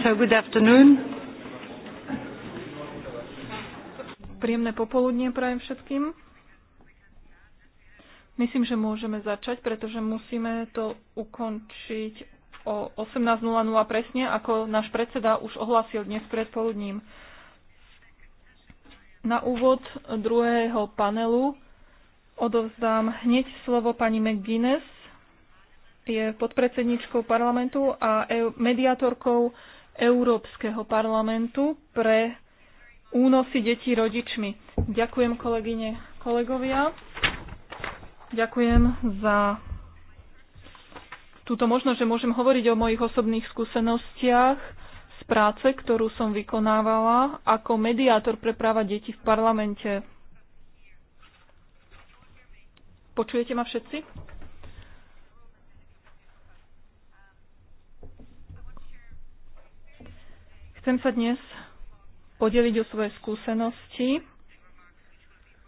So good afternoon. Príjemné popoludnie prajem všetkým. Myslím, že môžeme začať, pretože musíme to ukončiť o 18.00 presne, ako náš predseda už ohlásil dnes predpoludním. Na úvod druhého panelu odovzdám hneď slovo pani McGuinness, je podpredsedničkou parlamentu a e- mediátorkou Európskeho parlamentu pre únosy detí rodičmi. Ďakujem kolegyne, kolegovia. Ďakujem za túto možnosť, že môžem hovoriť o mojich osobných skúsenostiach z práce, ktorú som vykonávala ako mediátor pre práva detí v parlamente. Počujete ma všetci? Chcem sa dnes podeliť o svoje skúsenosti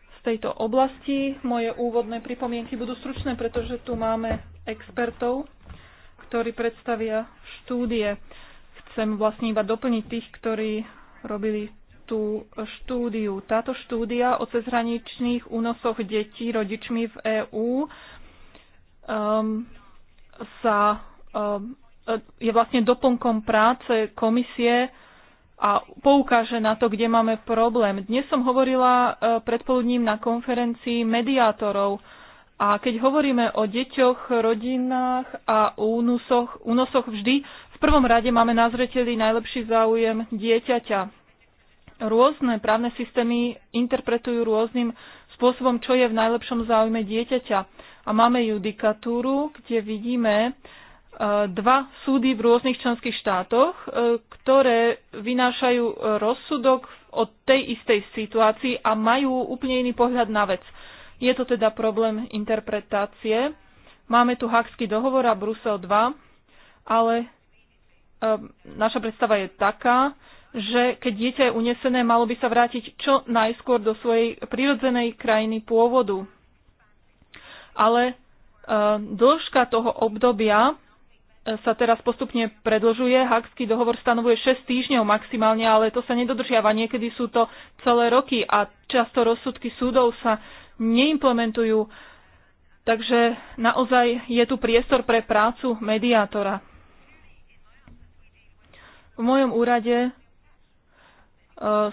z tejto oblasti. Moje úvodné pripomienky budú stručné, pretože tu máme expertov, ktorí predstavia štúdie. Chcem vlastne iba doplniť tých, ktorí robili tú štúdiu. Táto štúdia o cezhraničných únosoch detí rodičmi v EÚ um, sa um, je vlastne doplnkom práce komisie a poukáže na to, kde máme problém. Dnes som hovorila e, predpoludním na konferencii mediátorov a keď hovoríme o deťoch, rodinách a únosoch, únosoch vždy, v prvom rade máme na zreteli najlepší záujem dieťaťa. Rôzne právne systémy interpretujú rôznym spôsobom, čo je v najlepšom záujme dieťaťa. A máme judikatúru, kde vidíme, E, dva súdy v rôznych členských štátoch, e, ktoré vynášajú rozsudok od tej istej situácii a majú úplne iný pohľad na vec. Je to teda problém interpretácie. Máme tu Hakský dohovor a Brusel 2, ale e, naša predstava je taká, že keď dieťa je unesené, malo by sa vrátiť čo najskôr do svojej prirodzenej krajiny pôvodu. Ale dĺžka toho obdobia sa teraz postupne predlžuje. Hakský dohovor stanovuje 6 týždňov maximálne, ale to sa nedodržiava. Niekedy sú to celé roky a často rozsudky súdov sa neimplementujú. Takže naozaj je tu priestor pre prácu mediátora. V mojom úrade e,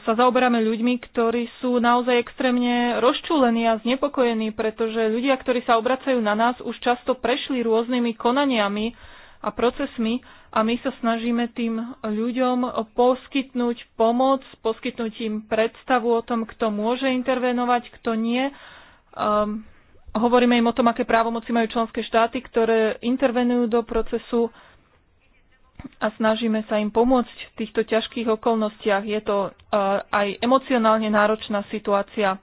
sa zaoberáme ľuďmi, ktorí sú naozaj extrémne rozčúlení a znepokojení, pretože ľudia, ktorí sa obracajú na nás, už často prešli rôznymi konaniami, a procesmi a my sa snažíme tým ľuďom poskytnúť pomoc, poskytnúť im predstavu o tom, kto môže intervenovať, kto nie. Um, hovoríme im o tom, aké právomoci majú členské štáty, ktoré intervenujú do procesu a snažíme sa im pomôcť v týchto ťažkých okolnostiach. Je to uh, aj emocionálne náročná situácia.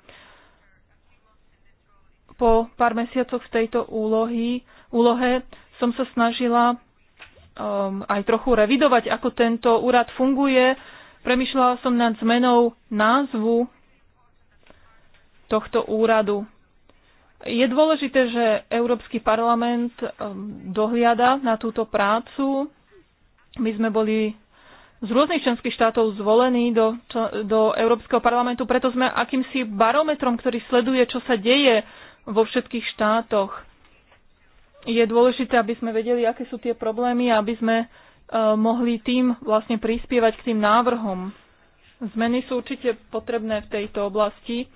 Po pár mesiacoch v tejto úlohy, úlohe som sa snažila um, aj trochu revidovať, ako tento úrad funguje. Premýšľala som nad zmenou názvu tohto úradu. Je dôležité, že Európsky parlament um, dohliada na túto prácu. My sme boli z rôznych členských štátov zvolení do, do Európskeho parlamentu, preto sme akýmsi barometrom, ktorý sleduje, čo sa deje vo všetkých štátoch je dôležité, aby sme vedeli, aké sú tie problémy aby sme e, mohli tým vlastne prispievať k tým návrhom. Zmeny sú určite potrebné v tejto oblasti.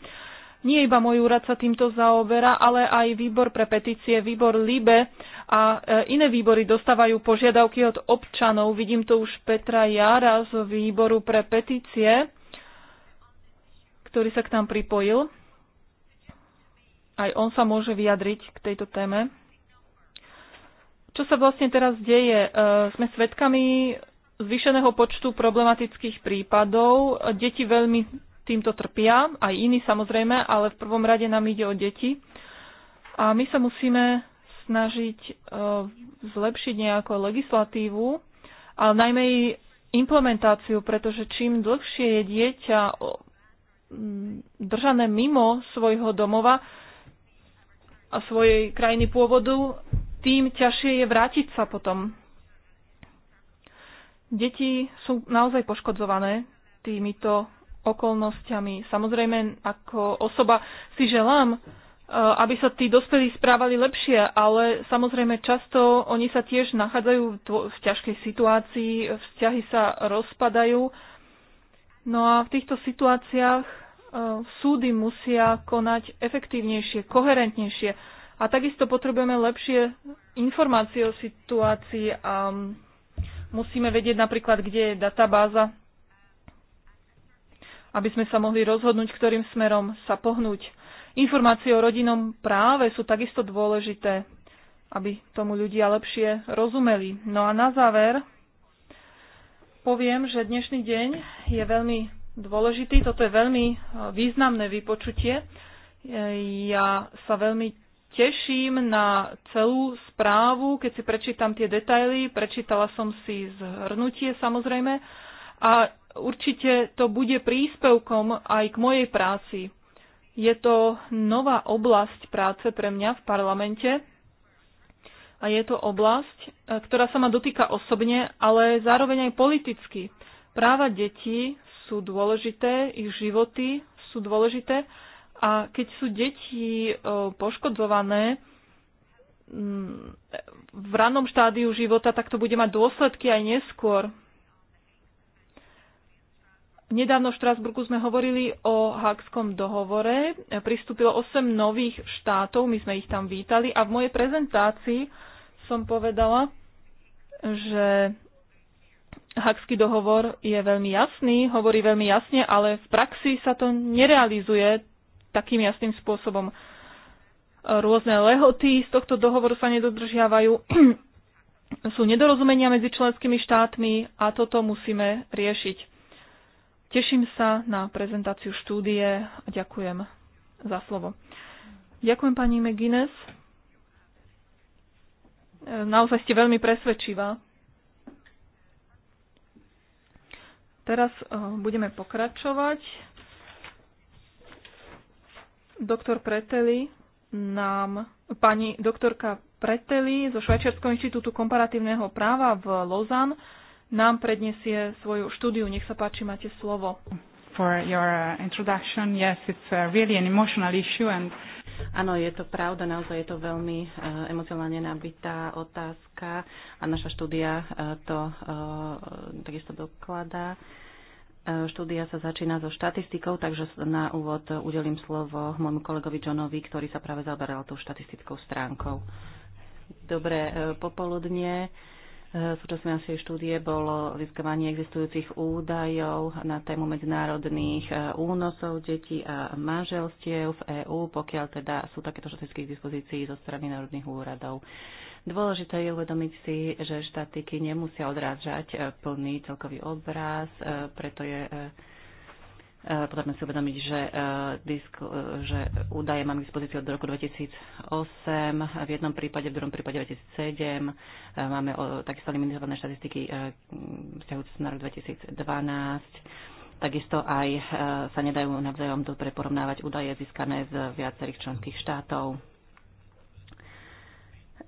Nie iba môj úrad sa týmto zaoberá, ale aj výbor pre petície, výbor LIBE a e, iné výbory dostávajú požiadavky od občanov. Vidím to už Petra Jara z výboru pre petície, ktorý sa k nám pripojil. Aj on sa môže vyjadriť k tejto téme. Čo sa vlastne teraz deje? E, sme svedkami zvýšeného počtu problematických prípadov. Deti veľmi týmto trpia, aj iní samozrejme, ale v prvom rade nám ide o deti. A my sa musíme snažiť e, zlepšiť nejakú legislatívu, ale najmä jej implementáciu, pretože čím dlhšie je dieťa držané mimo svojho domova a svojej krajiny pôvodu, tým ťažšie je vrátiť sa potom. Deti sú naozaj poškodzované týmito okolnostiami. Samozrejme, ako osoba si želám, eh, aby sa tí dospelí správali lepšie, ale samozrejme často oni sa tiež nachádzajú v ťažkej situácii, vzťahy sa rozpadajú. No a v týchto situáciách eh, súdy musia konať efektívnejšie, koherentnejšie a takisto potrebujeme lepšie informácie o situácii a musíme vedieť napríklad, kde je databáza, aby sme sa mohli rozhodnúť, ktorým smerom sa pohnúť. Informácie o rodinnom práve sú takisto dôležité, aby tomu ľudia lepšie rozumeli. No a na záver poviem, že dnešný deň je veľmi dôležitý. Toto je veľmi e, významné vypočutie. E, ja sa veľmi teším na celú správu, keď si prečítam tie detaily. Prečítala som si zhrnutie samozrejme a určite to bude príspevkom aj k mojej práci. Je to nová oblasť práce pre mňa v parlamente a je to oblasť, e, ktorá sa ma dotýka osobne, ale zároveň aj politicky. Práva detí sú dôležité, ich životy sú dôležité a keď sú deti e, poškodzované mm, v ranom štádiu života, tak to bude mať dôsledky aj neskôr. Nedávno v Štrásburgu sme hovorili o Hagskom dohovore. Pristúpilo 8 nových štátov, my sme ich tam vítali a v mojej prezentácii som povedala, že Hakský dohovor je veľmi jasný, hovorí veľmi jasne, ale v praxi sa to nerealizuje takým jasným spôsobom. E, rôzne lehoty z tohto dohovoru sa nedodržiavajú, sú nedorozumenia medzi členskými štátmi a toto musíme riešiť. Teším sa na prezentáciu štúdie a ďakujem za slovo. Ďakujem pani McGuinness. E, naozaj ste veľmi presvedčivá. Teraz e, budeme pokračovať. Doktor Preteli nám, pani doktorka Preteli zo Švajčiarského inštitútu komparatívneho práva v Lozan nám predniesie svoju štúdiu. Nech sa páči, máte slovo. For your uh, introduction, yes, it's uh, really an emotional issue and Áno, je to pravda, naozaj je to veľmi uh, emocionálne nabitá otázka a naša štúdia uh, to uh, takisto dokladá. Uh, E, štúdia sa začína so štatistikou, takže na úvod udelím slovo môjmu kolegovi Johnovi, ktorý sa práve zaoberal tou štatistickou stránkou. Dobré e, popoludne. E, súčasťou našej štúdie bolo získavanie existujúcich údajov na tému medzinárodných únosov detí a manželstiev v EÚ, pokiaľ teda sú takéto štatistiky dispozícií zo strany národných úradov. Dôležité je uvedomiť si, že štatiky nemusia odrážať e, plný celkový obraz, e, preto je e, potrebné si uvedomiť, že, disk, že údaje mám k dispozícii od roku 2008, v jednom prípade, v druhom prípade 2007, máme takisto limitované štatistiky vzťahujúce na rok 2012, Takisto aj sa nedajú navzájom dobre porovnávať údaje získané z viacerých členských štátov.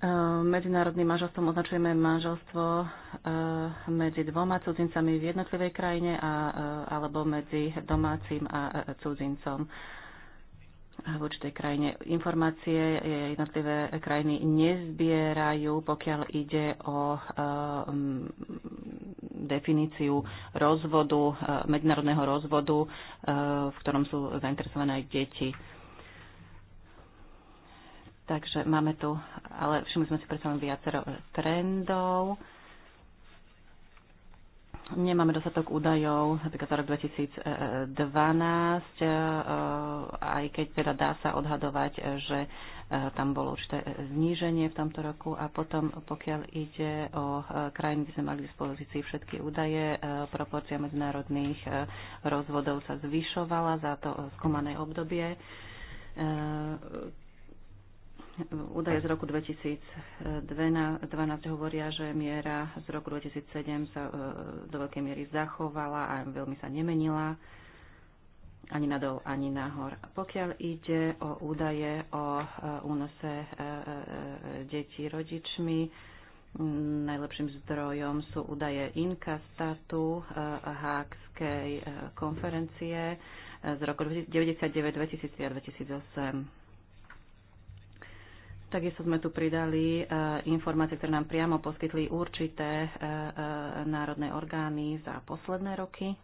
E, medzinárodným manželstvom označujeme manželstvo e, medzi dvoma cudzincami v jednotlivej krajine a, e, alebo medzi domácim a cudzincom v určitej krajine. Informácie jednotlivé krajiny nezbierajú, pokiaľ ide o definíciu rozvodu, medzinárodného rozvodu, v ktorom sú zainteresované aj deti. Takže máme tu, ale všimli sme si predsa len viacero trendov. Nemáme dostatok údajov, napríklad za rok 2012, eh, aj keď teda dá sa odhadovať, eh, že eh, tam bolo určité zníženie v tomto roku a potom, pokiaľ ide o krajiny, kde sme mali k dispozícii všetky údaje, proporcia medzinárodných rozvodov sa zvyšovala za to skúmané obdobie Údaje z roku 2012 hovoria, že miera z roku 2007 sa e, do veľkej miery zachovala a veľmi sa nemenila ani nadol, ani nahor. Pokiaľ ide o údaje o e, únose e, detí rodičmi, najlepším zdrojom sú údaje INKA statu Hákskej konferencie z roku 1999, 2000 a 2008 Takisto sme tu pridali eh, informácie, ktoré nám priamo poskytli určité eh, eh, národné orgány za posledné roky.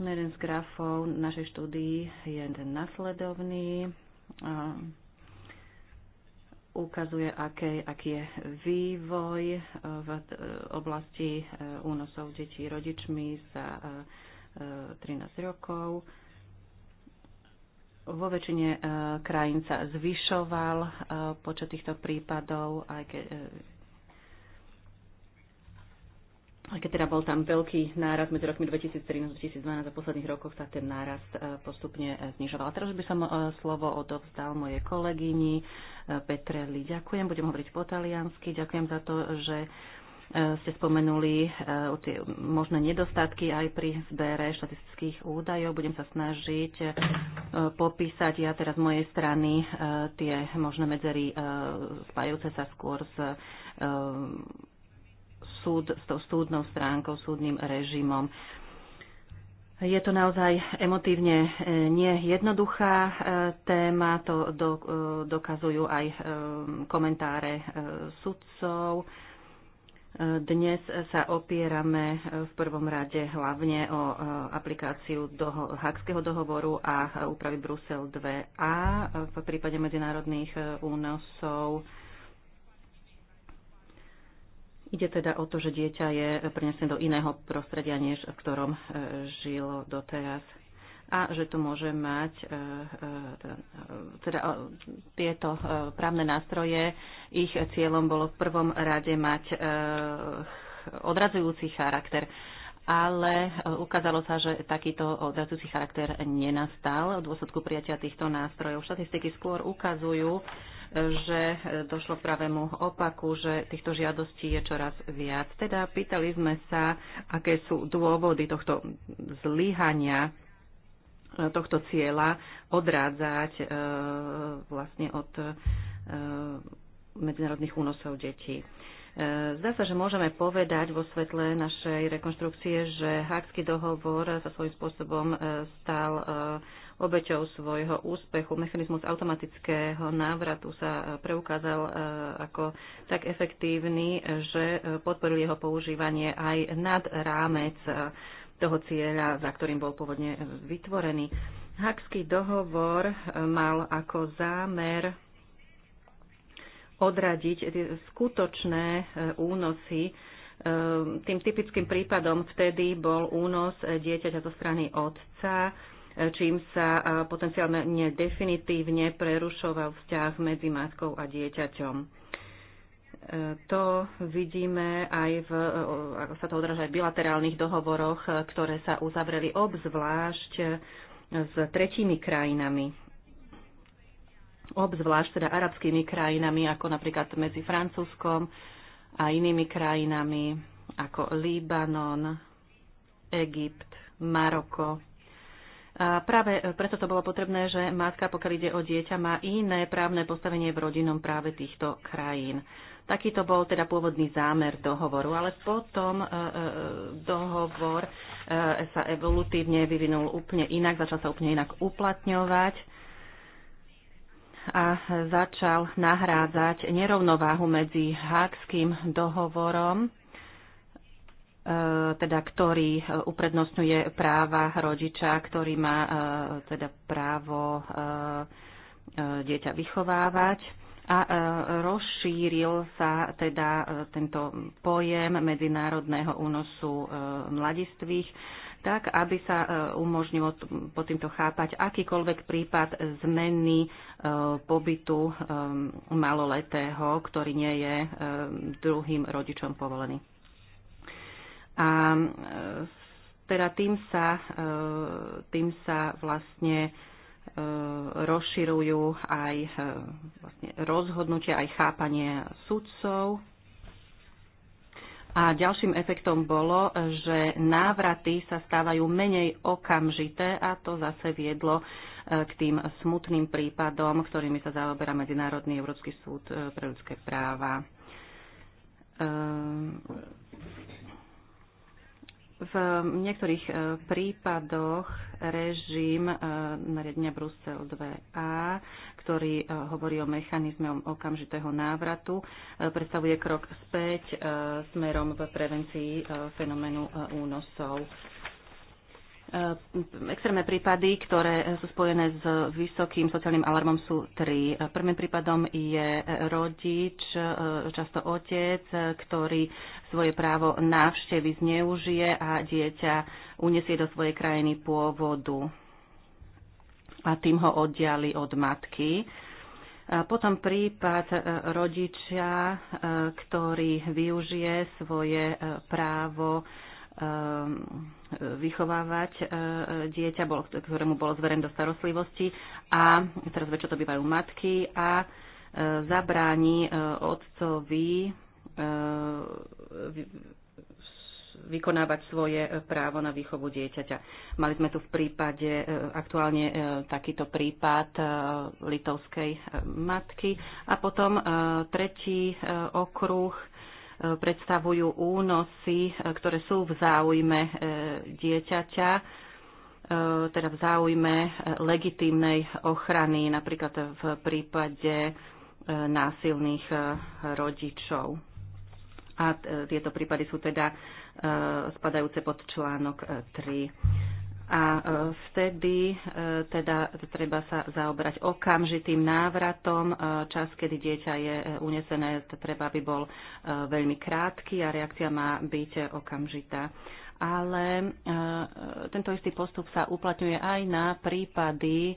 Jeden z grafov našej štúdii je ten nasledovný. Ukazuje, aké, aký je vývoj v oblasti únosov detí rodičmi za 13 rokov vo väčšine e, krajín sa zvyšoval e, počet týchto prípadov, aj keď e, aj keď teda bol tam veľký náraz medzi rokmi 2013 a 2012 a v posledných rokoch sa ten náraz postupne znižoval. Teraz by som slovo odovzdal mojej kolegyni Petreli. Ďakujem, budem hovoriť po taliansky. Ďakujem za to, že Eh, ste spomenuli eh, tie možné nedostatky aj pri zbere štatistických údajov. Budem sa snažiť eh, popísať ja teraz z mojej strany tie možné medzery spájajúce sa skôr s súd, s tou súdnou stránkou, súdnym režimom. Je to naozaj emotívne nejednoduchá téma, to dokazujú aj komentáre sudcov. Dnes sa opierame v prvom rade hlavne o e, aplikáciu doho- Hakského dohovoru a úpravy Brusel 2a v prípade medzinárodných e, únosov. Ide teda o to, že dieťa je prenesené do iného prostredia, než v ktorom e, žilo doteraz a že to môže mať e, e, e, teda, tieto právne nástroje. Ich cieľom bolo v prvom rade mať odradzujúci charakter ale ukázalo sa, že takýto odradzujúci charakter nenastal v dôsledku prijatia týchto nástrojov. Štatistiky skôr ukazujú, že došlo k pravému opaku, že týchto žiadostí je čoraz viac. Teda pýtali sme sa, aké sú dôvody tohto zlyhania E, tohto cieľa odrádzať e, vlastne od e, medzinárodných únosov detí. Zdá sa, že môžeme povedať vo svetle našej rekonštrukcie, že Hákský dohovor sa svojím spôsobom stal obeťou svojho úspechu. Mechanizmus automatického návratu sa preukázal ako tak efektívny, že podporil jeho používanie aj nad rámec toho cieľa, za ktorým bol pôvodne vytvorený. Hakský dohovor mal ako zámer odradiť skutočné e, únosy. E, tým typickým prípadom vtedy bol únos dieťaťa zo strany otca, e, čím sa potenciálne definitívne prerušoval vzťah medzi matkou a dieťaťom. To vidíme aj v, ako sa to odráža aj v bilaterálnych dohovoroch, ktoré sa uzavreli obzvlášť s tretími krajinami. Obzvlášť teda arabskými krajinami, ako napríklad medzi Francúzskom a inými krajinami, ako Libanon, Egypt, Maroko. A práve preto to bolo potrebné, že matka, pokiaľ ide o dieťa, má iné právne postavenie v rodinnom práve týchto krajín. Takýto bol teda pôvodný zámer dohovoru, ale potom e, e, dohovor e, sa evolutívne vyvinul úplne inak, začal sa úplne inak uplatňovať a začal nahrádzať nerovnováhu medzi Hákským dohovorom, e, teda ktorý uprednostňuje práva rodiča, ktorý má e, teda právo e, dieťa vychovávať a e, rozšíril sa teda e, tento pojem medzinárodného únosu e, mladistvých tak, aby sa umožnilo po týmto chápať akýkoľvek prípad zmeny pobytu maloletého, ktorý nie je druhým rodičom povolený. A teda tým sa, tým sa vlastne E, rozširujú aj e, vlastne rozhodnutie, aj chápanie sudcov. A ďalším efektom bolo, že návraty sa stávajú menej okamžité a to zase viedlo e, k tým smutným prípadom, ktorými sa zaoberá Medzinárodný Európsky súd pre ľudské práva v niektorých e, prípadoch režim e, nariadenia Brusel 2a, ktorý e, hovorí o mechanizme okamžitého návratu, predstavuje krok späť smerom v prevencii fenoménu únosov. Ehm, extrémne prípady, ktoré sú spojené s vysokým sociálnym alarmom, sú tri. Prvým prípadom je rodič, e, často otec, e, ktorý svoje právo návštevy zneužije a dieťa uniesie do svojej krajiny pôvodu a tým ho oddiali od matky. potom prípad e, rodičia, ktorý využije svoje právo Ehm, vychovávať ehm, dieťa, ktorému bolo zverené do starostlivosti a teraz vie, to bývajú matky a ehm, zabráni otcovi vykonávať svoje právo na výchovu dieťaťa. Mali sme tu v prípade aktuálne takýto prípad litovskej matky. A potom tretí okruh predstavujú únosy, ktoré sú v záujme e, dieťaťa, e, teda v záujme legitímnej ochrany, napríklad v prípade e, násilných rodičov. A tieto prípady sú teda spadajúce pod článok 3 a e, vtedy e, teda treba sa zaobrať okamžitým návratom. E, čas, kedy dieťa je unesené, treba by bol veľmi krátky a reakcia má byť okamžitá. Ale tento istý postup sa uplatňuje aj na prípady,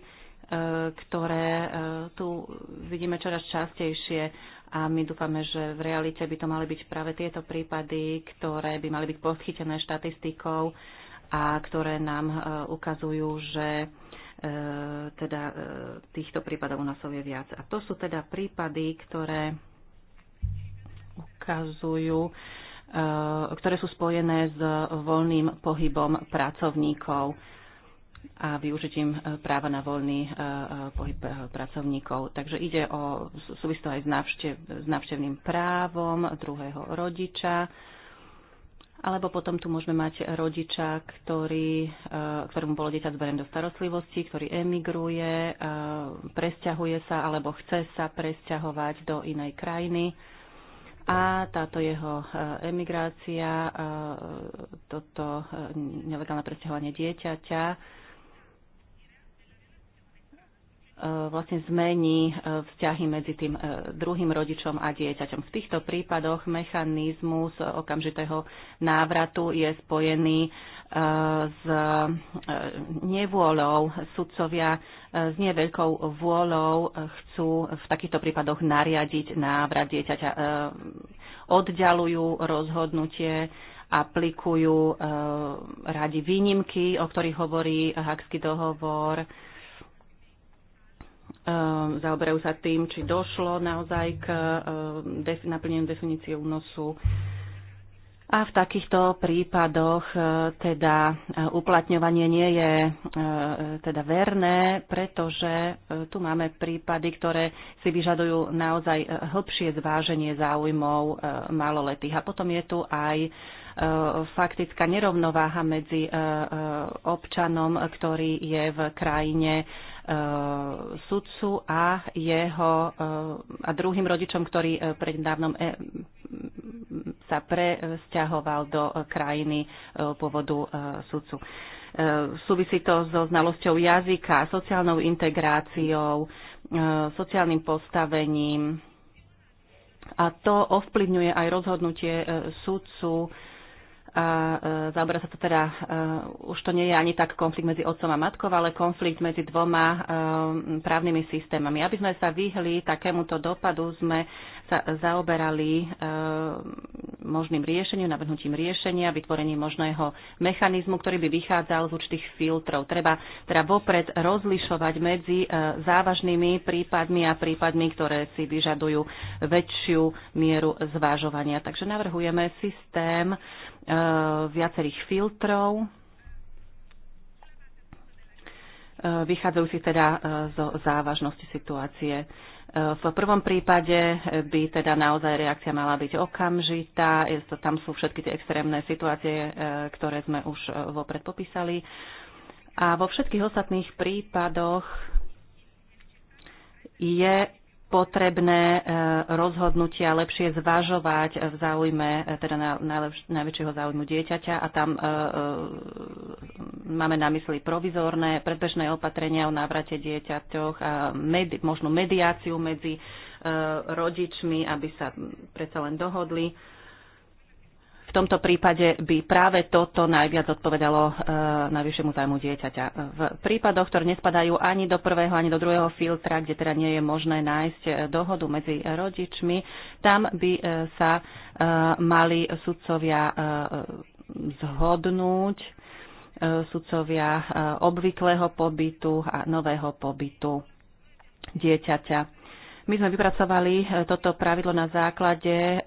ktoré tu vidíme čoraz častejšie a my dúfame, že v realite by to mali byť práve tieto prípady, ktoré by mali byť podchytené štatistikou a ktoré nám e, ukazujú, že e, teda e, týchto prípadov u nás je viac. A to sú teda prípady, ktoré ukazujú, ktoré sú spojené s voľným pohybom pracovníkov a využitím práva na voľný pohyb pracovníkov. Takže ide o súvisto aj s, návštev, s návštevným právom druhého rodiča, alebo potom tu môžeme mať rodiča, ktorý, eh, ktorému bolo dieťa zberené do starostlivosti, ktorý emigruje, eh, presťahuje sa alebo chce sa presťahovať do inej krajiny. A táto jeho eh, emigrácia, toto nelegálne presťahovanie dieťaťa E, vlastne zmení e, vzťahy medzi tým e, druhým rodičom a dieťaťom. V týchto prípadoch mechanizmus okamžitého návratu je spojený s nevôľou. Sudcovia s neveľkou vôľou chcú v takýchto prípadoch nariadiť návrat dieťaťa. Oddialujú rozhodnutie aplikujú radi výnimky, o ktorých hovorí Hakský dohovor, Ehm, zaoberajú sa tým, či došlo naozaj k ehm, naplneniu definície únosu. A v takýchto prípadoch e, teda e, uplatňovanie nie je e, teda verné, pretože tu máme prípady, ktoré si vyžadujú naozaj hĺbšie zváženie záujmov maloletých. A potom je tu aj faktická nerovnováha medzi občanom, ktorý je v krajine Eh, sudcu a jeho eh, a druhým rodičom, ktorý eh, prednávnom sa presťahoval do krajiny pôvodu sudcu. Súvisí to so znalosťou jazyka, sociálnou integráciou, sociálnym postavením a to ovplyvňuje aj rozhodnutie sudcu a e, zaoberá sa to teda, e, už to nie je ani tak konflikt medzi otcom a matkou, ale konflikt medzi dvoma e, právnymi systémami. Aby sme sa vyhli takémuto dopadu, sme sa zaoberali možným riešením, navrhnutím riešenia, vytvorením možného mechanizmu, ktorý by vychádzal z určitých filtrov. Treba teda vopred rozlišovať medzi závažnými prípadmi a prípadmi, ktoré si vyžadujú väčšiu mieru zvážovania. Takže navrhujeme systém, Eh, viacerých filtrov, eh, vychádzajúcich teda eh, zo závažnosti situácie. V prvom prípade by teda naozaj reakcia mala byť okamžitá, tam sú všetky tie extrémne situácie, ktoré sme už vopred popísali. A vo všetkých ostatných prípadoch je potrebné e, rozhodnutia lepšie zvažovať v záujme, e, teda najväčšieho záujmu dieťaťa a tam e, e, máme na mysli provizórne predbežné opatrenia o návrate dieťaťoch a med, možno mediáciu medzi e, rodičmi, aby sa predsa len dohodli tomto prípade by práve toto najviac odpovedalo e, najvyššiemu zájmu dieťaťa. V prípadoch, ktoré nespadajú ani do prvého, ani do druhého filtra, kde teda nie je možné nájsť e, dohodu medzi rodičmi, tam by e, sa mali sudcovia zhodnúť sudcovia obvyklého pobytu a nového pobytu dieťaťa. My sme vypracovali e, toto pravidlo na základe e,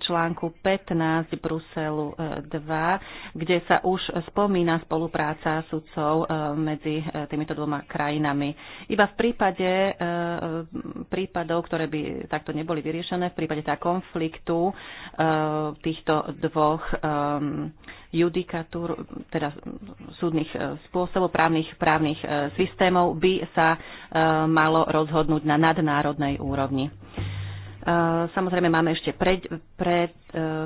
článku 15 Bruselu 2, e, kde sa už spomína spolupráca sudcov medzi týmito dvoma krajinami. Iba v prípade prípadov, ktoré by takto neboli vyriešené, v prípade tá teda konfliktu týchto dvoch judikatúr, teda súdnych e, spôsobov, právnych, právnych e, systémov by sa e, malo rozhodnúť na nadnárodnej úrovni. Samozrejme máme ešte pred, pred,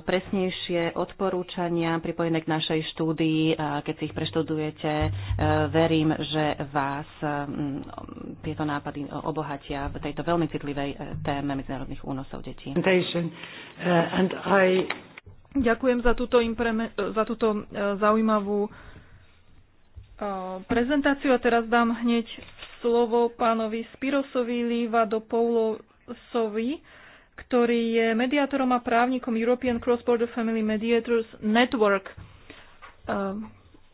presnejšie odporúčania pripojené k našej štúdii. Keď si ich preštudujete, verím, že vás tieto nápady obohatia v tejto veľmi citlivej téme medzinárodných únosov detí. And I Ďakujem za túto, e, za túto e, zaujímavú e, prezentáciu a teraz dám hneď slovo pánovi Spirosovi Líva do Poulosovi, ktorý je mediátorom a právnikom European Cross-Border Family Mediators Network.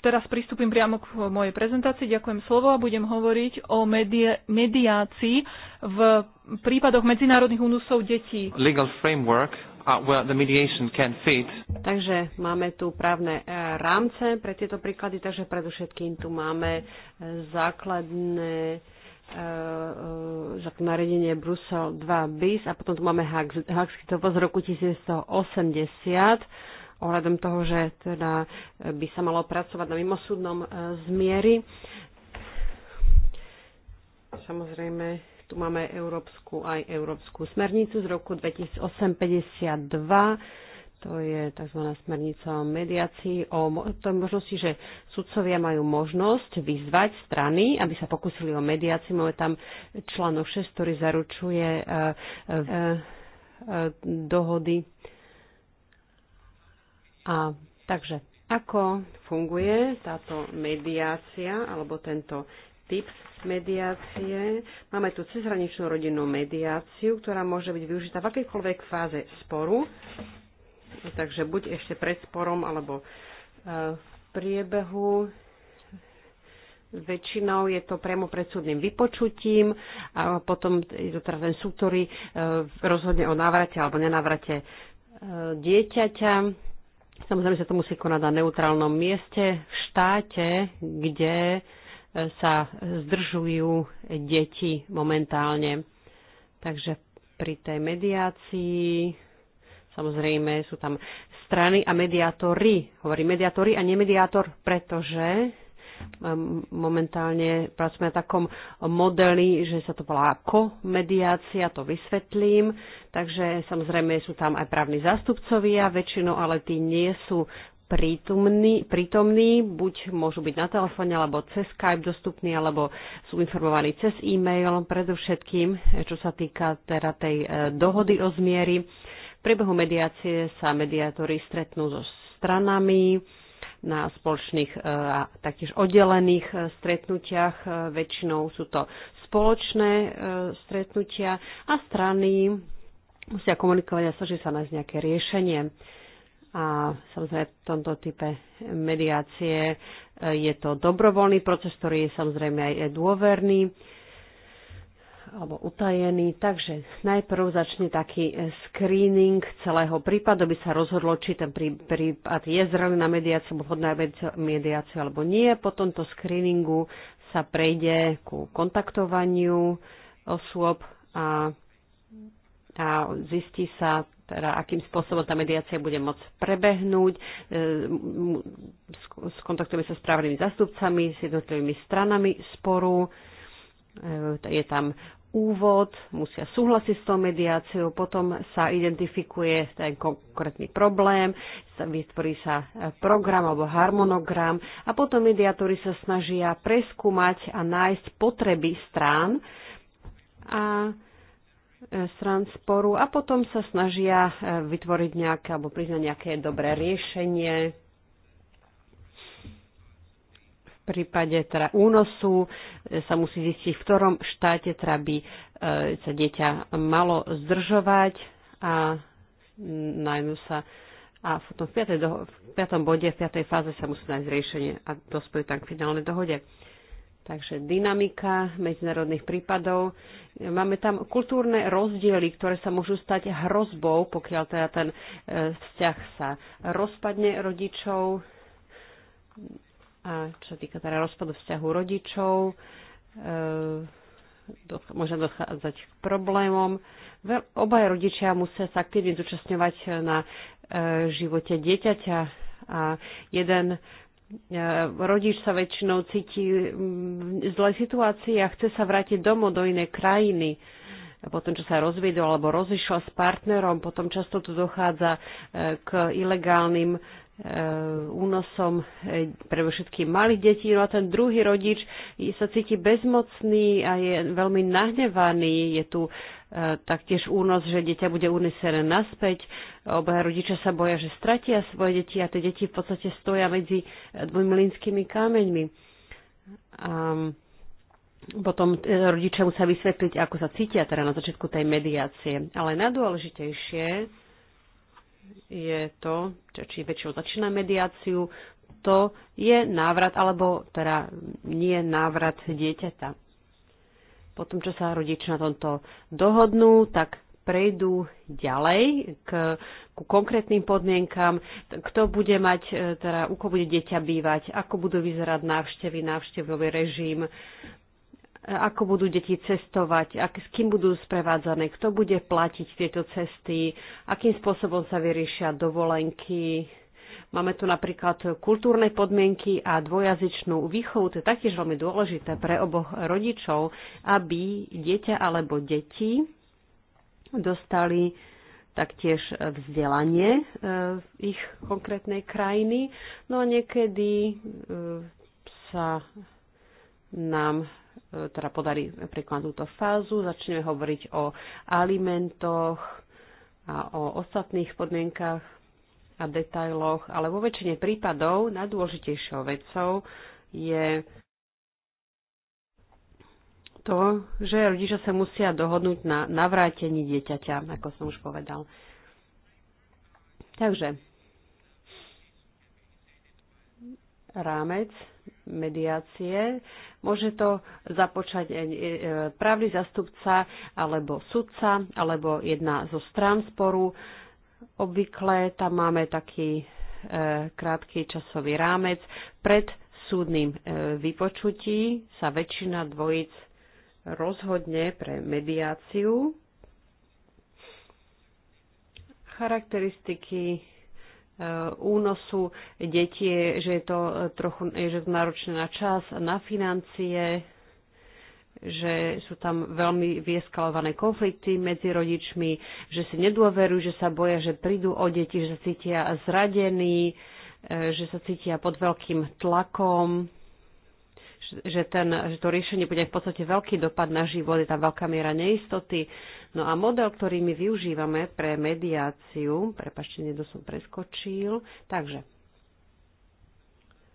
Teraz pristúpim priamo k mojej prezentácii. Ďakujem slovo a budem hovoriť o medie, mediácii v prípadoch medzinárodných únusov detí. Legal framework Uh, where the mediation can fit. Takže máme tu právne eh, rámce pre tieto príklady, takže predovšetkým tu máme eh, základné eh, za to nariadenie Brusel 2 bis a potom tu máme Hagský to z roku 1980 ohľadom toho, že teda by sa malo pracovať na mimosúdnom zmieri. Samozrejme, tu máme európsku aj európsku smernicu z roku 2008-52. To je tzv. smernica o mediácii, o tom možnosti, že sudcovia majú možnosť vyzvať strany, aby sa pokusili o mediácii. Máme tam článok 6, ktorý zaručuje uh, uh, uh, dohody. A takže ako funguje táto mediácia alebo tento TIPS mediácie. Máme tu cezhraničnú rodinnú mediáciu, ktorá môže byť využitá v akejkoľvek fáze sporu. Takže buď ešte pred sporom, alebo e, v priebehu. Väčšinou je to priamo pred súdnym vypočutím a potom je to teda ten súd, ktorý e, rozhodne o návrate alebo nenávrate e, dieťaťa. Samozrejme sa to musí konať na neutrálnom mieste, v štáte, kde sa zdržujú deti momentálne. Takže pri tej mediácii samozrejme sú tam strany a mediátory. Hovorím mediátory a nemediátor, pretože um, momentálne pracujeme na takom modeli, že sa to volá ako mediácia, to vysvetlím. Takže samozrejme sú tam aj právni zástupcovia väčšinou, ale tí nie sú prítomní, prítomní, buď môžu byť na telefóne, alebo cez Skype dostupní, alebo sú informovaní cez e-mail, predovšetkým, eh, čo sa týka teda tej eh, dohody o zmieri. V priebehu mediácie sa mediátori stretnú so stranami na spoločných eh, a taktiež oddelených stretnutiach. Väčšinou sú to spoločné stretnutia a strany musia komunikovať a snaží sa nájsť nejaké riešenie a samozrejme v tomto type mediácie e, je to dobrovoľný proces, ktorý je samozrejme aj dôverný alebo utajený. Takže najprv začne taký e, screening celého prípadu, aby sa rozhodlo, či ten prípad je zrelý na mediáciu, alebo vhodná mediáciu, alebo nie. Po tomto screeningu sa prejde ku kontaktovaniu osôb a, a zistí sa teda akým spôsobom tá mediácia bude môcť prebehnúť. E, Skontaktujeme sa s právnymi zastupcami, s jednotlivými stranami sporu. E, je tam úvod, musia súhlasiť s tou mediáciou, potom sa identifikuje ten konkrétny problém, vytvorí sa program alebo harmonogram a potom mediátori sa snažia preskúmať a nájsť potreby strán a E, strán sporu a potom sa snažia e, vytvoriť nejaké alebo priznať nejaké dobré riešenie v prípade teda únosu e, sa musí zistiť, v ktorom štáte teda by sa dieťa malo zdržovať a najmä sa a tom v, piatej, v piatom bode, v piatej fáze sa musí nájsť riešenie a dospieť tam k finálnej dohode. Takže dynamika medzinárodných prípadov. Máme tam kultúrne rozdiely, ktoré sa môžu stať hrozbou, pokiaľ teda ten e, vzťah sa rozpadne rodičov. A čo týka teda rozpadu vzťahu rodičov, e, môže dochádzať k problémom. Obaj rodičia musia sa aktívne zúčastňovať na e, živote dieťaťa a jeden E, rodič sa väčšinou cíti mm, v zlej situácii a chce sa vrátiť domov do inej krajiny po tom, čo sa rozvedol alebo rozišiel s partnerom, potom často tu dochádza e, k ilegálnym e, únosom pre všetky malých detí. No a ten druhý rodič sa cíti bezmocný a je veľmi nahnevaný. Je tu taktiež únos, že dieťa bude unesené naspäť. Obaja rodičia sa boja, že stratia svoje deti a tie deti v podstate stoja medzi dvojmi línskými kameňmi. A potom e, rodičia musia vysvetliť, ako sa cítia teda na začiatku tej mediácie. Ale najdôležitejšie je to, či väčšinou začína mediáciu, to je návrat, alebo teda nie návrat dieťaťa po tom, čo sa rodič na tomto dohodnú, tak prejdú ďalej k, ku konkrétnym podmienkam, kto bude mať, e, teda u koho bude dieťa bývať, ako budú vyzerať návštevy, návštevový režim, e, ako budú deti cestovať, ak, s kým budú sprevádzané, kto bude platiť tieto cesty, akým spôsobom sa vyriešia dovolenky, Máme tu napríklad kultúrne podmienky a dvojazyčnú výchovu. To je taktiež veľmi dôležité pre oboch rodičov, aby dieťa alebo deti dostali taktiež vzdelanie e, v ich konkrétnej krajiny. No a niekedy e, sa nám e, teda podarí napríklad túto fázu. Začneme hovoriť o alimentoch a o ostatných podmienkach a detailoch, ale vo väčšine prípadov najdôležitejšou vecou je to, že rodičia sa musia dohodnúť na navrátení dieťaťa, ako som už povedal. Takže rámec mediácie. Môže to započať e, e, právny zastupca alebo sudca alebo jedna zo strán sporu. Obvykle tam máme taký e, krátky časový rámec. Pred súdnym e, vypočutí sa väčšina dvojic rozhodne pre mediáciu. Charakteristiky e, únosu detí je, že je to trochu je to náročné na čas, na financie, že sú tam veľmi vieskalované konflikty medzi rodičmi, že si nedôverujú, že sa boja, že prídu o deti, že sa cítia zradení, e, že sa cítia pod veľkým tlakom, že, ten, že to riešenie bude v podstate veľký dopad na život, je tam veľká miera neistoty. No a model, ktorý my využívame pre mediáciu, prepačte, nedo som preskočil, takže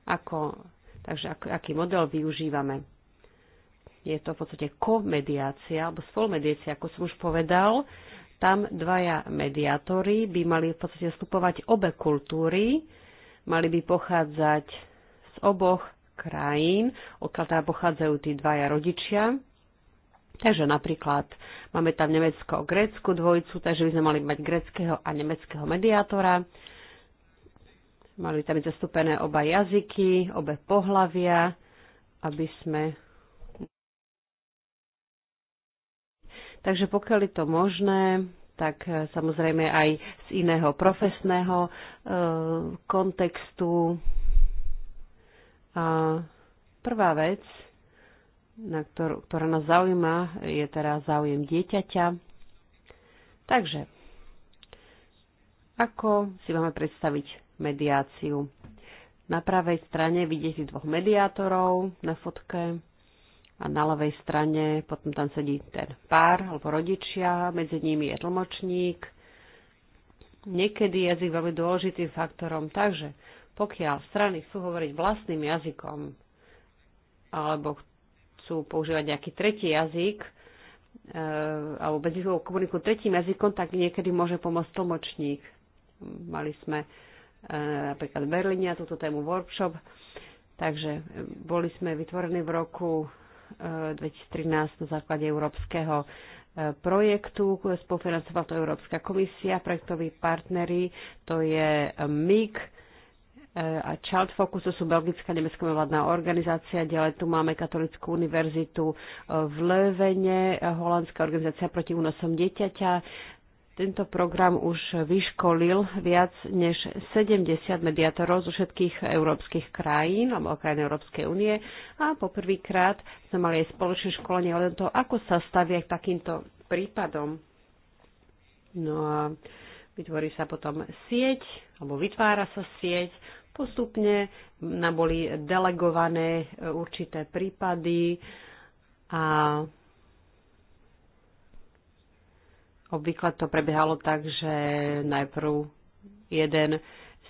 ako, takže aký model využívame? je to v podstate komediácia alebo spolumediácia, ako som už povedal. Tam dvaja mediátori by mali v podstate vstupovať obe kultúry, mali by pochádzať z oboch krajín, odkiaľ teda pochádzajú tí dvaja rodičia. Takže napríklad máme tam nemecko-grécku dvojicu, takže by sme mali mať greckého a nemeckého mediátora. Mali by tam byť zastúpené oba jazyky, obe pohlavia, aby sme Takže pokiaľ je to možné, tak e, samozrejme aj z iného profesného e, kontextu. A prvá vec, na ktorú, ktorá nás zaujíma, je teraz záujem dieťaťa. Takže, ako si máme predstaviť mediáciu? Na pravej strane vidíte dvoch mediátorov na fotke a na ľavej strane potom tam sedí ten pár alebo rodičia, medzi nimi je tlmočník. Niekedy jazyk veľmi dôležitým faktorom, takže pokiaľ strany chcú hovoriť vlastným jazykom alebo chcú používať nejaký tretí jazyk e, alebo bez bezvýzovú komuniku tretím jazykom, tak niekedy môže pomôcť tlmočník. Mali sme e, napríklad v Berlíne túto tému workshop, takže e, boli sme vytvorení v roku 2013 na základe európskeho e, projektu, spolufinancovala to Európska komisia, projektoví partnery, to je e, MIG e, a Child Focus, to sú belgická nemecká vládna organizácia, ďalej tu máme Katolickú univerzitu v Levene, holandská organizácia proti únosom dieťaťa, tento program už vyškolil viac než 70 mediátorov zo všetkých európskych krajín alebo krajín Európskej únie a poprvýkrát sme mali aj spoločné školenie o toho, ako sa stavia k takýmto prípadom. No a vytvorí sa potom sieť, alebo vytvára sa sieť. Postupne nám boli delegované určité prípady a Obvykle to prebiehalo tak, že najprv jeden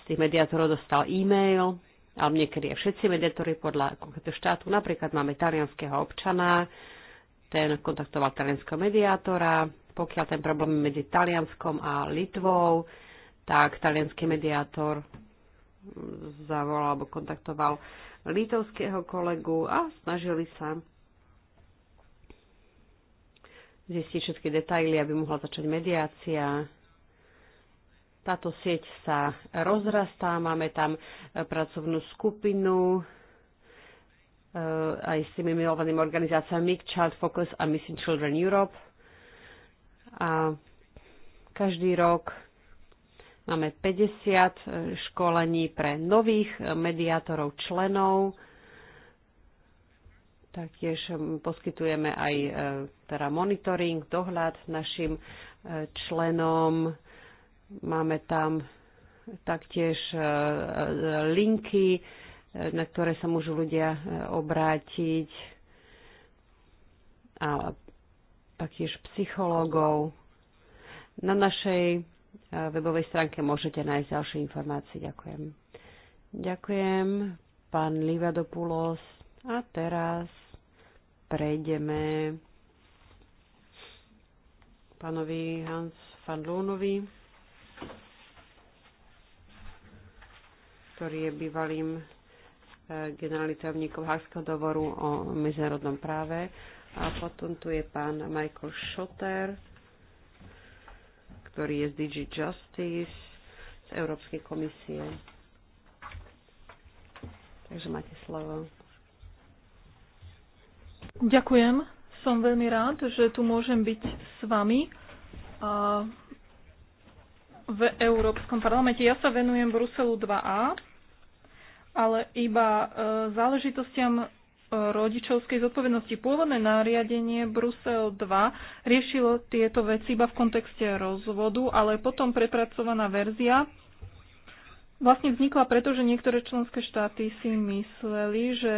z tých mediátorov dostal e-mail, ale niekedy aj všetci mediátori podľa konkrétneho štátu. Napríklad máme talianského občana, ten kontaktoval talianského mediátora. Pokiaľ ten problém je medzi Talianskom a Litvou, tak talianský mediátor zavolal alebo kontaktoval litovského kolegu a snažili sa zistiť všetky detaily, aby mohla začať mediácia. Táto sieť sa rozrastá, máme tam e, pracovnú skupinu e, aj s tými milovanými organizáciami Child Focus a Missing Children Europe. A každý rok máme 50 e, školení pre nových mediátorov členov Taktiež um, poskytujeme aj e, teda monitoring, dohľad našim e, členom. Máme tam taktiež e, linky, na ktoré sa môžu ľudia obrátiť a taktiež psychológov. Na našej webovej stránke môžete nájsť ďalšie informácie. Ďakujem. Ďakujem, pán Livadopoulos. A teraz prejdeme pánovi Hans van Loonovi, ktorý je bývalým e, generálnym tajomníkom dovoru o medzinárodnom práve. A potom tu je pán Michael Schotter, ktorý je z DG Justice z Európskej komisie. Takže máte slovo. Ďakujem. Som veľmi rád, že tu môžem byť s vami a v Európskom parlamente. Ja sa venujem Bruselu 2a, ale iba e, záležitostiam e, rodičovskej zodpovednosti. Pôvodné nariadenie Brusel 2 riešilo tieto veci iba v kontexte rozvodu, ale potom prepracovaná verzia vlastne vznikla preto, že niektoré členské štáty si mysleli, že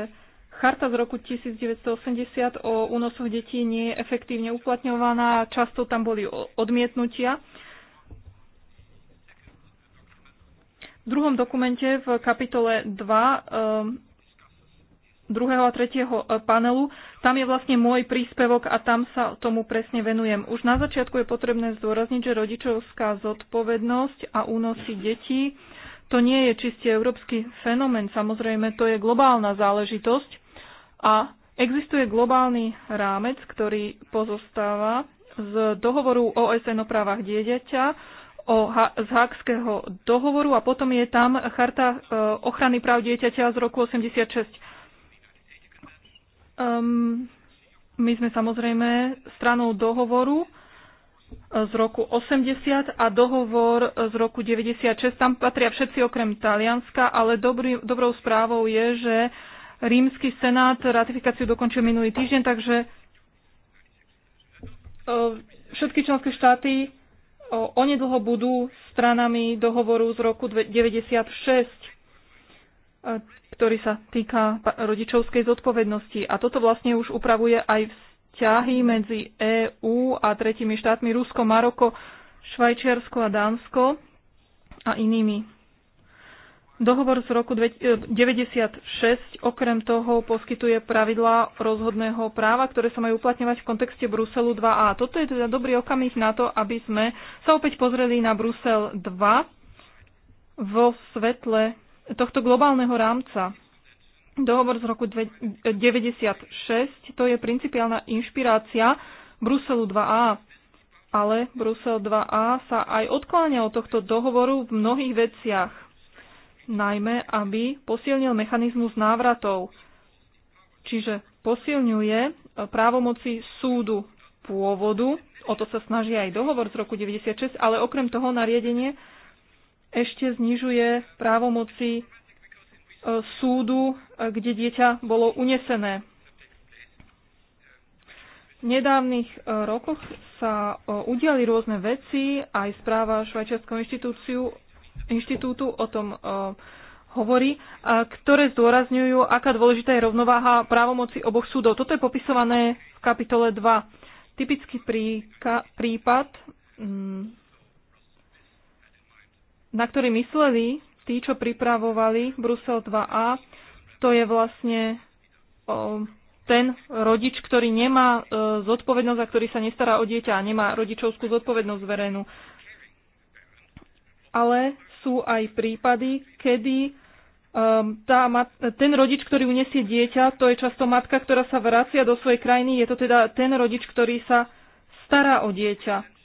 Charta z roku 1980 o únosoch detí nie je efektívne uplatňovaná, často tam boli odmietnutia. V druhom dokumente v kapitole 2 ehm, druhého a tretieho e, panelu. Tam je vlastne môj príspevok a tam sa tomu presne venujem. Už na začiatku je potrebné zdôrazniť, že rodičovská zodpovednosť a únosy detí to nie je čiste európsky fenomén, samozrejme to je globálna záležitosť. A existuje globálny rámec, ktorý pozostáva z dohovoru OSN o právach dieťaťa, o ha- z Hákského dohovoru a potom je tam charta e, ochrany práv dieťaťa z roku 86. Um, ehm, my sme samozrejme stranou dohovoru e, z roku 80 a dohovor z roku 96. Tam patria všetci okrem Talianska, ale dobrý, dobrou správou je, že Rímsky senát ratifikáciu dokončil minulý týždeň, takže e, všetky členské štáty e, onedlho budú stranami dohovoru z roku 1996, e, ktorý sa týka rodičovskej zodpovednosti. A toto vlastne už upravuje aj vzťahy medzi EÚ a tretimi štátmi Rusko, Maroko, Švajčiarsko a Dánsko a inými. Dohovor z roku 96 e, okrem toho poskytuje pravidlá rozhodného práva, ktoré sa majú uplatňovať v kontexte Bruselu 2a. Toto je teda dobrý okamih na to, aby sme sa opäť pozreli na Brusel 2 vo svetle tohto globálneho rámca. Dohovor z roku 96 e, to je principiálna inšpirácia Bruselu 2a. Ale Brusel 2a sa aj odkláňa od tohto dohovoru v mnohých veciach najmä, aby posilnil mechanizmus návratov, čiže posilňuje e, právomoci súdu pôvodu, o to sa snaží aj dohovor z roku 96, ale okrem toho nariadenie ešte znižuje právomoci e, súdu, e, kde dieťa bolo unesené. V nedávnych rokoch sa udiali rôzne veci, aj správa Švajčiarskou inštitúciu inštitútu o tom e, hovorí, e, ktoré zdôrazňujú, aká dôležitá je rovnováha právomoci oboch súdov. Toto je popisované v kapitole 2. Typický prípad, mm, na ktorý mysleli tí, čo pripravovali Brusel 2a, to je vlastne ten rodič, ktorý nemá e, zodpovednosť a ktorý sa nestará o dieťa a nemá rodičovskú zodpovednosť verejnú. Ale sú aj prípady, kedy um, tá mat- ten rodič, ktorý uniesie dieťa, to je často matka, ktorá sa vracia do svojej krajiny, je to teda ten rodič, ktorý sa stará o dieťa.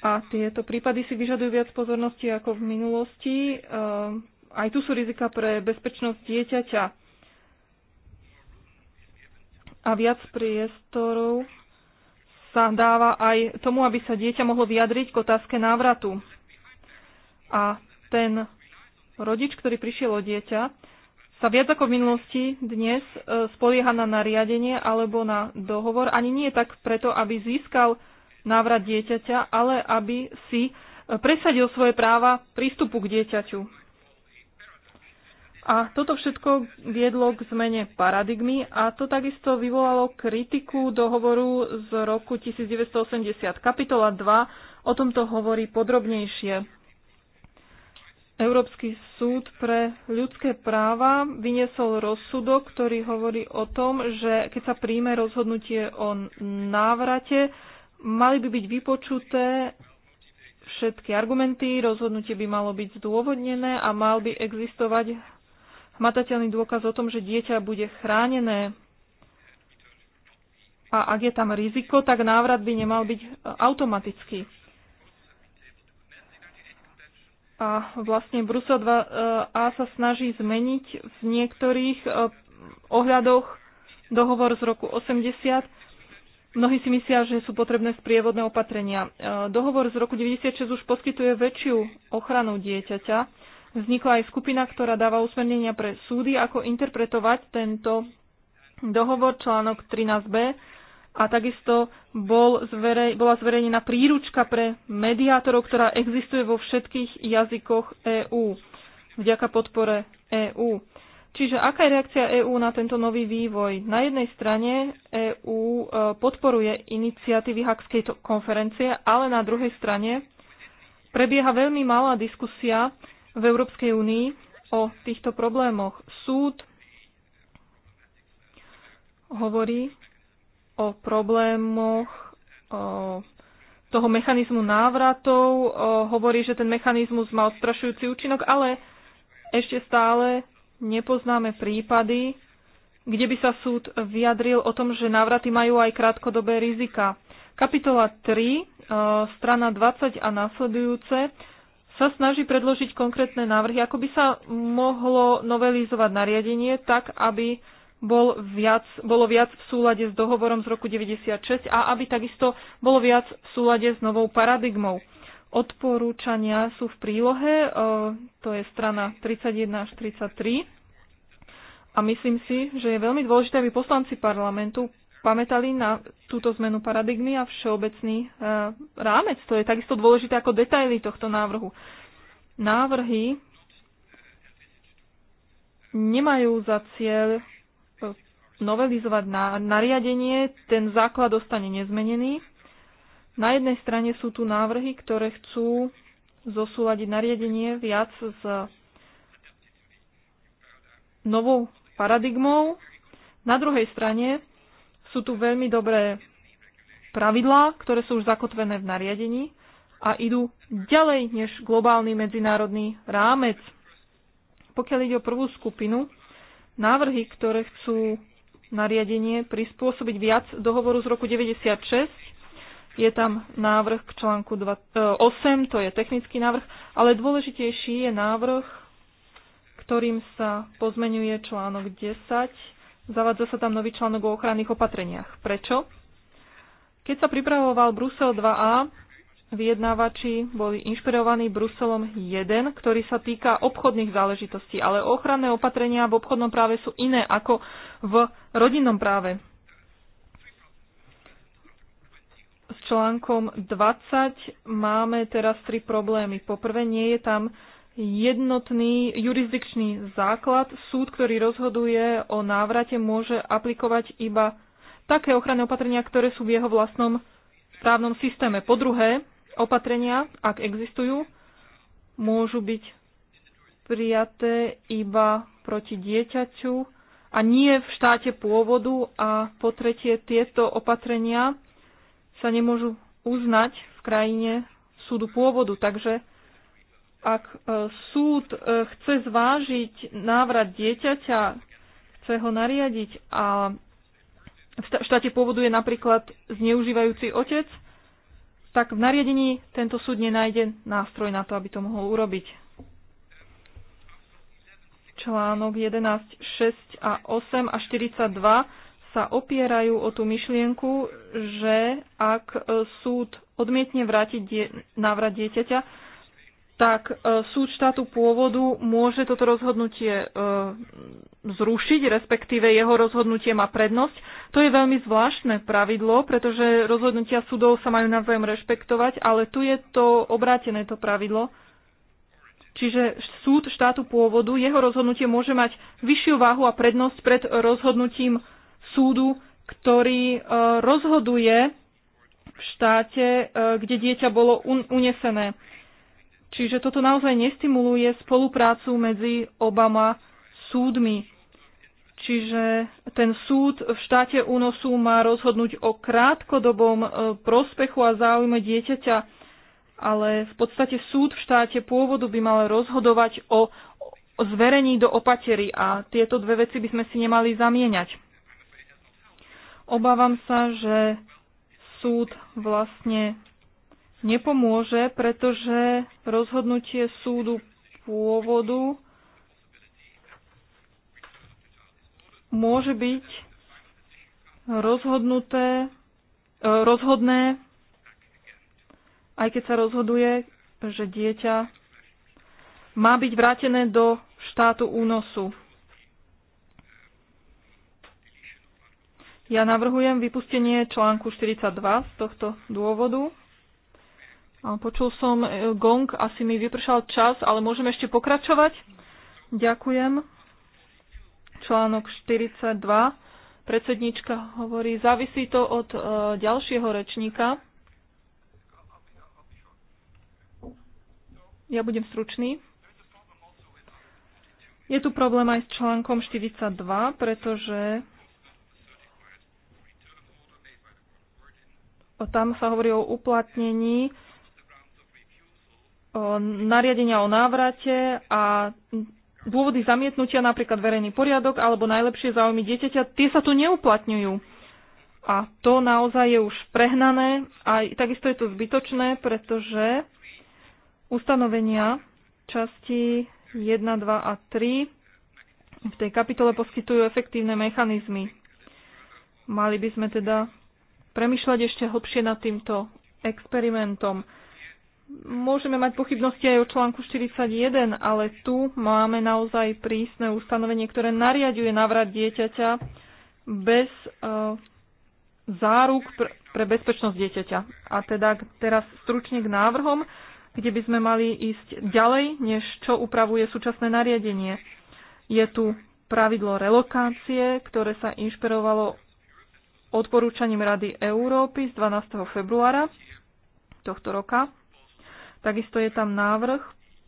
A tieto prípady si vyžadujú viac pozornosti ako v minulosti. Um, aj tu sú rizika pre bezpečnosť dieťaťa. A viac priestorov sa dáva aj tomu, aby sa dieťa mohlo vyjadriť k otázke návratu. A ten rodič, ktorý prišiel o dieťa, sa viac ako v minulosti dnes e, spolieha na nariadenie alebo na dohovor, ani nie tak preto, aby získal návrat dieťaťa, ale aby si e, presadil svoje práva prístupu k dieťaťu. A toto všetko viedlo k zmene paradigmy a to takisto vyvolalo kritiku dohovoru z roku 1980. Kapitola 2 o tomto hovorí podrobnejšie. Európsky súd pre ľudské práva vyniesol rozsudok, ktorý hovorí o tom, že keď sa príjme rozhodnutie o návrate, mali by byť vypočuté všetky argumenty, rozhodnutie by malo byť zdôvodnené a mal by existovať hmatateľný dôkaz o tom, že dieťa bude chránené. A ak je tam riziko, tak návrat by nemal byť automatický. A vlastne Brusel 2a e, sa snaží zmeniť v niektorých e, ohľadoch dohovor z roku 80. Mnohí si myslia, že sú potrebné sprievodné opatrenia. E, dohovor z roku 96 už poskytuje väčšiu ochranu dieťaťa. Vznikla aj skupina, ktorá dáva usmernenia pre súdy, ako interpretovať tento dohovor, článok 13b a takisto bol zverej, bola zverejnená príručka pre mediátorov, ktorá existuje vo všetkých jazykoch EÚ vďaka podpore EÚ. Čiže aká je reakcia EÚ na tento nový vývoj? Na jednej strane EÚ e, podporuje iniciatívy Hakskej konferencie, ale na druhej strane prebieha veľmi malá diskusia v Európskej únii o týchto problémoch. Súd hovorí, o problémoch o toho mechanizmu návratov. Hovorí, že ten mechanizmus má odstrašujúci účinok, ale ešte stále nepoznáme prípady, kde by sa súd vyjadril o tom, že návraty majú aj krátkodobé rizika. Kapitola 3, e, strana 20 a následujúce, sa snaží predložiť konkrétne návrhy, ako by sa mohlo novelizovať nariadenie tak, aby bol viac, bolo viac v súlade s dohovorom z roku 96 a aby takisto bolo viac v súlade s novou paradigmou. Odporúčania sú v prílohe, e, to je strana 31 až 33. A myslím si, že je veľmi dôležité, aby poslanci parlamentu pamätali na túto zmenu paradigmy a všeobecný e, rámec. To je takisto dôležité ako detaily tohto návrhu. Návrhy nemajú za cieľ novelizovať na, nariadenie, ten základ ostane nezmenený. Na jednej strane sú tu návrhy, ktoré chcú zosúľadiť nariadenie viac s novou paradigmou. Na druhej strane sú tu veľmi dobré pravidlá, ktoré sú už zakotvené v nariadení a idú ďalej než globálny medzinárodný rámec. Pokiaľ ide o prvú skupinu, návrhy, ktoré chcú nariadenie prispôsobiť viac dohovoru z roku 96. Je tam návrh k článku 8, e, to je technický návrh, ale dôležitejší je návrh, ktorým sa pozmenuje článok 10. Zavádza sa tam nový článok o ochranných opatreniach. Prečo? Keď sa pripravoval Brusel 2a, vyjednávači boli inšpirovaní Bruselom 1, ktorý sa týka obchodných záležitostí, ale ochranné opatrenia v obchodnom práve sú iné ako v rodinnom práve. S článkom 20 máme teraz tri problémy. Poprvé, nie je tam jednotný jurisdikčný základ. Súd, ktorý rozhoduje o návrate, môže aplikovať iba také ochranné opatrenia, ktoré sú v jeho vlastnom právnom systéme. Po druhé, Opatrenia, ak existujú, môžu byť prijaté iba proti dieťaťu a nie v štáte pôvodu a po tretie tieto opatrenia sa nemôžu uznať v krajine súdu pôvodu. Takže ak e, súd e, chce zvážiť návrat dieťaťa, chce ho nariadiť a v štáte pôvodu je napríklad zneužívajúci otec, tak v nariadení tento súd nenájde nástroj na to, aby to mohol urobiť. Článok 11, 6 a 8 a 42 sa opierajú o tú myšlienku, že ak súd odmietne vrátiť die- návrat dieťaťa, tak e, súd štátu pôvodu môže toto rozhodnutie e, zrušiť, respektíve jeho rozhodnutie má prednosť. To je veľmi zvláštne pravidlo, pretože rozhodnutia súdov sa majú navzájom rešpektovať, ale tu je to obrátené to pravidlo. Čiže súd štátu pôvodu, jeho rozhodnutie môže mať vyššiu váhu a prednosť pred rozhodnutím súdu, ktorý e, rozhoduje v štáte, kde dieťa bolo unesené. Čiže toto naozaj nestimuluje spoluprácu medzi obama súdmi. Čiže ten súd v štáte únosu má rozhodnúť o krátkodobom e, prospechu a záujme dieťaťa, ale v podstate súd v štáte pôvodu by mal rozhodovať o zverení do opatery a tieto dve veci by sme si nemali zamieňať. Obávam sa, že súd vlastne nepomôže, pretože rozhodnutie súdu pôvodu môže byť rozhodnuté, e, rozhodné, aj keď sa rozhoduje, že dieťa má byť vrátené do štátu únosu. Ja navrhujem vypustenie článku 42 z tohto dôvodu. Počul som e, gong, asi mi vypršal čas, ale môžeme ešte pokračovať. Ďakujem. Článok 42. Predsednička hovorí, závisí to od e, ďalšieho rečníka. Ja budem stručný. Je tu problém aj s článkom 42, pretože tam sa hovorí o uplatnení nariadenia o návrate a dôvody zamietnutia, napríklad verejný poriadok alebo najlepšie záujmy dieťaťa, tie sa tu neuplatňujú. A to naozaj je už prehnané a takisto je to zbytočné, pretože ustanovenia časti 1, 2 a 3 v tej kapitole poskytujú efektívne mechanizmy. Mali by sme teda premyšľať ešte hlbšie nad týmto experimentom môžeme mať pochybnosti aj o článku 41, ale tu máme naozaj prísne ustanovenie, ktoré nariaduje navrat dieťaťa bez uh, záruk pr- pre bezpečnosť dieťaťa. A teda teraz stručne k návrhom, kde by sme mali ísť ďalej, než čo upravuje súčasné nariadenie. Je tu pravidlo relokácie, ktoré sa inšpirovalo odporúčaním Rady Európy z 12. februára tohto roka Takisto je tam návrh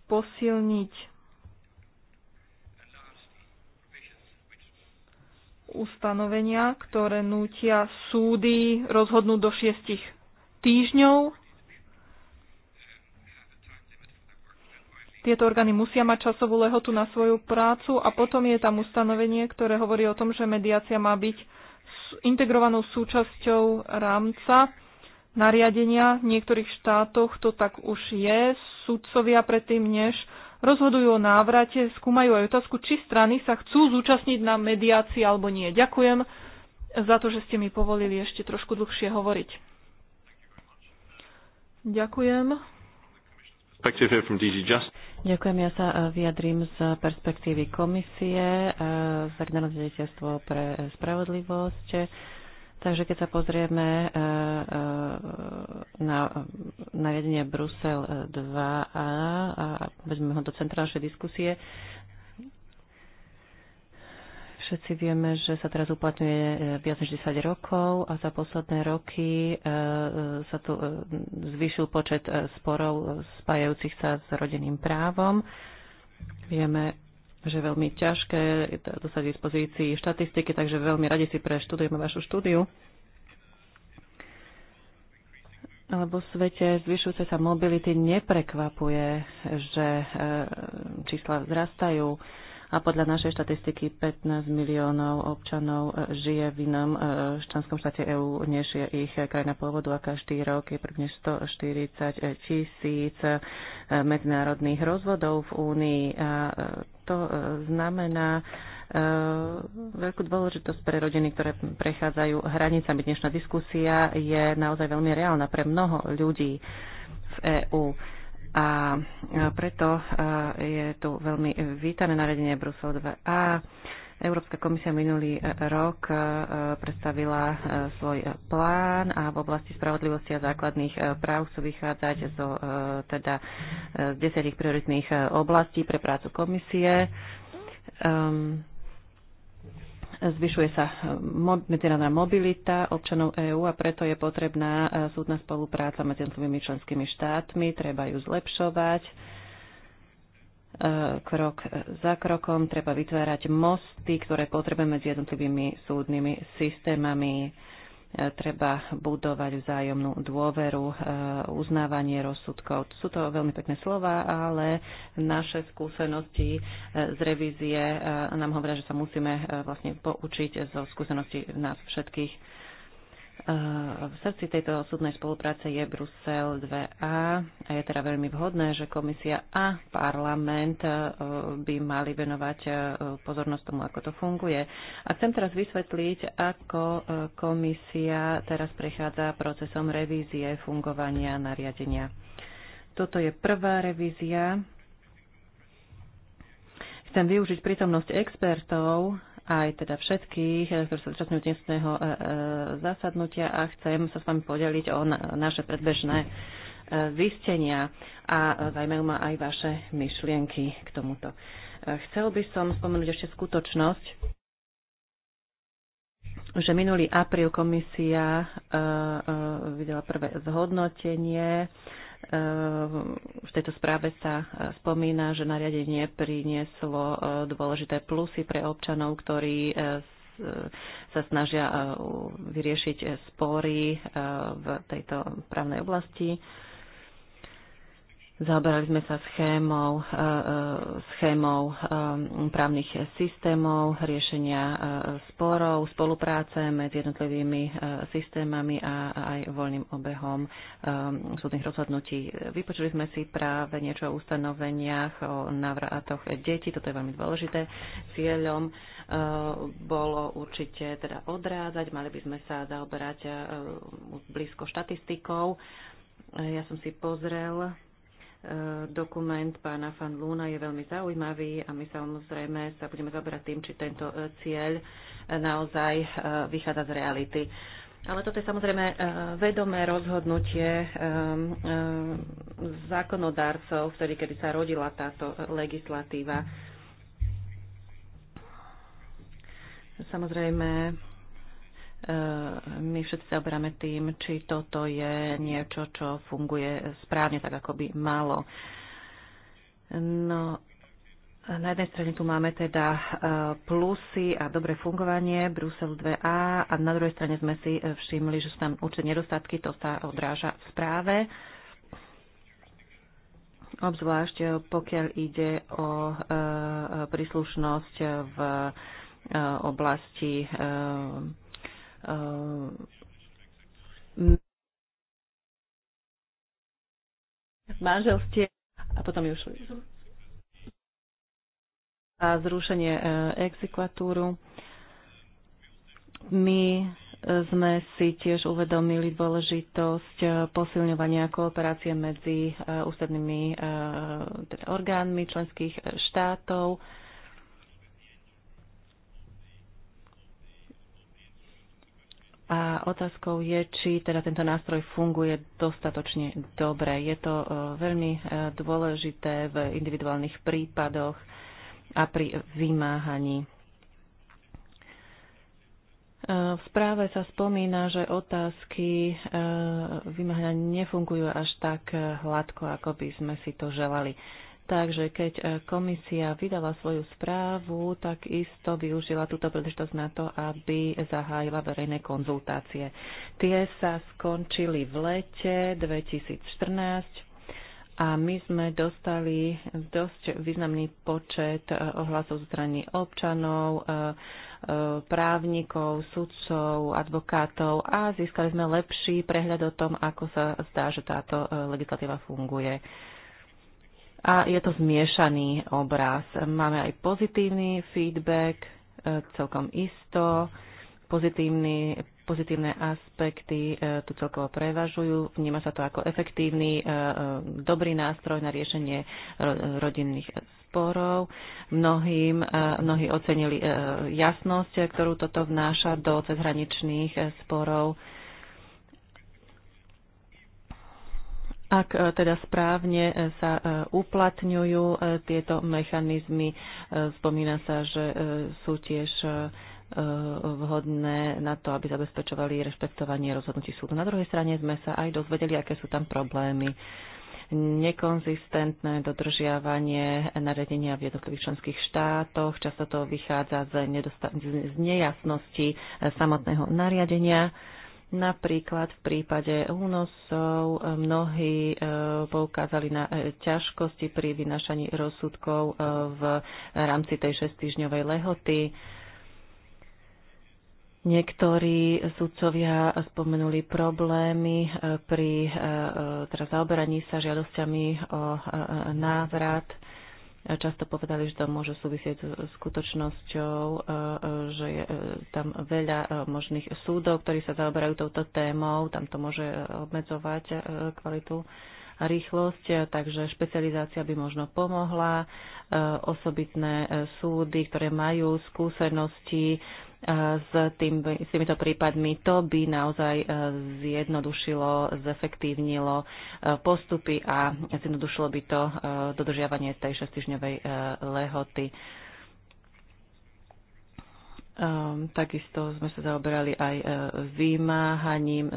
posilniť ustanovenia, ktoré nútia súdy rozhodnúť do šiestich týždňov. Tieto orgány musia mať časovú lehotu na svoju prácu a potom je tam ustanovenie, ktoré hovorí o tom, že mediácia má byť integrovanou súčasťou rámca nariadenia. V niektorých štátoch to tak už je. Sudcovia predtým, než rozhodujú o návrate, skúmajú aj otázku, či strany sa chcú zúčastniť na mediácii alebo nie. Ďakujem za to, že ste mi povolili ešte trošku dlhšie hovoriť. Ďakujem. Ďakujem, ja sa eh, vyjadrím z perspektívy komisie eh, z generálne pre eh, spravodlivosť. Takže keď sa pozrieme e, e, na nariadenie Brusel 2a e, a vezmeme ho do centrálnej diskusie, všetci vieme, že sa teraz uplatňuje viac než 10 rokov a za posledné roky sa tu zvýšil počet sporov spájajúcich sa s rodinným právom. Vieme, že je veľmi ťažké dosať dispozícii štatistiky, takže veľmi radi si preštudujeme vašu štúdiu. Alebo v svete zvyšujúce sa mobility neprekvapuje, že e, čísla vzrastajú a podľa našej štatistiky 15 miliónov občanov e, žije v inom e, členskom štáte EÚ, než je ich krajina pôvodu a každý rok je prvne 140 tisíc medzinárodných rozvodov v Únii a to e, znamená e, veľkú dôležitosť pre rodiny, ktoré prechádzajú hranicami. Dnešná diskusia je naozaj veľmi reálna pre mnoho ľudí v EÚ. A e, preto je tu veľmi vítané naredenie Brusel 2a Európska komisia minulý e, rok e, predstavila e, svoj plán a v oblasti spravodlivosti a základných práv chcú vychádzať zo teda z desetich prioritných oblastí pre prácu komisie. Um, zvyšuje sa medzinárodná mobilita občanov EÚ a preto je potrebná súdna spolupráca medzi členskými štátmi, treba ju zlepšovať E, krok za krokom, treba vytvárať mosty, ktoré potrebujeme medzi jednotlivými súdnymi systémami, e, treba budovať vzájomnú dôveru, e, uznávanie rozsudkov. Sú to veľmi pekné slova, ale naše skúsenosti z revízie nám hovoria, že sa musíme vlastne poučiť zo skúseností nás všetkých Eh, v srdci tejto súdnej spolupráce je Brusel 2a a je teda veľmi vhodné, že komisia a parlament eh, by mali venovať eh, pozornosť tomu, ako to funguje. A chcem teraz vysvetliť, ako komisia teraz prechádza procesom revízie fungovania nariadenia. Toto je prvá revízia. Chcem využiť prítomnosť expertov aj teda všetkých, eh, ktorí sa zúčastňujú dnešného eh, eh, zasadnutia a chcem sa s vami podeliť o naše predbežné zistenia a zajmajú ma aj vaše myšlienky k tomuto. Chcel by som spomenúť ešte skutočnosť, že minulý apríl komisia vydala prvé zhodnotenie v tejto správe sa spomína, že nariadenie prinieslo e, dôležité plusy pre občanov, ktorí e, sa snažia e, vyriešiť spory v tejto právnej oblasti. Zaoberali sme sa schémou, e, e, schémou e, právnych systémov, riešenia sporov, spolupráce medzi jednotlivými systémami a aj voľným obehom súdnych rozhodnutí. Vypočuli sme si práve niečo o ustanoveniach, o návratoch detí, toto je veľmi dôležité. Cieľom bolo určite teda odrázať, mali by sme sa zaoberať blízko štatistikou. Ja som si pozrel E, dokument pána Fan Luna je veľmi zaujímavý a my samozrejme sa budeme zaberať tým, či tento e, cieľ e, naozaj vychádza z reality. Ale toto je samozrejme vedomé rozhodnutie zákonodárcov, vtedy, kedy sa rodila táto legislatíva. Samozrejme, Eh, my všetci sa oberáme tým, či toto je niečo, čo funguje správne, tak ako by malo. No, na jednej strane tu máme teda eh, plusy a dobré fungovanie Brusel 2A a na druhej strane sme si eh, všimli, že sú tam určite nedostatky, to sa odráža v správe obzvlášť pokiaľ ide o príslušnosť v oblasti Ehm, manželstie a potom už a zrušenie e, exekvatúru. My e, sme si tiež uvedomili dôležitosť e, posilňovania kooperácie medzi ústrednými teda orgánmi členských štátov A otázkou je, či teda tento nástroj funguje dostatočne dobre. Je to e, veľmi e, dôležité v individuálnych prípadoch a pri vymáhaní. E, v správe sa spomína, že otázky vymáhania nefungujú až tak hladko, ako by sme si to želali. Takže keď e, komisia vydala svoju správu, tak isto využila túto príležitosť na to, aby zahájila verejné konzultácie. Tie sa skončili v lete 2014 a my sme dostali dosť významný počet e, ohlasov zo strany občanov, e, právnikov, sudcov, advokátov a získali sme lepší prehľad o tom, ako sa zdá, že táto legislatíva funguje a je to zmiešaný obraz. Máme aj pozitívny feedback, e, celkom isto, pozitívny, pozitívne aspekty e, tu celkovo prevažujú. Vníma sa to ako efektívny, e, dobrý nástroj na riešenie rodinných sporov. Mnohým, mnohí ocenili jasnosť, ktorú toto vnáša do cezhraničných sporov ak e, teda správne e, sa e, uplatňujú tieto mechanizmy. Spomína sa, že sú tiež vhodné na to, aby zabezpečovali rešpektovanie rozhodnutí súdu. Na druhej strane sme sa aj dozvedeli, aké sú tam problémy nekonzistentné dodržiavanie nariadenia v jednotlivých členských štátoch. Často to vychádza z, z nejasnosti samotného nariadenia Napríklad v prípade únosov mnohí e, poukázali na e, ťažkosti pri vynášaní rozsudkov e, v rámci tej 6-týždňovej lehoty. Niektorí sudcovia spomenuli problémy pri teda zaoberaní sa žiadosťami o návrat často povedali, že to môže súvisieť s skutočnosťou, e, e, že je e, tam veľa možných súdov, ktorí sa zaoberajú touto témou, tam to môže obmedzovať kvalitu a rýchlosť, takže špecializácia by možno pomohla. Osobitné súdy, ktoré majú skúsenosti s, tým, s týmito prípadmi. To by naozaj e, zjednodušilo, zefektívnilo e, postupy a zjednodušilo by to e, dodržiavanie tej šestižňovej lehoty. takisto sme sa zaoberali aj vymáhaním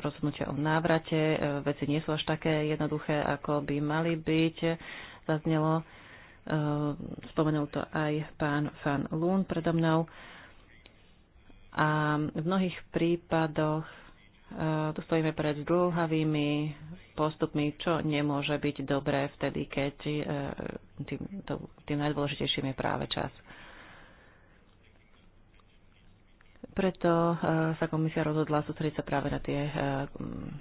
rozhodnutia o návrate. veci nie sú až také jednoduché, ako by mali byť. Zaznelo, spomenul to aj pán Fan Lún predo mnou. A v mnohých prípadoch e, tu stojíme pred dlhavými postupmi, čo nemôže byť dobré vtedy, keď e, tým, tým najdôležitejším je práve čas. Preto e, sa komisia rozhodla sústrediť sa práve na tie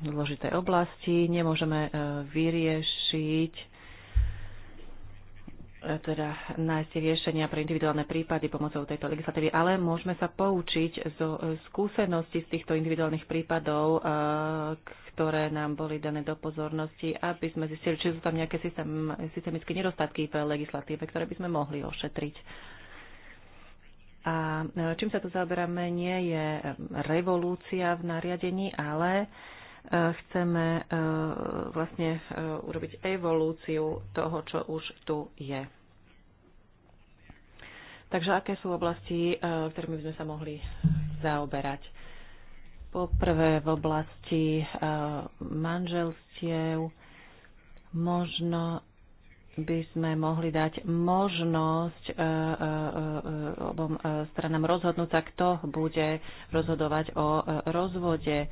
dôležité oblasti. Nemôžeme vyriešiť E, teda nájsť riešenia pre individuálne prípady pomocou tejto legislatívy, ale môžeme sa poučiť zo e, skúseností z týchto individuálnych prípadov, e, ktoré nám boli dané do pozornosti, aby sme zistili, či sú tam nejaké systém, systemické nedostatky v legislatíve, ktoré by sme mohli ošetriť. A čím sa tu zaoberáme, nie je revolúcia v nariadení, ale uh, Eh, chceme eh, vlastne eh, urobiť evolúciu toho, čo už tu je. Takže aké sú oblasti, ktorými by sme sa mohli zaoberať? Poprvé v oblasti manželstiev možno by sme mohli dať možnosť obom stranám rozhodnúť sa, kto bude rozhodovať o rozvode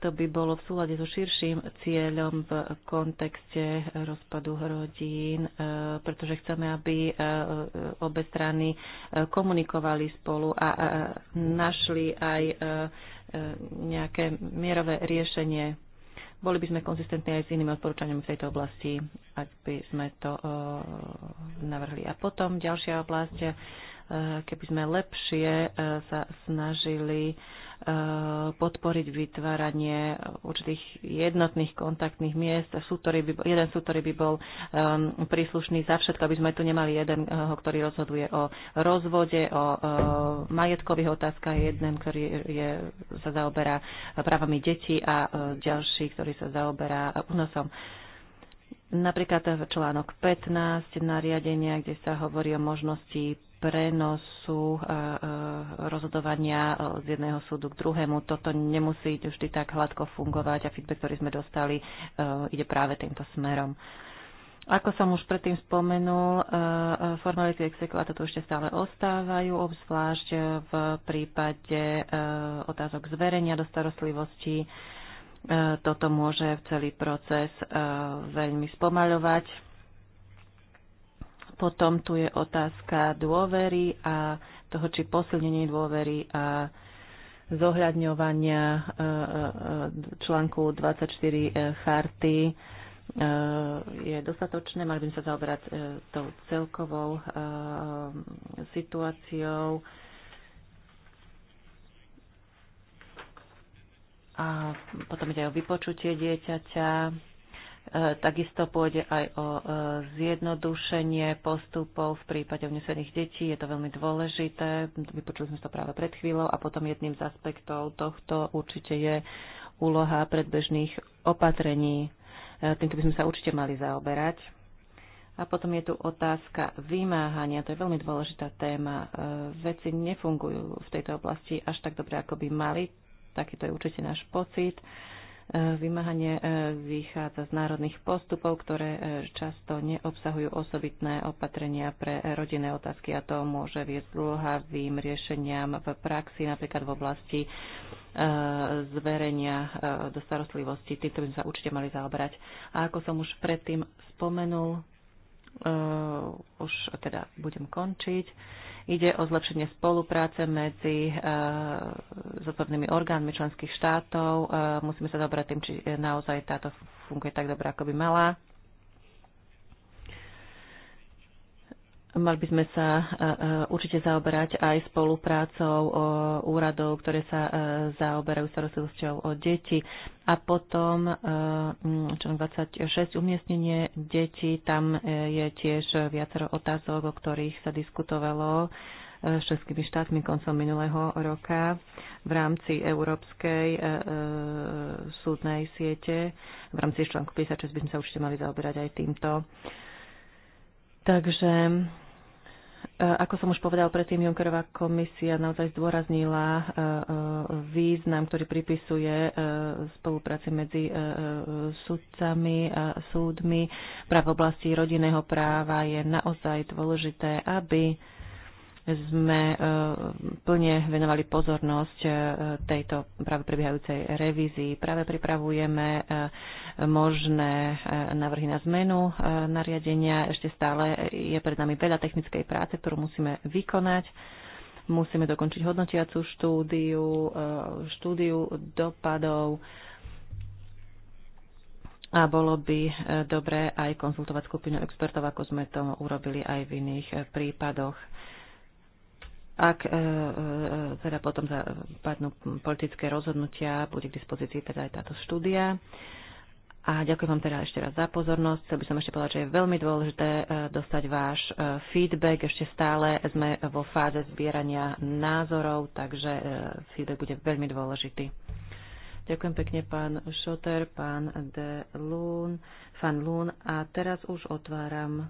to by bolo v súlade so širším cieľom v kontexte rozpadu rodín, e, pretože chceme, aby e, obe strany e, komunikovali spolu a našli aj nejaké mierové riešenie. Boli by sme konzistentní aj s inými odporúčaniami v tejto oblasti, ak by sme to navrhli. A potom ďalšia oblasť, keby sme lepšie sa snažili Eh, podporiť vytváranie určitých jednotných kontaktných miest. Súd, by, jeden sú, ktorý by bol príslušný za všetko, aby sme tu nemali jeden, eh, ktorý rozhoduje o rozvode, o eh, majetkových otázkach, jeden, ktorý je, sa zaoberá právami detí a ďalší, ktorý sa zaoberá únosom. Napríklad článok 15 nariadenia, kde sa hovorí o možnosti prenosu e, e, rozhodovania e, z jedného súdu k druhému. Toto nemusí vždy tak hladko fungovať a feedback, ktorý sme dostali, ide práve týmto smerom. Ako som už predtým spomenul, formality exekváta tu ešte stále ostávajú, obzvlášť v prípade otázok zverenia do starostlivosti. Toto môže celý proces veľmi spomaľovať potom tu je otázka dôvery a toho, či posilnenie dôvery a zohľadňovania e, e, e, článku 24 charty je dostatočné. Mali by sme sa zaoberať tou celkovou situáciou. A potom ide aj o vypočutie dieťaťa E, takisto pôjde aj o e, zjednodušenie postupov v prípade vnesených detí. Je to veľmi dôležité. Vypočuli sme to práve pred chvíľou. A potom jedným z aspektov tohto určite je úloha predbežných opatrení. E, týmto by sme sa určite mali zaoberať. A potom je tu otázka vymáhania. To je veľmi dôležitá téma. Veci nefungujú v tejto oblasti až tak dobre, ako by mali. Taký to je určite náš pocit. Vymáhanie e, vychádza z národných postupov, ktoré e, často neobsahujú osobitné opatrenia pre e, rodinné otázky a to môže viesť dlhavým riešeniam v praxi, napríklad v oblasti zverenia do starostlivosti. Týmto by sme sa určite mali zaoberať. A ako som už predtým spomenul, už teda budem končiť Ide o zlepšenie spolupráce medzi eh, zodpovednými orgánmi členských štátov. Eh, musíme sa dobrať tým, či naozaj táto funguje tak dobre, ako by mala. Mali by sme sa e, e, určite zaoberať aj spoluprácou úradov, ktoré sa e, zaoberajú starostlivosťou o deti. A potom 26, umiestnenie detí, tam je tiež viacero otázok, o ktorých sa diskutovalo s českými štátmi koncom minulého roka v rámci európskej súdnej siete. V rámci článku 56 by sme sa určite mali zaoberať aj týmto. Takže, e, ako som už povedal predtým, Junckerová komisia naozaj zdôraznila e, e, význam, ktorý pripisuje spolupráci medzi sudcami a súdmi. Práv v oblasti rodinného práva je naozaj dôležité, aby sme e, plne venovali pozornosť e, tejto práve prebiehajúcej revízii. Práve pripravujeme e, možné návrhy na zmenu nariadenia. Ešte stále je pred nami veľa technickej práce, ktorú musíme vykonať. Musíme dokončiť hodnotiacu štúdiu, štúdiu dopadov a bolo by dobré aj konzultovať skupinu expertov, ako sme to urobili aj v iných prípadoch. Ak e, e, e, teda potom padnú politické rozhodnutia, bude k dispozícii teda aj táto štúdia. A ďakujem vám teda ešte raz za pozornosť. Chcel by som ešte povedať, že je veľmi dôležité dostať váš feedback. Ešte stále sme vo fáze zbierania názorov, takže feedback bude veľmi dôležitý. Ďakujem pekne pán Šoter, pán De Lún, pán Lún. A teraz už otváram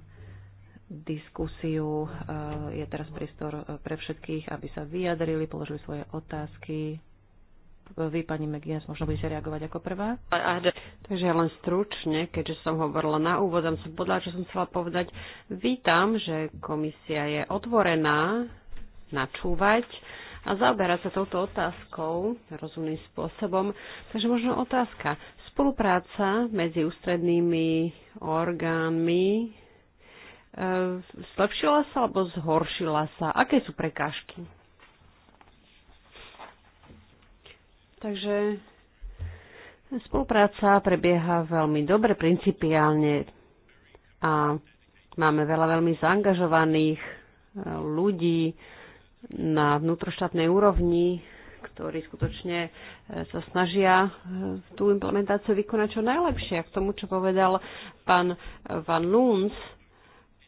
diskusiu. Eh, je teraz priestor eh, pre všetkých, aby sa vyjadrili, položili svoje otázky. Vy, pani McGuinness, možno budete reagovať ako prvá. Takže ja len stručne, keďže som hovorila na úvod, som podľa, čo som chcela povedať. Vítam, že komisia je otvorená načúvať a zaoberať sa touto otázkou rozumným spôsobom. Takže možno otázka. Spolupráca medzi ústrednými orgánmi Eh, zlepšila sa alebo zhoršila sa? Aké sú prekážky? Takže spolupráca prebieha veľmi dobre, principiálne a máme veľa veľmi zaangažovaných eh, ľudí na vnútroštátnej úrovni, ktorí skutočne eh, sa snažia tú implementáciu vykonať čo najlepšie. A k tomu, čo povedal pán Van Luns,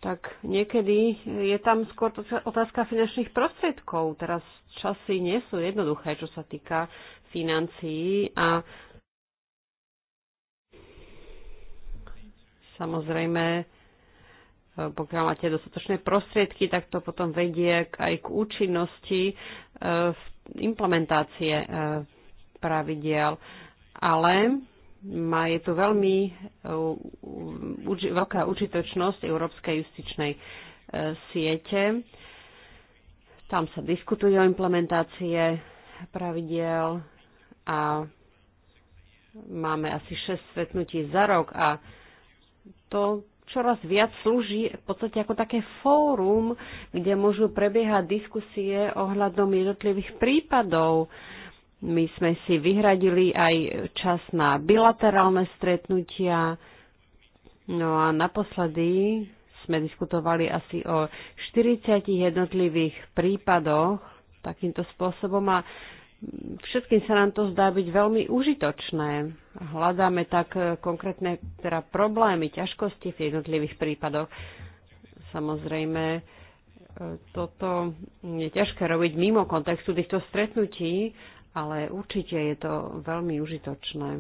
tak niekedy je tam skôr otázka finančných prostriedkov. Teraz časy nie sú jednoduché, čo sa týka financií a samozrejme, e, pokiaľ máte dostatočné prostriedky, tak to potom vedie aj k účinnosti e, implementácie e, pravidiel. Ale má, je tu veľmi uči, uh, veľká užitočnosť Európskej justičnej uh, siete. Tam sa diskutuje o implementácie pravidiel a máme asi 6 stretnutí za rok a to čoraz viac slúži v podstate ako také fórum, kde môžu prebiehať diskusie ohľadom jednotlivých prípadov, my sme si vyhradili aj čas na bilaterálne stretnutia. No a naposledy sme diskutovali asi o 40 jednotlivých prípadoch takýmto spôsobom a všetkým sa nám to zdá byť veľmi užitočné. Hľadáme tak konkrétne teda problémy, ťažkosti v jednotlivých prípadoch. Samozrejme, e, toto je ťažké robiť mimo kontextu týchto stretnutí, ale určite je to veľmi užitočné.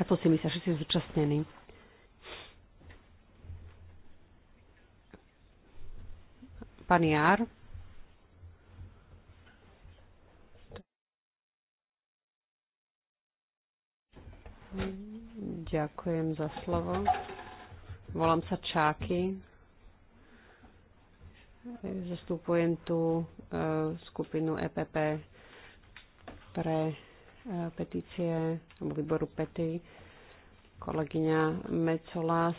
A to si že si zúčastnený. Pani Jár. Ďakujem za slovo. Volám sa Čáky. Zastupujem tu e, skupinu EPP pre e, petície, alebo výboru pety, kolegyňa Mecola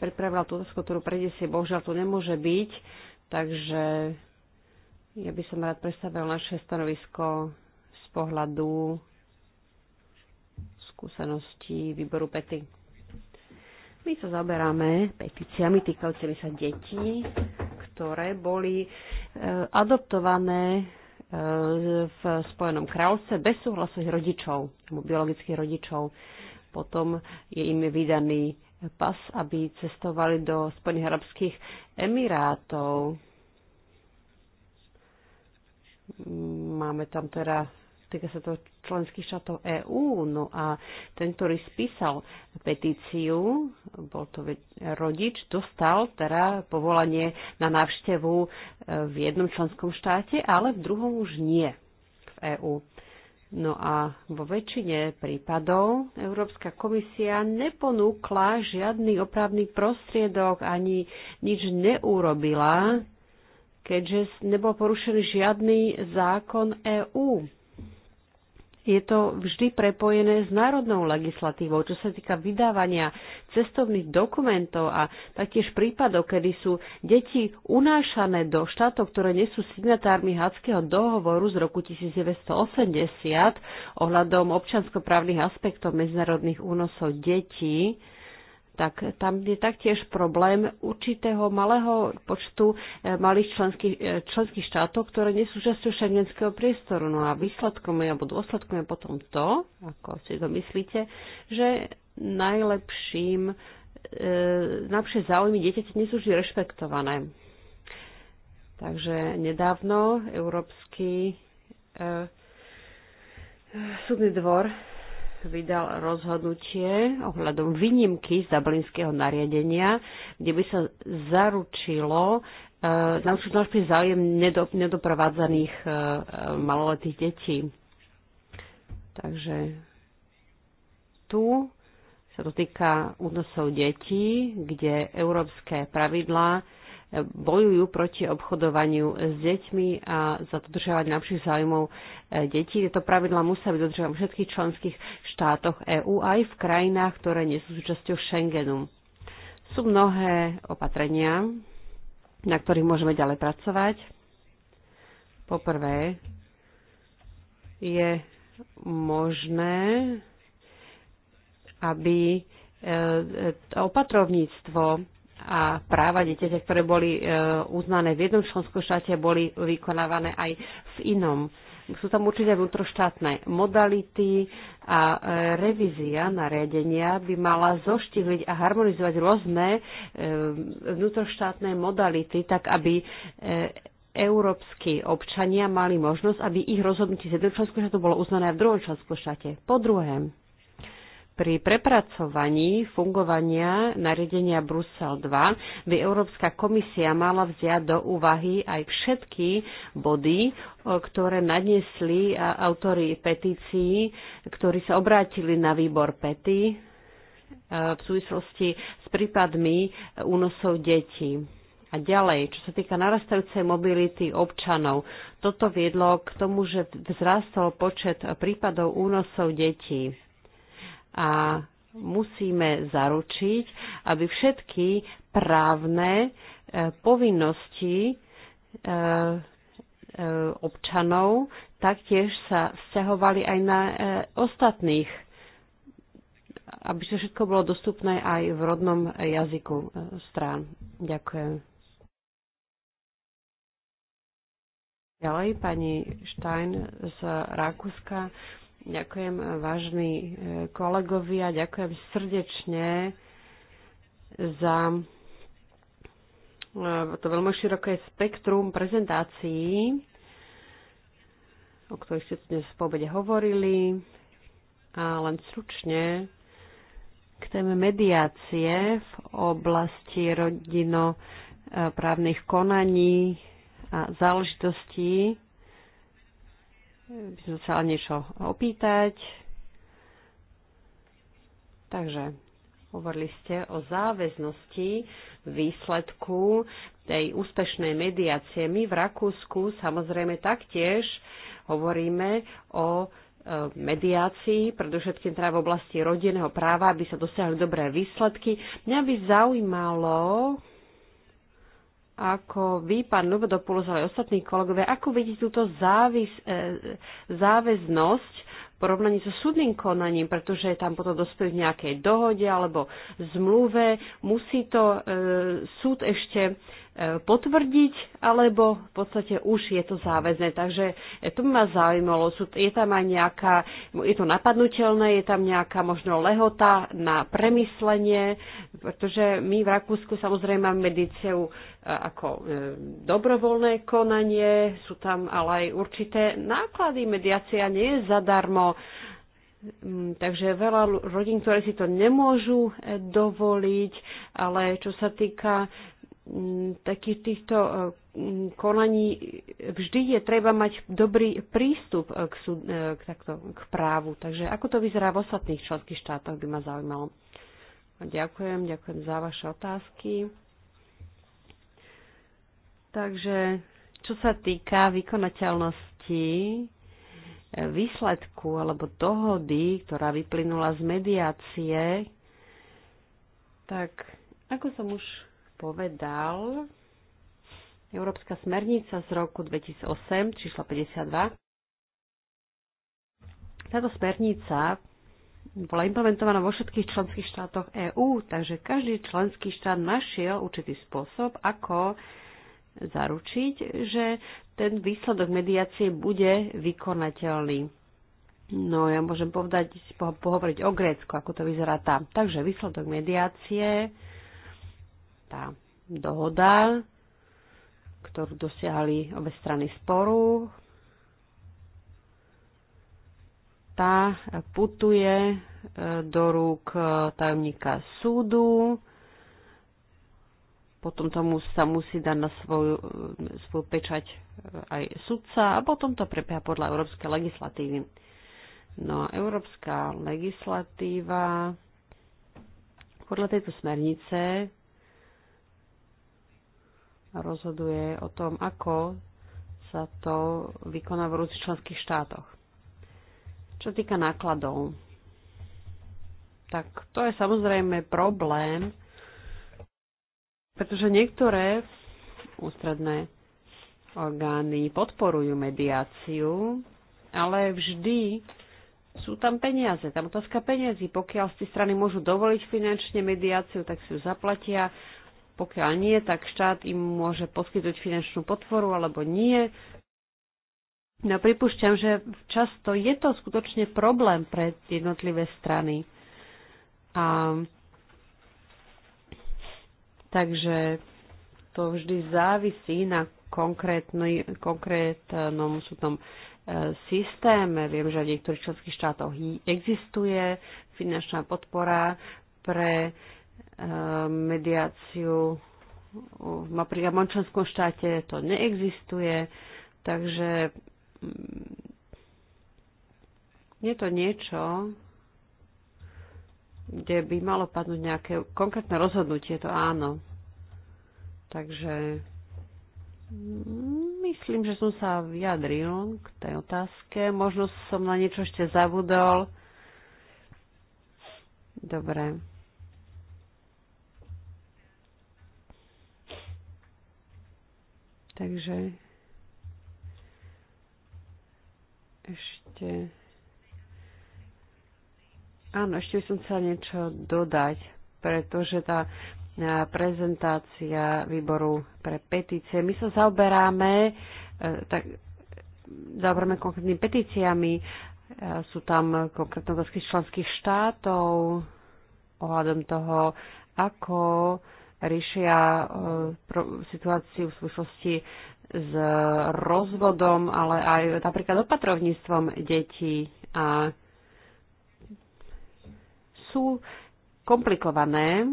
pripravila tú otázku, ktorú si bohužiaľ tu nemôže byť, takže ja by som rád predstavil naše stanovisko z pohľadu skúseností výboru pety. My sa zaberáme petíciami týkajúcimi sa detí, ktoré boli e, adoptované v Spojenom kráľovstve bez súhlasu ich rodičov, biologických rodičov. Potom je im vydaný pas, aby cestovali do Spojených arabských emirátov. Máme tam teda týka sa to členských štátov EÚ. No a ten, ktorý spísal petíciu, bol to rodič, dostal teda povolanie na návštevu e, v jednom členskom štáte, ale v druhom už nie v EÚ. No a vo väčšine prípadov Európska komisia neponúkla žiadny opravný prostriedok ani nič neurobila, keďže nebol porušený žiadny zákon EÚ je to vždy prepojené s národnou legislatívou, čo sa týka vydávania cestovných dokumentov a taktiež prípadov, kedy sú deti unášané do štátov, ktoré nie sú signatármi Hadského dohovoru z roku 1980 ohľadom občanskoprávnych aspektov medzinárodných únosov detí tak tam je taktiež problém určitého malého počtu eh, malých členských, eh, členských štátov, ktoré nie sú časťou šengenského priestoru. No a výsledkom je, alebo dôsledkom je potom to, ako si to myslíte, že najlepším, e, najlepšie záujmy dieťaťa nie sú vždy rešpektované. Takže nedávno Európsky e, súdny dvor vydal rozhodnutie ohľadom výnimky z Dublinského nariadenia, kde by sa zaručilo e, na určitý záujem nedoprovádzaných e, maloletých detí. Takže tu sa to týka únosov detí, kde európske pravidlá bojujú proti obchodovaniu s deťmi a za dodržiavanie najlepších záujmov e, detí. Tieto pravidla musia byť dodržiavané v všetkých členských štátoch EÚ aj v krajinách, ktoré nie sú súčasťou Schengenu. Sú mnohé opatrenia, na ktorých môžeme ďalej pracovať. Poprvé je možné, aby e, e, opatrovníctvo a práva dieťaťa, ktoré boli e, uznané v jednom členskom štáte, boli vykonávané aj v inom. Sú tam určite vnútroštátne modality a e, revízia nariadenia by mala zoštihliť a harmonizovať rôzne e, vnútroštátne modality, tak aby európsky občania mali možnosť, aby ich rozhodnutie z jedného členského štátu bolo uznané v druhom členskom štáte. Po druhém, pri prepracovaní fungovania nariadenia Brusel 2 by Európska komisia mala vziať do úvahy aj všetky body, ktoré nadnesli autory petícií, ktorí sa obrátili na výbor pety e, v súvislosti s prípadmi únosov detí. A ďalej, čo sa týka narastajúcej mobility občanov, toto viedlo k tomu, že vzrastol počet prípadov únosov detí a musíme zaručiť, aby všetky právne e, povinnosti e, e, občanov taktiež sa vzťahovali aj na ostatných, aby to všetko bolo dostupné aj v rodnom jazyku strán. Ďakujem. Ďalej pani Stein z Rakúska. Ďakujem eh, vážni eh, kolegovia, ďakujem srdečne za eh, to veľmi široké spektrum prezentácií, o ktorých ste dnes v pobede hovorili. A len stručne k téme mediácie v oblasti rodino právnych konaní a záležitostí by som sa niečo opýtať. Takže hovorili ste o záväznosti výsledku tej úspešnej mediácie. My v Rakúsku samozrejme taktiež hovoríme o e, mediácii, predovšetkým teda v oblasti rodinného práva, aby sa dosiahli dobré výsledky. Mňa by zaujímalo, ako vy, pán Lubodopulos, ale ostatní kolegovia, ako vidíte túto závis, e, záväznosť v porovnaní so súdnym konaním, pretože tam potom dospejú v nejakej dohode alebo zmluve, musí to e, súd ešte E, potvrdiť, alebo v podstate už je to záväzné. Takže e, to by ma zaujímalo. Sú, je tam aj nejaká, je to napadnutelné, je tam nejaká možno lehota na premyslenie, pretože my v Rakúsku samozrejme máme medíciu e, ako dobrovoľné konanie, sú tam ale aj určité náklady. Mediácia nie je zadarmo. Mm, takže veľa rodín, ktoré si to nemôžu dovoliť, ale čo sa týka Mm, takých týchto e, mm, konaní vždy je treba mať dobrý prístup e, k, súd, e, k, takto, k právu. Takže ako to vyzerá v ostatných členských štátoch, by ma zaujímalo. Ďakujem, ďakujem za vaše otázky. Takže čo sa týka vykonateľnosti výsledku alebo dohody, ktorá vyplynula z mediácie, tak ako som už povedal, Európska smernica z roku 2008, číslo 52, táto smernica bola implementovaná vo všetkých členských štátoch EÚ, takže každý členský štát našiel určitý spôsob, ako zaručiť, že ten výsledok mediácie bude vykonateľný. No, ja môžem povedať, pohovoriť o Grécku, ako to vyzerá tam. Takže výsledok mediácie tá dohoda, ktorú dosiahli obe strany sporu, tá putuje e, do rúk e, tajomníka súdu, potom tomu sa musí dať na svoju, e, svoju pečať aj sudca a potom to prebieha podľa európskej legislatívy. No a európska legislatíva podľa tejto smernice rozhoduje o tom, ako sa to vykoná v rúci členských štátoch. Čo týka nákladov, tak to je samozrejme problém, pretože niektoré ústredné orgány podporujú mediáciu, ale vždy sú tam peniaze, tam otázka peniazy. Pokiaľ si strany môžu dovoliť finančne mediáciu, tak si ju zaplatia. Pokiaľ nie, tak štát im môže poskytnúť finančnú podporu alebo nie. No pripúšťam, že často je to skutočne problém pre jednotlivé strany. A, takže to vždy závisí na konkrétnom súdnom e, systéme. Viem, že v niektorých členských štátoch existuje finančná podpora pre mediáciu v napríklad štáte to neexistuje, takže mm, je to niečo, kde by malo padnúť nejaké konkrétne rozhodnutie, to áno. Takže mm, myslím, že som sa vyjadril k tej otázke. Možno som na niečo ešte zabudol. Dobre. Takže ešte... Áno, ešte by som chcela niečo dodať, pretože tá e, prezentácia výboru pre petície. My sa zaoberáme, e, tak, zaoberáme konkrétnymi petíciami, e, sú tam konkrétne otázky členských štátov ohľadom toho, ako riešia eh, situáciu v súvislosti s rozvodom, ale aj napríklad opatrovníctvom detí a sú komplikované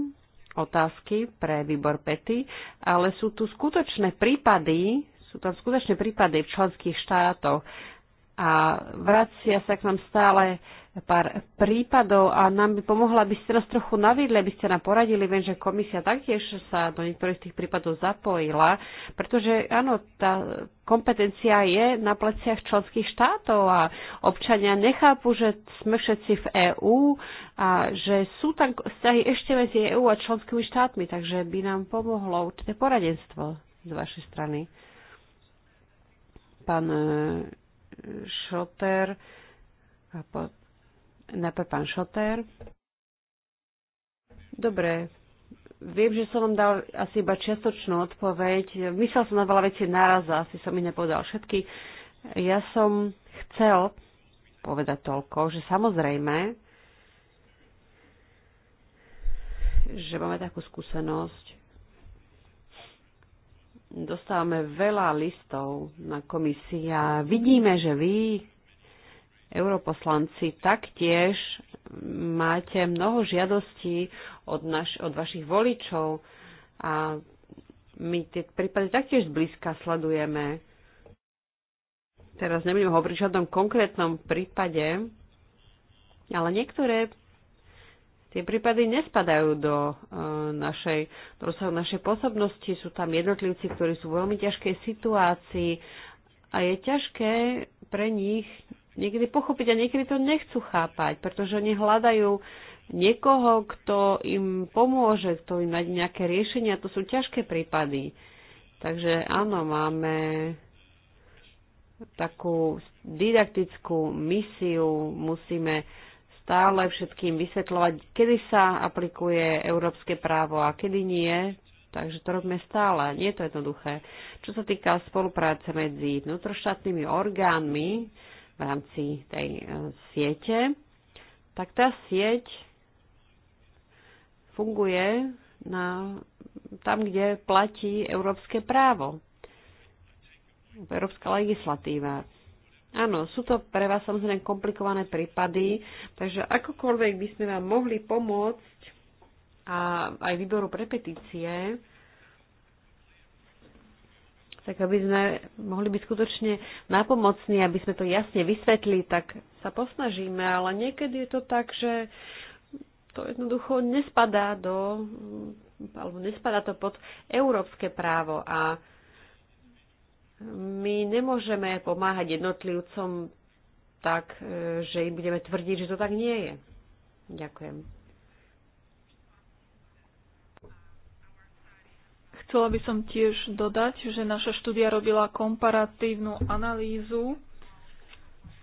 otázky pre výbor PETY, ale sú tu skutočné prípady, sú tam skutočné prípady v členských štátoch a vracia sa k nám stále pár prípadov a nám by pomohla, aby ste nás trochu navídli, aby ste nám poradili. Viem, že komisia taktiež sa do niektorých z tých prípadov zapojila, pretože áno, tá kompetencia je na pleciach členských štátov a občania nechápu, že sme všetci v EÚ a že sú tam vzťahy ešte medzi EÚ a členskými štátmi, takže by nám pomohlo určité poradenstvo z vašej strany. Pán eh, Šoter a potom Najprv pán Šotér. Dobre, viem, že som vám dal asi iba čiastočnú odpoveď. Myslel som na veľa vecí naraz a asi som ich nepovedal všetky. Ja som chcel povedať toľko, že samozrejme, že máme takú skúsenosť, dostávame veľa listov na komisii a vidíme, že vy europoslanci, taktiež máte mnoho žiadostí od, naš, od vašich voličov a my tie prípady taktiež zblízka sledujeme. Teraz nebudem hovoriť o žiadnom konkrétnom prípade, ale niektoré tie prípady nespadajú do e, našej, do rozsahu našej posobnosti. Sú tam jednotlivci, ktorí sú v veľmi ťažkej situácii a je ťažké pre nich niekedy pochopiť a niekedy to nechcú chápať, pretože oni hľadajú niekoho, kto im pomôže, kto im nájde nejaké riešenia. To sú ťažké prípady. Takže áno, máme takú didaktickú misiu, musíme stále všetkým vysvetľovať, kedy sa aplikuje európske právo a kedy nie. Takže to robíme stále, nie je to jednoduché. Čo sa týka spolupráce medzi vnútroštátnymi orgánmi, v rámci tej e, siete, tak tá sieť funguje na, tam, kde platí európske právo, európska legislatíva. Áno, sú to pre vás samozrejme komplikované prípady, takže akokoľvek by sme vám mohli pomôcť a aj výboru pre petície, tak aby sme mohli byť skutočne napomocní, aby sme to jasne vysvetli, tak sa posnažíme, ale niekedy je to tak, že to jednoducho nespadá do, alebo nespadá to pod európske právo a my nemôžeme pomáhať jednotlivcom tak, e, že im budeme tvrdiť, že to tak nie je. Ďakujem. Chcela by som tiež dodať, že naša štúdia robila komparatívnu analýzu,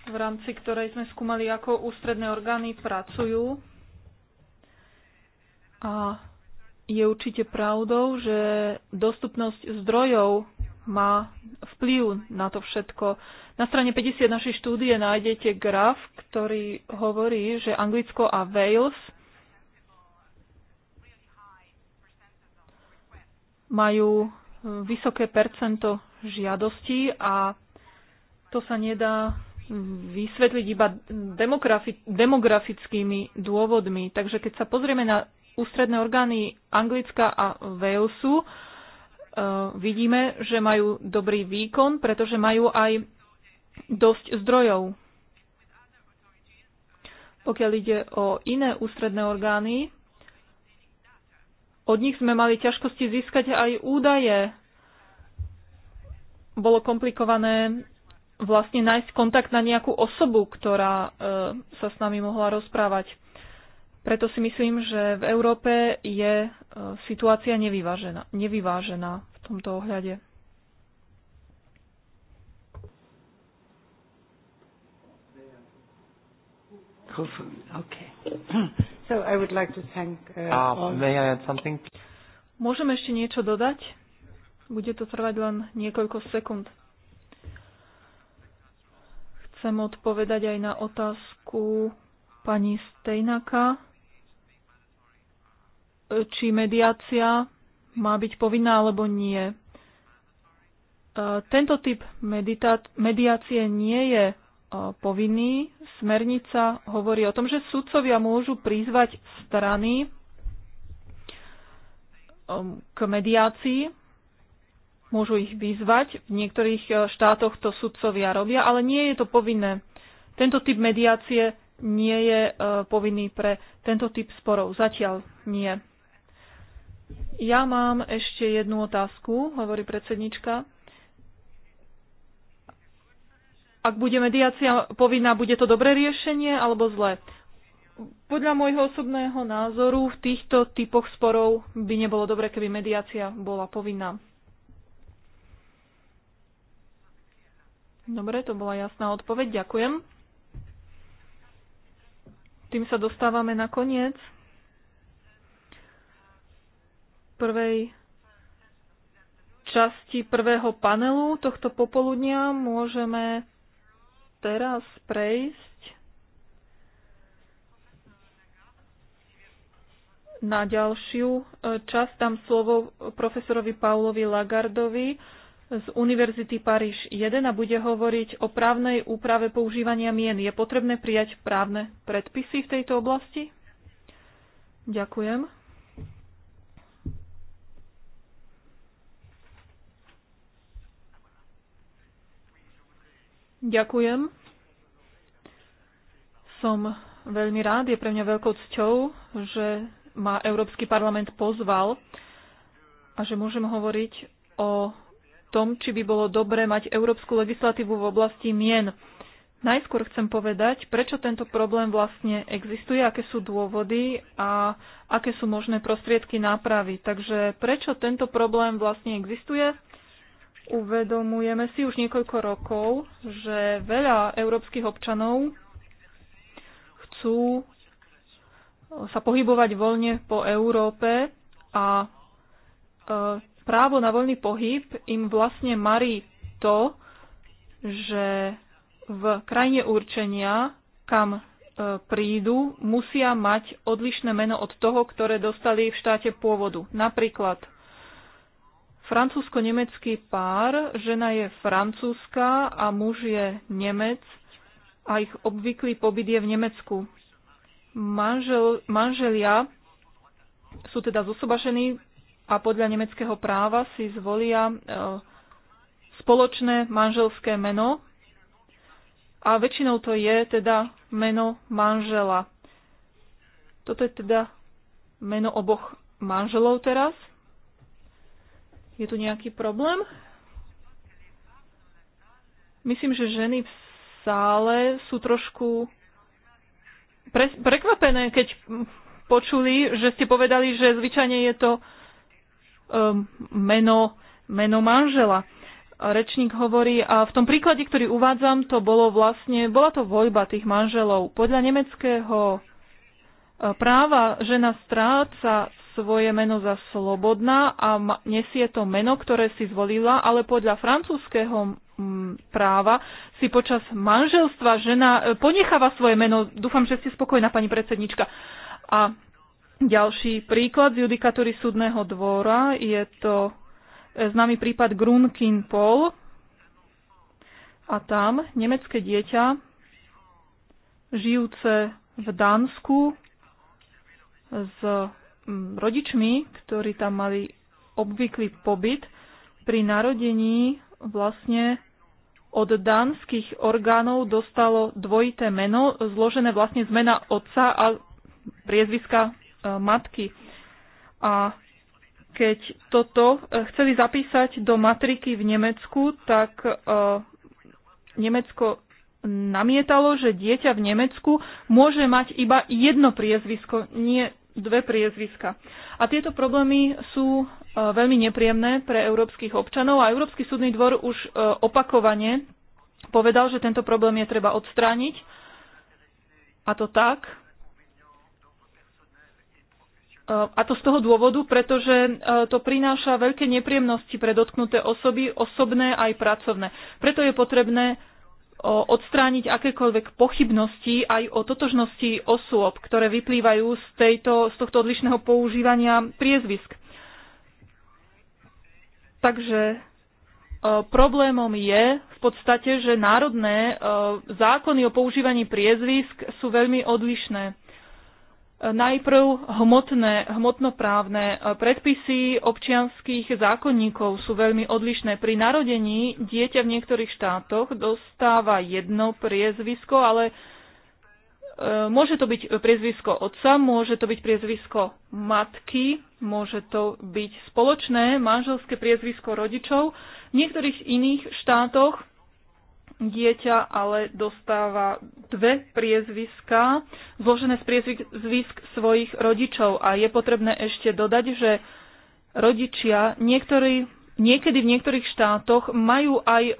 v rámci ktorej sme skúmali, ako ústredné orgány pracujú. A je určite pravdou, že dostupnosť zdrojov má vplyv na to všetko. Na strane 50 našej štúdie nájdete graf, ktorý hovorí, že Anglicko a Wales – majú e, vysoké percento žiadostí a to sa nedá vysvetliť iba demografi- demografickými dôvodmi. Takže keď sa pozrieme na ústredné orgány Anglicka a Walesu, e, vidíme, že majú dobrý výkon, pretože majú aj dosť zdrojov. Pokiaľ ide o iné ústredné orgány, od nich sme mali ťažkosti získať aj údaje. Bolo komplikované vlastne nájsť kontakt na nejakú osobu, ktorá e, sa s nami mohla rozprávať. Preto si myslím, že v Európe je e, situácia nevyvážená, nevyvážená v tomto ohľade. Okay. So I would like to thank uh, all. May I add something? Môžem ešte niečo dodať? Bude to trvať len niekoľko sekúnd. Chcem odpovedať aj na otázku pani Stejnaka, či mediácia má byť povinná alebo nie. E, tento typ mediácie nie je E, povinný. Smernica hovorí o tom, že sudcovia môžu prizvať strany e, k mediácii, môžu ich vyzvať. V niektorých e, štátoch to sudcovia robia, ale nie je to povinné. Tento typ mediácie nie je povinný pre tento typ sporov. Zatiaľ nie. Ja mám ešte jednu otázku, hovorí predsednička. ak bude mediácia povinná, bude to dobré riešenie alebo zlé? Podľa môjho osobného názoru v týchto typoch sporov by nebolo dobré, keby mediácia bola povinná. Dobre, to bola jasná odpoveď. Ďakujem. Tým sa dostávame na koniec prvej časti prvého panelu tohto popoludnia môžeme teraz prejsť na ďalšiu e, časť. Tam slovo profesorovi Paulovi Lagardovi z Univerzity Paríž 1 a bude hovoriť o právnej úprave používania mien. Je potrebné prijať právne predpisy v tejto oblasti? Ďakujem. Ďakujem. Som veľmi rád, je pre mňa veľkou cťou, že ma Európsky parlament pozval a že môžem hovoriť o tom, či by bolo dobré mať európsku legislatívu v oblasti mien. Najskôr chcem povedať, prečo tento problém vlastne existuje, aké sú dôvody a aké sú možné prostriedky nápravy. Takže prečo tento problém vlastne existuje? Uvedomujeme si už niekoľko rokov, že veľa európskych občanov chcú sa pohybovať voľne po Európe a e, právo na voľný pohyb im vlastne marí to, že v krajine určenia, kam e, prídu, musia mať odlišné meno od toho, ktoré dostali v štáte pôvodu. Napríklad francúzsko-nemecký pár, žena je francúzska a muž je Nemec a ich obvyklý pobyt je v Nemecku. Manžel, manželia sú teda zosobašení a podľa nemeckého práva si zvolia e, spoločné manželské meno a väčšinou to je teda meno manžela. Toto je teda meno oboch manželov teraz. Je tu nejaký problém? Myslím, že ženy v sále sú trošku pre, prekvapené, keď počuli, že ste povedali, že zvyčajne je to um, meno, meno manžela. Rečník hovorí, a v tom príklade, ktorý uvádzam, to bolo vlastne, bola to voľba tých manželov. Podľa nemeckého e, práva žena stráca svoje meno za slobodná a nesie to meno, ktoré si zvolila, ale podľa francúzského práva si počas manželstva žena e, ponecháva svoje meno. Dúfam, že ste spokojná, pani predsednička. A ďalší príklad z judikatúry súdneho dvora je to e, známy prípad Grunkin Pol. A tam nemecké dieťa, žijúce v Dánsku s rodičmi, ktorí tam mali obvyklý pobyt, pri narodení vlastne od dánskych orgánov dostalo dvojité meno, zložené vlastne z mena otca a priezviska e, matky. A keď toto e, chceli zapísať do matriky v Nemecku, tak e, Nemecko namietalo, že dieťa v Nemecku môže mať iba jedno priezvisko, nie dve priezviska. A tieto problémy sú e, veľmi nepríjemné pre európskych občanov a Európsky súdny dvor už e, opakovane povedal, že tento problém je treba odstrániť a to tak, e, a to z toho dôvodu, pretože to prináša veľké nepríjemnosti pre dotknuté osoby, osobné aj pracovné. Preto je potrebné odstrániť akékoľvek pochybnosti aj o totožnosti osôb, ktoré vyplývajú z, tejto, z tohto odlišného používania priezvisk. Takže e, problémom je v podstate, že národné e, zákony o používaní priezvisk sú veľmi odlišné. Najprv hmotné, hmotnoprávne e, predpisy občianských zákonníkov sú veľmi odlišné. Pri narodení dieťa v niektorých štátoch dostáva jedno priezvisko, ale e, môže to byť priezvisko otca, môže to byť priezvisko matky, môže to byť spoločné manželské priezvisko rodičov. V niektorých iných štátoch dieťa ale dostáva dve priezviská, zložené z priezvisk svojich rodičov. A je potrebné ešte dodať, že rodičia niektorí, niekedy v niektorých štátoch majú aj e,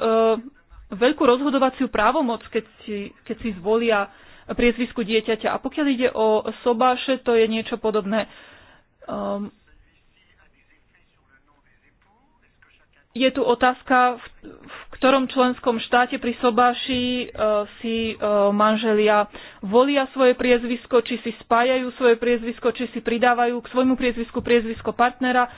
veľkú rozhodovaciu právomoc, keď si, keď si zvolia priezvisku dieťaťa. A pokiaľ ide o sobáše, to je niečo podobné. Ehm, je tu otázka, v, v ktorom členskom štáte pri sobáši e, si e, manželia volia svoje priezvisko, či si spájajú svoje priezvisko, či si pridávajú k svojmu priezvisku priezvisko partnera.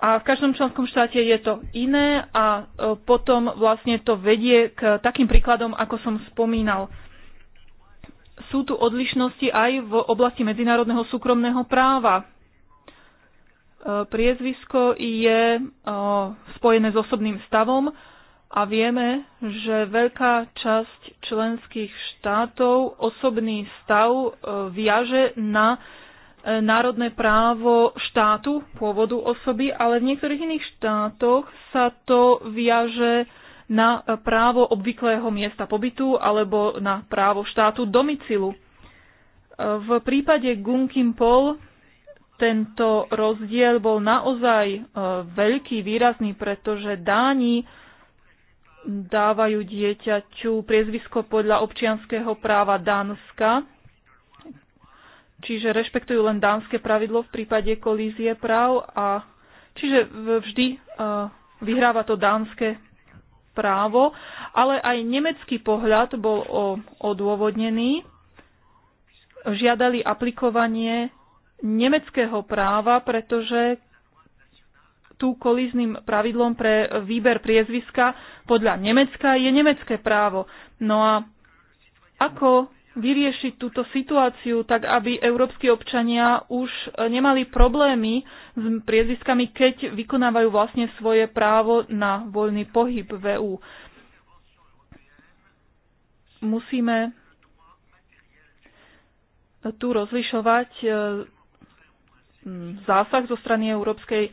A v každom členskom štáte je to iné a e, potom vlastne to vedie k takým príkladom, ako som spomínal. Sú tu odlišnosti aj v oblasti medzinárodného súkromného práva E, priezvisko je e, spojené s osobným stavom a vieme, že veľká časť členských štátov osobný stav e, viaže na národné právo štátu pôvodu osoby, ale v niektorých iných štátoch sa to viaže na právo obvyklého miesta pobytu alebo na právo štátu domicilu. V prípade Gunkimpol tento rozdiel bol naozaj e, veľký, výrazný, pretože Dáni dávajú dieťaťu priezvisko podľa občianského práva Dánska, čiže rešpektujú len dánske pravidlo v prípade kolízie práv a čiže vždy e, vyhráva to dánske právo, ale aj nemecký pohľad bol odôvodnený. Žiadali aplikovanie nemeckého práva, pretože tu kolízným pravidlom pre výber priezviska podľa Nemecka je nemecké právo. No a ako vyriešiť túto situáciu tak, aby európsky občania už nemali problémy s priezviskami, keď vykonávajú vlastne svoje právo na voľný pohyb v EU. Musíme tu rozlišovať Mm. zásah zo strany Európskej e,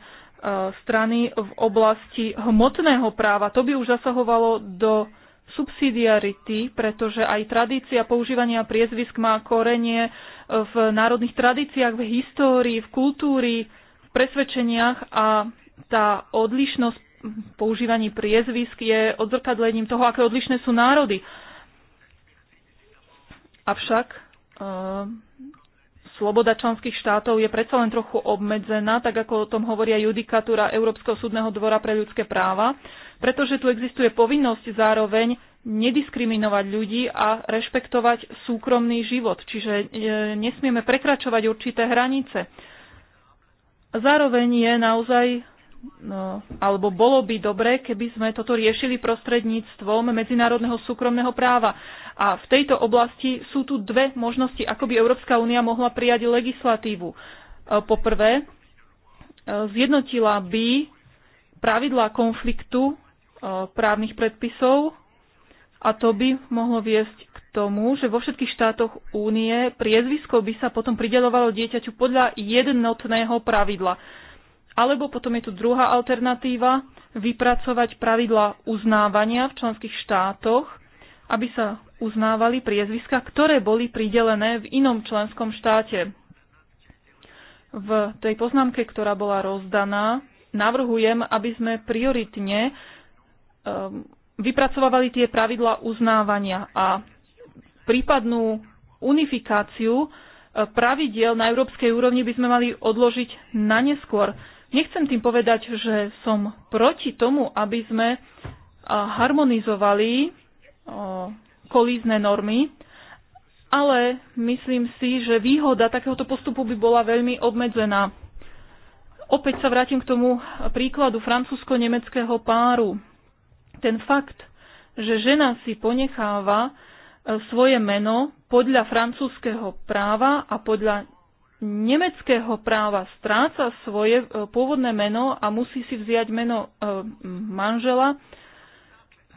strany v oblasti hmotného práva. To by už zasahovalo do subsidiarity, pretože aj tradícia používania priezvisk má korenie e, v národných tradíciách, v histórii, v kultúri, v presvedčeniach a tá odlišnosť používaní priezvisk je odzrkadlením toho, aké odlišné sú národy. Avšak e, sloboda členských štátov je predsa len trochu obmedzená, tak ako o tom hovoria judikatúra Európskeho súdneho dvora pre ľudské práva, pretože tu existuje povinnosť zároveň nediskriminovať ľudí a rešpektovať súkromný život, čiže e, nesmieme prekračovať určité hranice. Zároveň je naozaj No, alebo bolo by dobre, keby sme toto riešili prostredníctvom medzinárodného súkromného práva. A v tejto oblasti sú tu dve možnosti, ako by Európska únia mohla prijať legislatívu. E, poprvé, e, zjednotila by pravidlá konfliktu e, právnych predpisov a to by mohlo viesť k tomu, že vo všetkých štátoch únie priezvisko by sa potom pridelovalo dieťaťu podľa jednotného pravidla alebo potom je tu druhá alternatíva, vypracovať pravidla uznávania v členských štátoch, aby sa uznávali priezviska, ktoré boli pridelené v inom členskom štáte. V tej poznámke, ktorá bola rozdaná, navrhujem, aby sme prioritne ehm, vypracovali tie pravidla uznávania a prípadnú unifikáciu e, pravidiel na európskej úrovni by sme mali odložiť na neskôr Nechcem tým povedať, že som proti tomu, aby sme harmonizovali kolízne normy, ale myslím si, že výhoda takéhoto postupu by bola veľmi obmedzená. Opäť sa vrátim k tomu príkladu francúzsko-nemeckého páru. Ten fakt, že žena si ponecháva e, svoje meno podľa francúzského práva a podľa nemeckého práva stráca svoje e, pôvodné meno a musí si vziať meno e, manžela.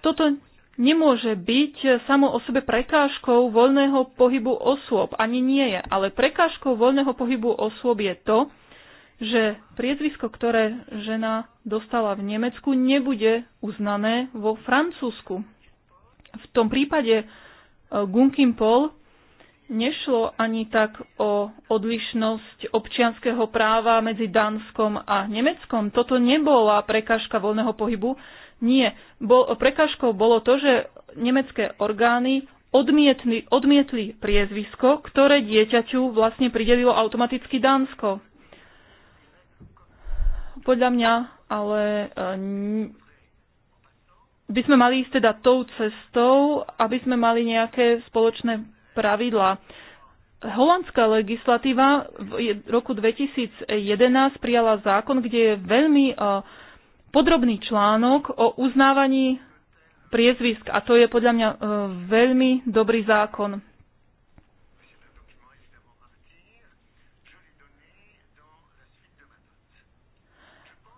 Toto nemôže byť samo o sebe prekážkou voľného pohybu osôb. Ani nie je. Ale prekážkou voľného pohybu osôb je to, že priezvisko, ktoré žena dostala v Nemecku, nebude uznané vo Francúzsku. V tom prípade e, Gunkin Paul nešlo ani tak o odlišnosť občianského práva medzi Dánskom a Nemeckom. Toto nebola prekážka voľného pohybu. Nie. Bol, prekážkou bolo to, že nemecké orgány odmietli, odmietli priezvisko, ktoré dieťaťu vlastne pridelilo automaticky Dánsko. Podľa mňa ale e, by sme mali ísť teda tou cestou, aby sme mali nejaké spoločné pravidla. Holandská legislatíva v roku 2011 prijala zákon, kde je veľmi e, podrobný článok o uznávaní priezvisk a to je podľa mňa e, veľmi dobrý zákon.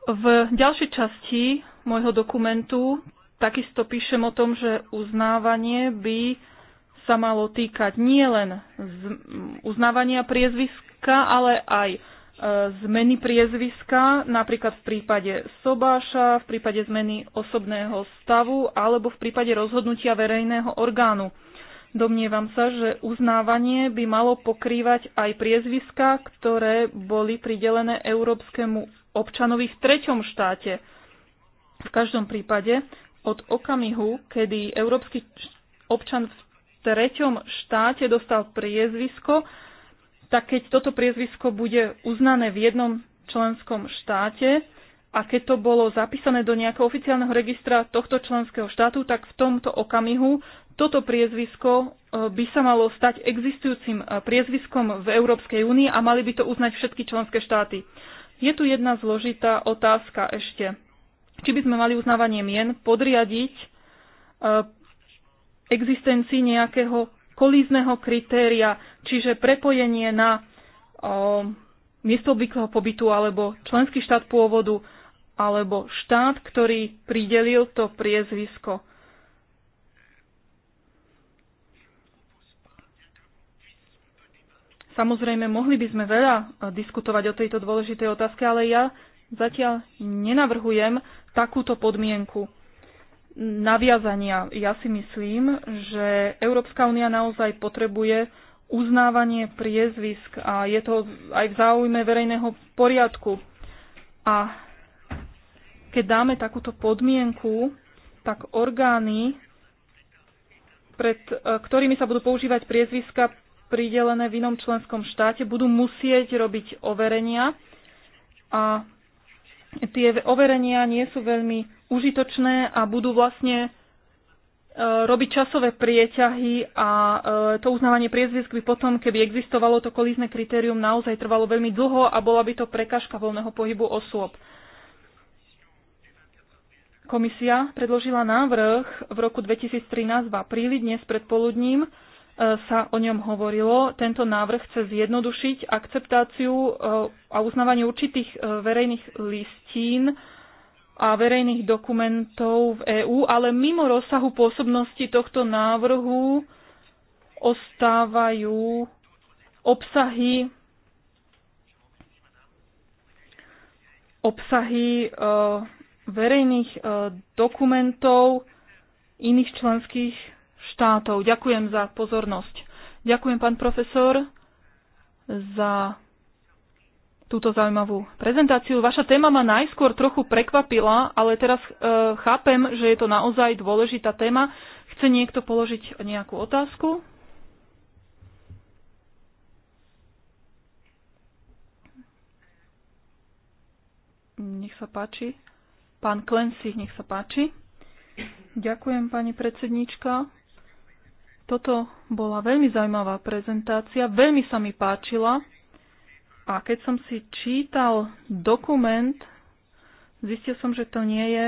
V ďalšej časti môjho dokumentu takisto píšem o tom, že uznávanie by sa malo týkať nielen uznávania priezviska, ale aj e, zmeny priezviska, napríklad v prípade sobáša, v prípade zmeny osobného stavu alebo v prípade rozhodnutia verejného orgánu. Domnievam sa, že uznávanie by malo pokrývať aj priezviska, ktoré boli pridelené európskemu občanovi v treťom štáte. V každom prípade od okamihu, kedy európsky občan treťom štáte dostal priezvisko, tak keď toto priezvisko bude uznané v jednom členskom štáte a keď to bolo zapísané do nejakého oficiálneho registra tohto členského štátu, tak v tomto okamihu toto priezvisko e, by sa malo stať existujúcim e, priezviskom v Európskej únii a mali by to uznať všetky členské štáty. Je tu jedna zložitá otázka ešte. Či by sme mali uznávanie mien podriadiť e, existencii nejakého kolízneho kritéria, čiže prepojenie na o, miesto obvyklého pobytu alebo členský štát pôvodu alebo štát, ktorý pridelil to priezvisko. Samozrejme, mohli by sme veľa e, diskutovať o tejto dôležitej otázke, ale ja zatiaľ nenavrhujem takúto podmienku naviazania. Ja si myslím, že Európska únia naozaj potrebuje uznávanie priezvisk a je to aj v záujme verejného poriadku. A keď dáme takúto podmienku, tak orgány, pred e, ktorými sa budú používať priezviska pridelené v inom členskom štáte, budú musieť robiť overenia a tie overenia nie sú veľmi užitočné a budú vlastne e, robiť časové prieťahy a e, to uznávanie priezvisk by potom, keby existovalo to kolízne kritérium, naozaj trvalo veľmi dlho a bola by to prekažka voľného pohybu osôb. Komisia predložila návrh v roku 2013 v apríli, dnes predpoludním, E, sa o ňom hovorilo. Tento návrh chce zjednodušiť akceptáciu e, a uznávanie určitých e, verejných listín a verejných dokumentov v EÚ, ale mimo rozsahu pôsobnosti tohto návrhu ostávajú obsahy obsahy verejných dokumentov iných členských štátov. Ďakujem za pozornosť. Ďakujem, pán profesor, za túto zaujímavú prezentáciu. Vaša téma ma najskôr trochu prekvapila, ale teraz e, chápem, že je to naozaj dôležitá téma. Chce niekto položiť nejakú otázku? Nech sa páči. Pán Klensi, nech sa páči. Ďakujem, pani predsednička. Toto bola veľmi zaujímavá prezentácia, veľmi sa mi páčila a keď som si čítal dokument, zistil som, že to nie je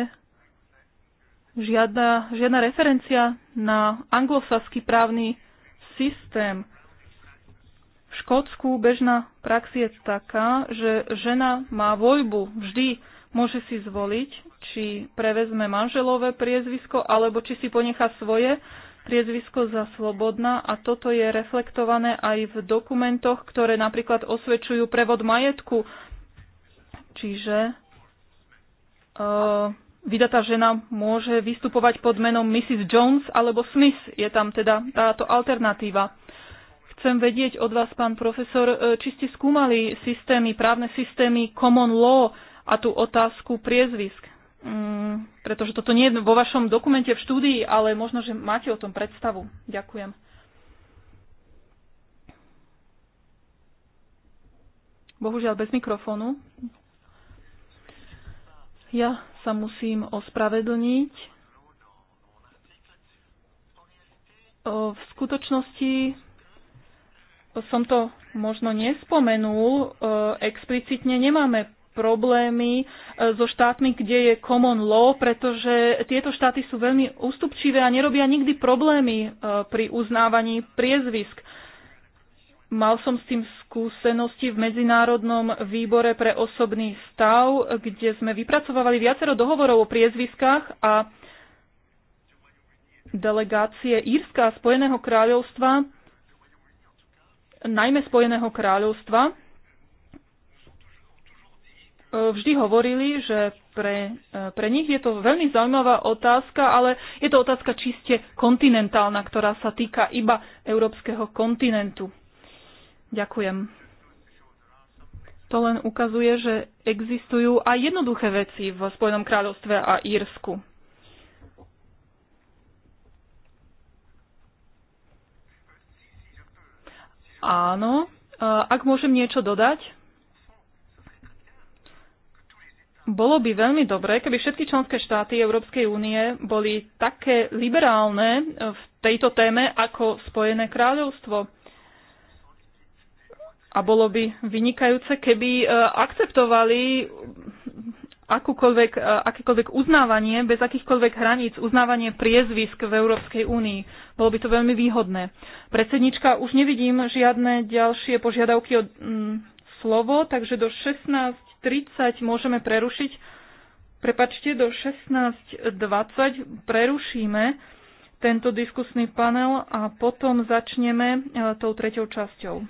žiadna, žiadna referencia na anglosaský právny systém. V Škótsku bežná prax je taká, že žena má voľbu vždy môže si zvoliť, či prevezme manželové priezvisko, alebo či si ponecha svoje priezvisko za Slobodná a toto je reflektované aj v dokumentoch, ktoré napríklad osvedčujú prevod majetku. Čiže uh, vydatá žena môže vystupovať pod menom Mrs. Jones alebo Smith. Je tam teda táto alternatíva. Chcem vedieť od vás, pán profesor, eh, či ste skúmali systémy, právne systémy common law a tú otázku priezvisk. Mm, pretože toto nie je vo vašom dokumente v štúdii, ale možno, že máte o tom predstavu. Ďakujem. Bohužiaľ bez mikrofónu. Ja sa musím ospravedlniť. V skutočnosti som to možno nespomenul, e, explicitne nemáme problémy e, so štátmi, kde je common law, pretože tieto štáty sú veľmi ústupčivé a nerobia nikdy problémy e, pri uznávaní priezvisk. Mal som s tým skúsenosti v Medzinárodnom výbore pre osobný stav, kde sme vypracovali viacero dohovorov o priezviskách a delegácie Írska a Spojeného kráľovstva, najmä Spojeného kráľovstva, vždy hovorili, že pre, e, pre nich je to veľmi zaujímavá otázka, ale je to otázka čiste kontinentálna, ktorá sa týka iba európskeho kontinentu. Ďakujem. To len ukazuje, že existujú aj jednoduché veci v Spojenom kráľovstve a Írsku. Áno, e, ak môžem niečo dodať, bolo by veľmi dobré, keby všetky členské štáty Európskej únie boli také liberálne e, v tejto téme ako Spojené kráľovstvo. A bolo by vynikajúce, keby e, akceptovali akúkoľvek, e, akékoľvek uznávanie, bez akýchkoľvek hraníc, uznávanie priezvisk v Európskej únii. Bolo by to veľmi výhodné. Predsednička, už nevidím žiadne ďalšie požiadavky o mm, slovo, takže do 16. 16.30 môžeme prerušiť. Prepačte, do 16.20 prerušíme tento diskusný panel a potom začneme e, tou treťou časťou.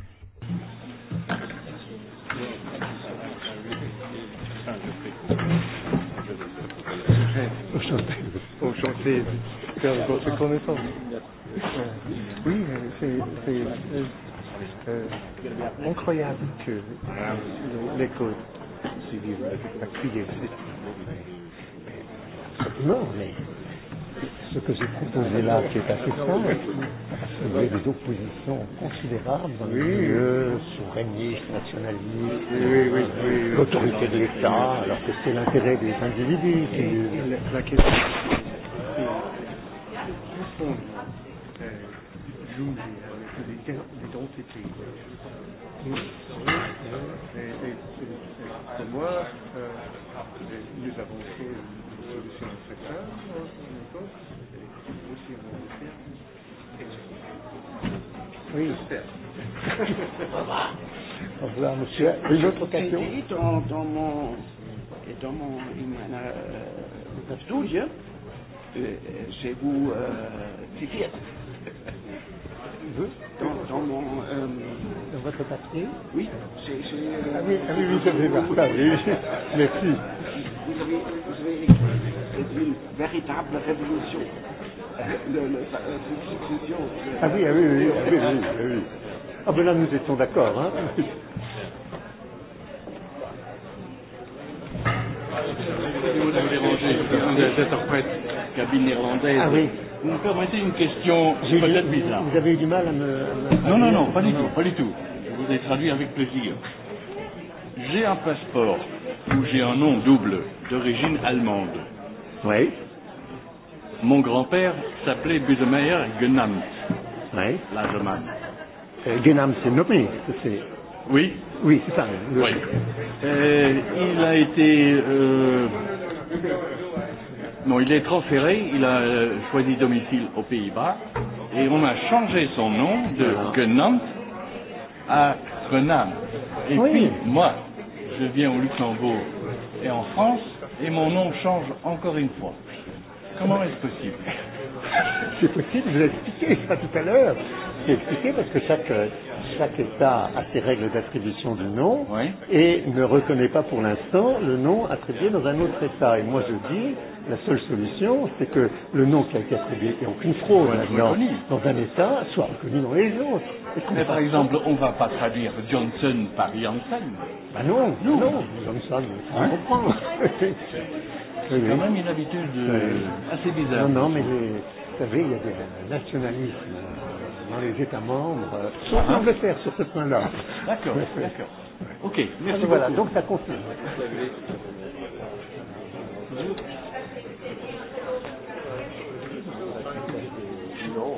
Oui, c'est incroyable que l'école. Non, mais ce que j'ai proposé là, qui est assez simple, il y a des oppositions considérables dans oui. milieu milieux souverainistes, nationalistes, oui, oui, oui, l'autorité de l'État, alors que c'est l'intérêt des individus. Qui... Et la question, c'est joue avec des les pour moi, euh, nous avons fait une solution de secteur, à une époque, et nous aussi on va le faire. Oui. Au revoir, monsieur. Une autre question dans, dans mon, dans mon euh, studio, euh, je vous euh, cite. Dans, dans mon. Euh, votre papier Oui, j'ai. Euh, ah, ah oui, vous avez partagé. Merci. Vous avez, vous avez une véritable révolution. Le, le, cette succession. Ah oui, ah oui, oui, ah oui, oui, ah oui. Ah ben là, nous étions d'accord. Hein des cabine irlandaise. Ah oui. Vous me permettez une question peut-être bizarre. Vous avez eu du mal à me. À me non, non, non, pas du non. tout, pas du tout. Je vous ai traduit avec plaisir. J'ai un passeport où j'ai un nom double d'origine allemande. Oui. Mon grand-père s'appelait Budemeyer Genamt. Oui. L'Allemagne. Euh, Genamt, c'est nommé. C'est... Oui. Oui, c'est ça. Le... Oui. Euh, il a été. Euh... Non, il est transféré. Il a euh, choisi domicile aux Pays-Bas et on a changé son nom de Genamt à Grenade. Et oui. puis, moi, je viens au Luxembourg et en France, et mon nom change encore une fois. Comment est-ce possible C'est possible, je l'ai expliqué, ça tout à l'heure. J'ai expliqué parce que chaque, chaque État a ses règles d'attribution du nom oui. et ne reconnaît pas pour l'instant le nom attribué dans un autre État. Et moi je dis, la seule solution, c'est que le nom qui a été attribué, et aucune fraude dans un État, soit reconnu dans les autres. Mais par exemple, on ne va pas traduire Johnson par Janssen. Ben non, non, non Johnson, on hein? comprend. C'est quand même une habitude euh, assez bizarre. Non, non, mais euh, vous savez, il y a des nationalismes euh, dans les États membres, euh, ah, sauf ah, l'Angleterre sur ce point-là. D'accord, d'accord. Ok, ah, merci. Alors, voilà, donc ça continue. Non.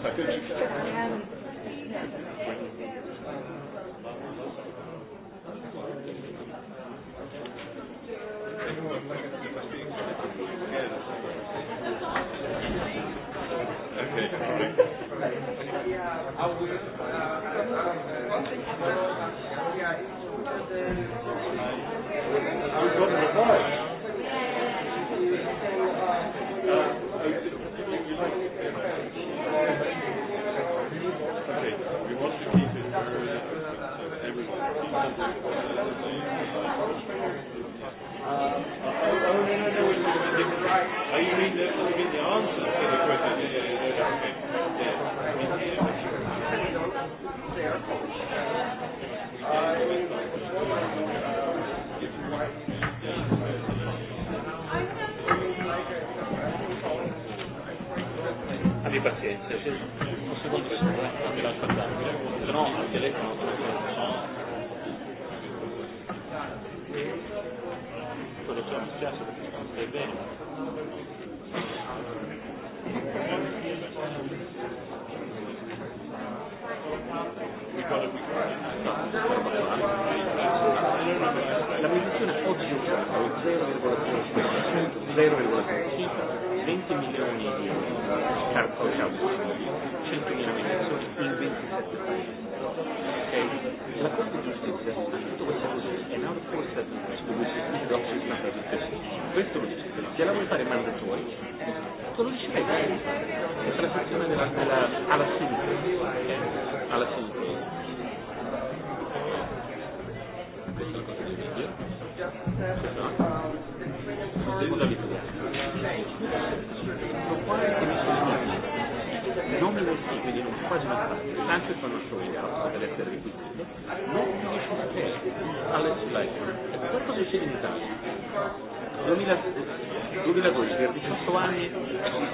I was going to reply. abbi pazienza, un secondo che se no al telefono piccolo c'è un spiace perché sta stai bene. No, la posizione oggi è 0,05%, 20 milioni di cartoni, 100 milioni persone in 27 paesi. Okay? La Corte di giustizia ha detto questa cosa, è una forza di questo lo dice, se la vuoi fare in mano dei tuoi, tu lo dici meglio, questa è la sezione della, della, alla sintesi, eh? alla sintesi. Questa è la cosa di video, questa no? Devo da vita. Sono quasi che mi sono non mi vuoi quindi non quasi una parte, anche quando sono in grado per essere requisito, non mi riesce a fare alle slide. E per cosa succede in Italia? 2000, 2012 per 18 anni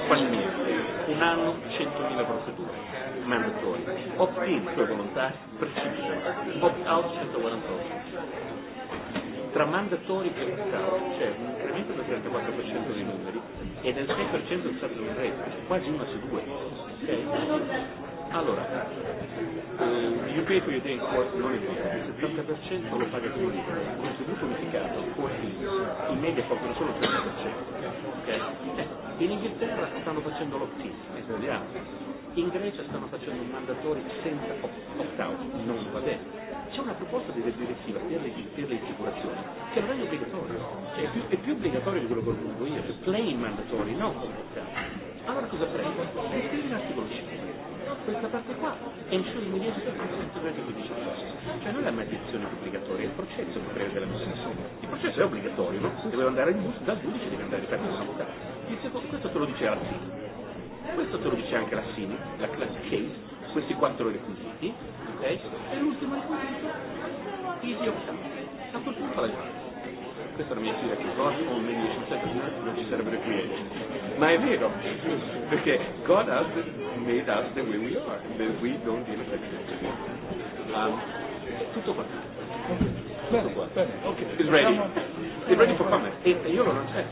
fallimento, un anno 100.000 procedure mandatori, opt-in sue volontà precipita, opt-out 148 tra mandatori e opt-out c'è un incremento del 34% dei numeri e del 6% del stato di rete, quasi una su due. Okay? Allora, eh, io credo che in corso non è il 70% lo paga quindi il contributo unificato coesivo in media portano solo il 30% okay? Eh, in Inghilterra stanno facendo l'opt-in è in Grecia stanno facendo un mandatorio senza opt-out, non va bene. C'è una proposta di direttiva per le, per le assicurazioni che non è obbligatorio, cioè è più, è più obbligatorio di quello che ho voluto io, è plain mandatorio, non opt-out. Allora cosa prendo? Scrivi l'articolo 5 questa parte qua entro il medio consenso per Cioè non è la mediazione obbligatoria, è il processo che prevede la mediazione Il processo è obbligatorio, no? Se deve andare in bus, dal giudice deve andare per la a questo te lo dice la Sini. Questo te lo dice anche la Sini, la class case, questi quattro requisiti, ok? E l'ultimo requisito, easy opt-out. A quel punto la Questa è la mia teoria che oggi, o meglio, non ci sarebbero qui ma è vero, perché God has made us the way we are, but we don't deal with it. Um, tutto qua. Bene, qua. Bene. Okay. It's ready. It's ready for comment. E io non c'è.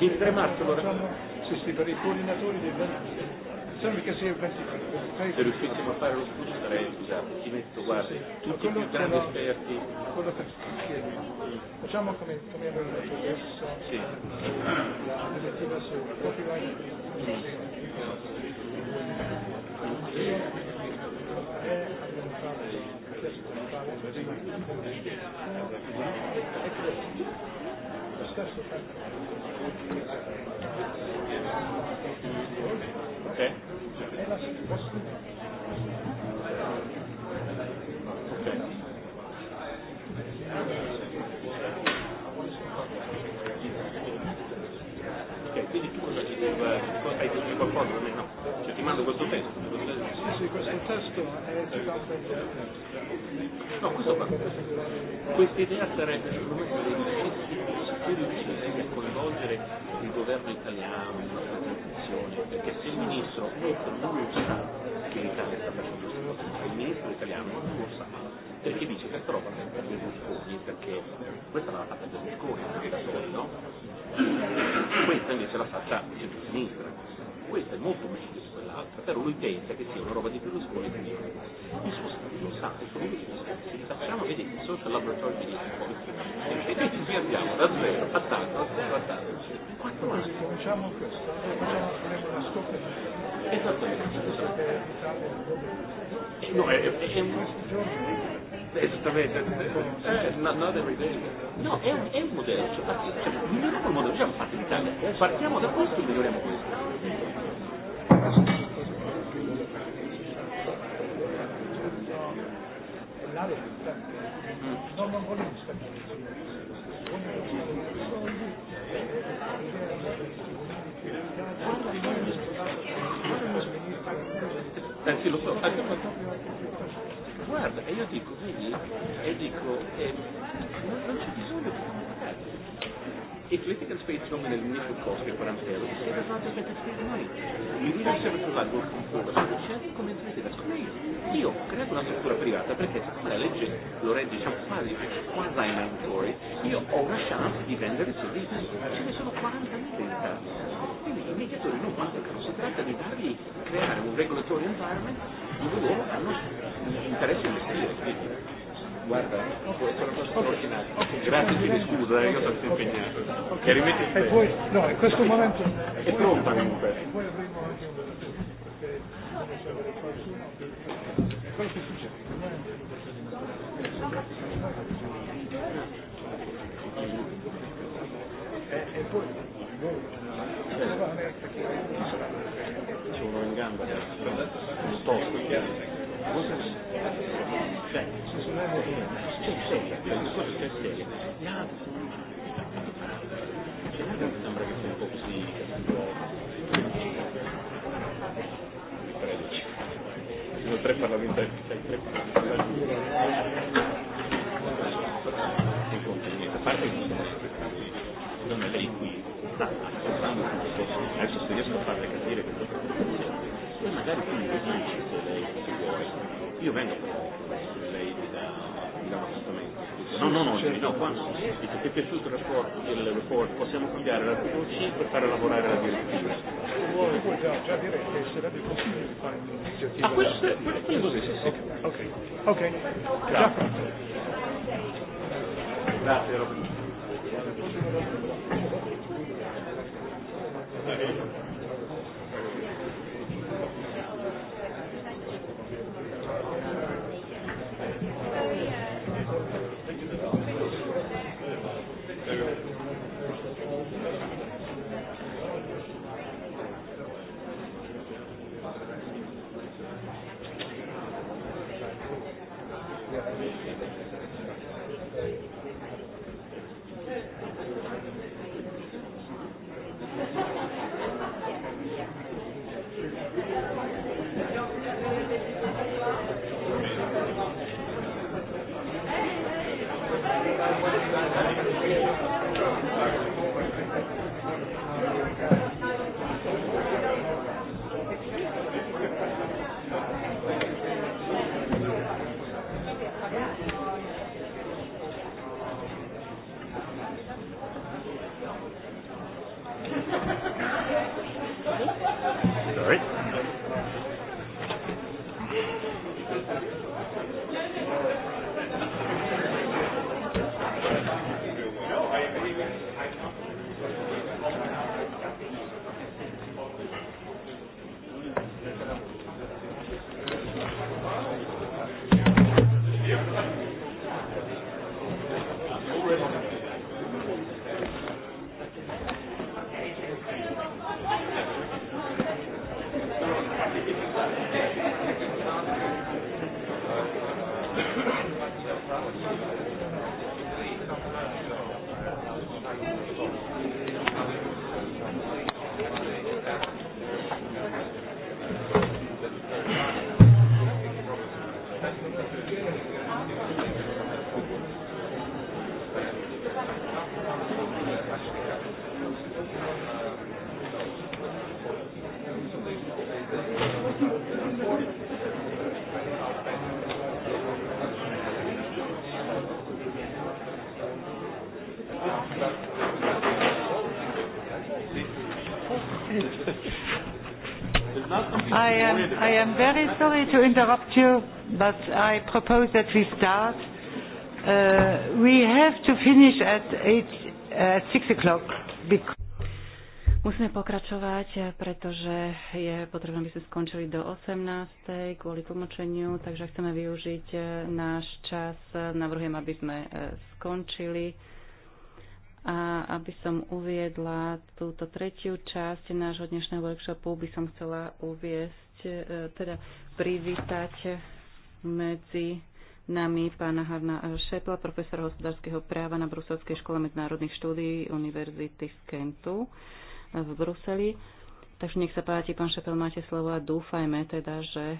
Il 3 marzo lo raccomando. se si per i coordinatori del solo perché sei un Se riuscissimo a fare lo studio sarei scusato, ti metto, guarda, tutti i più grandi esperti. Quello che ti chiedo, facciamo come, come avevo detto adesso, sì. la direttiva su copyright. e e è Stesso No, questo qua Questa idea sarebbe secondo me a coinvolgere il governo italiano in una presentazione, perché se il ministro non lo sa che l'Italia sta facendo questa cosa, il ministro italiano non lo sa, perché dice questa roba per fatta Berlusconi, perché questa l'ha fatta Berlusconi, no? Questa invece la faccia centro-sinistra, questa è molto meglio per però lui pensa che sia una roba di Berlusconi e Mussolini. Il suo studio sa che sono se li facciamo vedere il social laboratory di come funziona. E quindi qui andiamo da zero a tanto, da zero a tanto. Quanto quattro anni. Facciamo questo, eh, facciamo una scoperta. Esattamente. Eh, no, è, è, è un... Esattamente, eh, not, not every day. No, è un, è un modello, cioè, cioè, miglioriamo il modello, cioè, partiamo da questo e miglioriamo questo. parlare lo so, guarda, e io dico, vedi, e dico, eh, non, non c'è bisogno di comunicare if litigants face long and administrative costs per 40 euro, it does not affect the state money. Il rischio serve trovato un concorso sufficiente come imprese da scoprire. Io creo una struttura privata perché siccome la legge lo rende diciamo, quasi, quasi in mandatory, io ho una chance di vendere i servizi. Ce ne sono 40.000 in Italia. Quindi i mediatori non mancano, si tratta di dargli, creare un regulatory environment dove loro hanno interesse a investire. Guarda, è stata una cosa straordinaria. Grazie, ti scusa, io sono impegnato. Che rimetti E poi, no, in questo momento... È pronta comunque. E poi avremo anche una E poi... Sono in gamba, chiaro. tre parlamentari, a parte non sono non è lei qui, adesso se riesco a farle capire che cosa sta poi magari tu mi dici lei se vuoi, io vengo per No, no, no, no, qua non si dice ti è piaciuto il report, il report, possiamo cambiare l'articolo 5 e fare lavorare la direttiva. Ah, questo è così, sì, sì. Ok, ok. Grazie. Grazie Robin. I am very sorry to interrupt you, but I propose that we start. Uh, we have to finish at, eight, at o'clock. Because... Musíme pokračovať, pretože je potrebné, aby sme skončili do 18. kvôli tlmočeniu, takže chceme využiť e, náš čas. Navrhujem, aby sme e, skončili a aby som uviedla túto tretiu časť nášho dnešného workshopu, by som chcela uviesť E, teda privítať medzi nami pána Harna Šepla, profesora hospodárskeho práva na Bruselskej škole medzinárodných štúdií Univerzity v Kentu e, v Bruseli. Takže nech sa páči, pán Šepel, máte slovo a dúfajme teda, že e,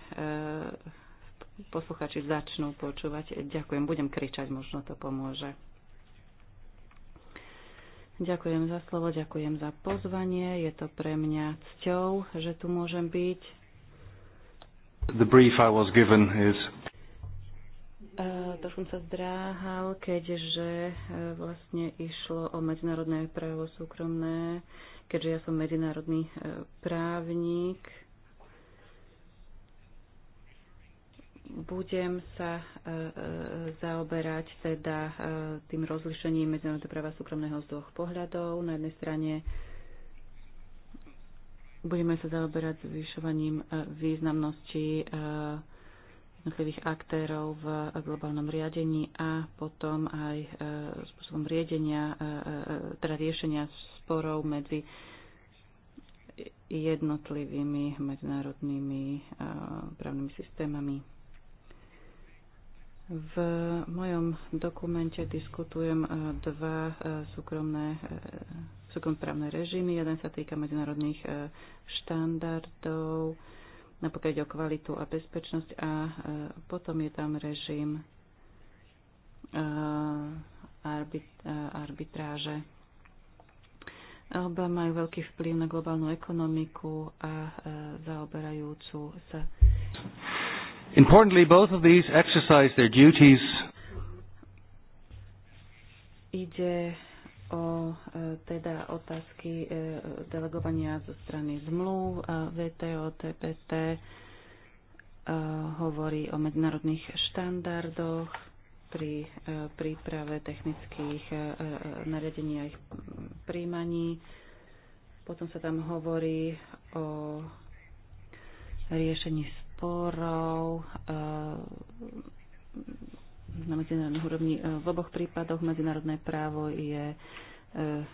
posluchači začnú počúvať. Ďakujem, budem kričať, možno to pomôže. Ďakujem za slovo, ďakujem za pozvanie. Je to pre mňa cťou, že tu môžem byť The brief I was given is trošku sa zdráhal, keďže e, vlastne išlo o medzinárodné právo súkromné, keďže ja som medzinárodný e, právnik. budem sa e, zaoberať teda tým rozlišením medzinárodného práva súkromného z dvoch pohľadov. Na jednej strane Budeme sa zaoberať zvyšovaním e, významnosti e, jednotlivých aktérov v globálnom riadení a potom aj e, spôsobom riadenia, teda riešenia sporov medzi jednotlivými medzinárodnými právnymi systémami. V mojom dokumente diskutujem dva súkromné sú právne režimy. Jeden sa týka medzinárodných e, štandardov, napríklad o kvalitu a bezpečnosť a e, potom je tam režim e, arbitráže. Oba majú veľký vplyv na globálnu ekonomiku a zaoberajúcu sa. Importantly, both of these exercise their duties. Ide o e, teda otázky e, delegovania zo strany zmluv VTO, TPT, e, hovorí o medzinárodných štandardoch pri príprave technických nariadení a ich príjmaní. Potom sa tam hovorí o riešení sporov, na medzinárodnej úrovni. E, v oboch prípadoch medzinárodné právo je e,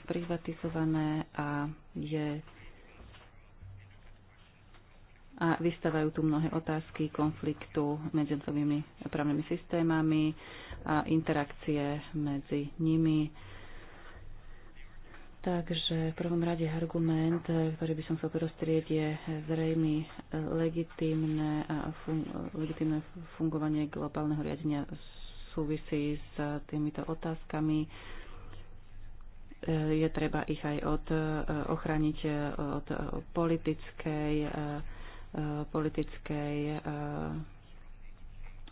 privatizované a je a vystávajú tu mnohé otázky konfliktu medzi jednotlivými právnymi systémami a interakcie medzi nimi. Takže v prvom rade argument, ktorý by som chcel prostrieť, je zrejmy e, legitímne, fun- legitímne fungovanie globálneho riadenia súvisí s týmito otázkami. E, je treba ich aj od, e, ochraniť e, od politickej, politickej,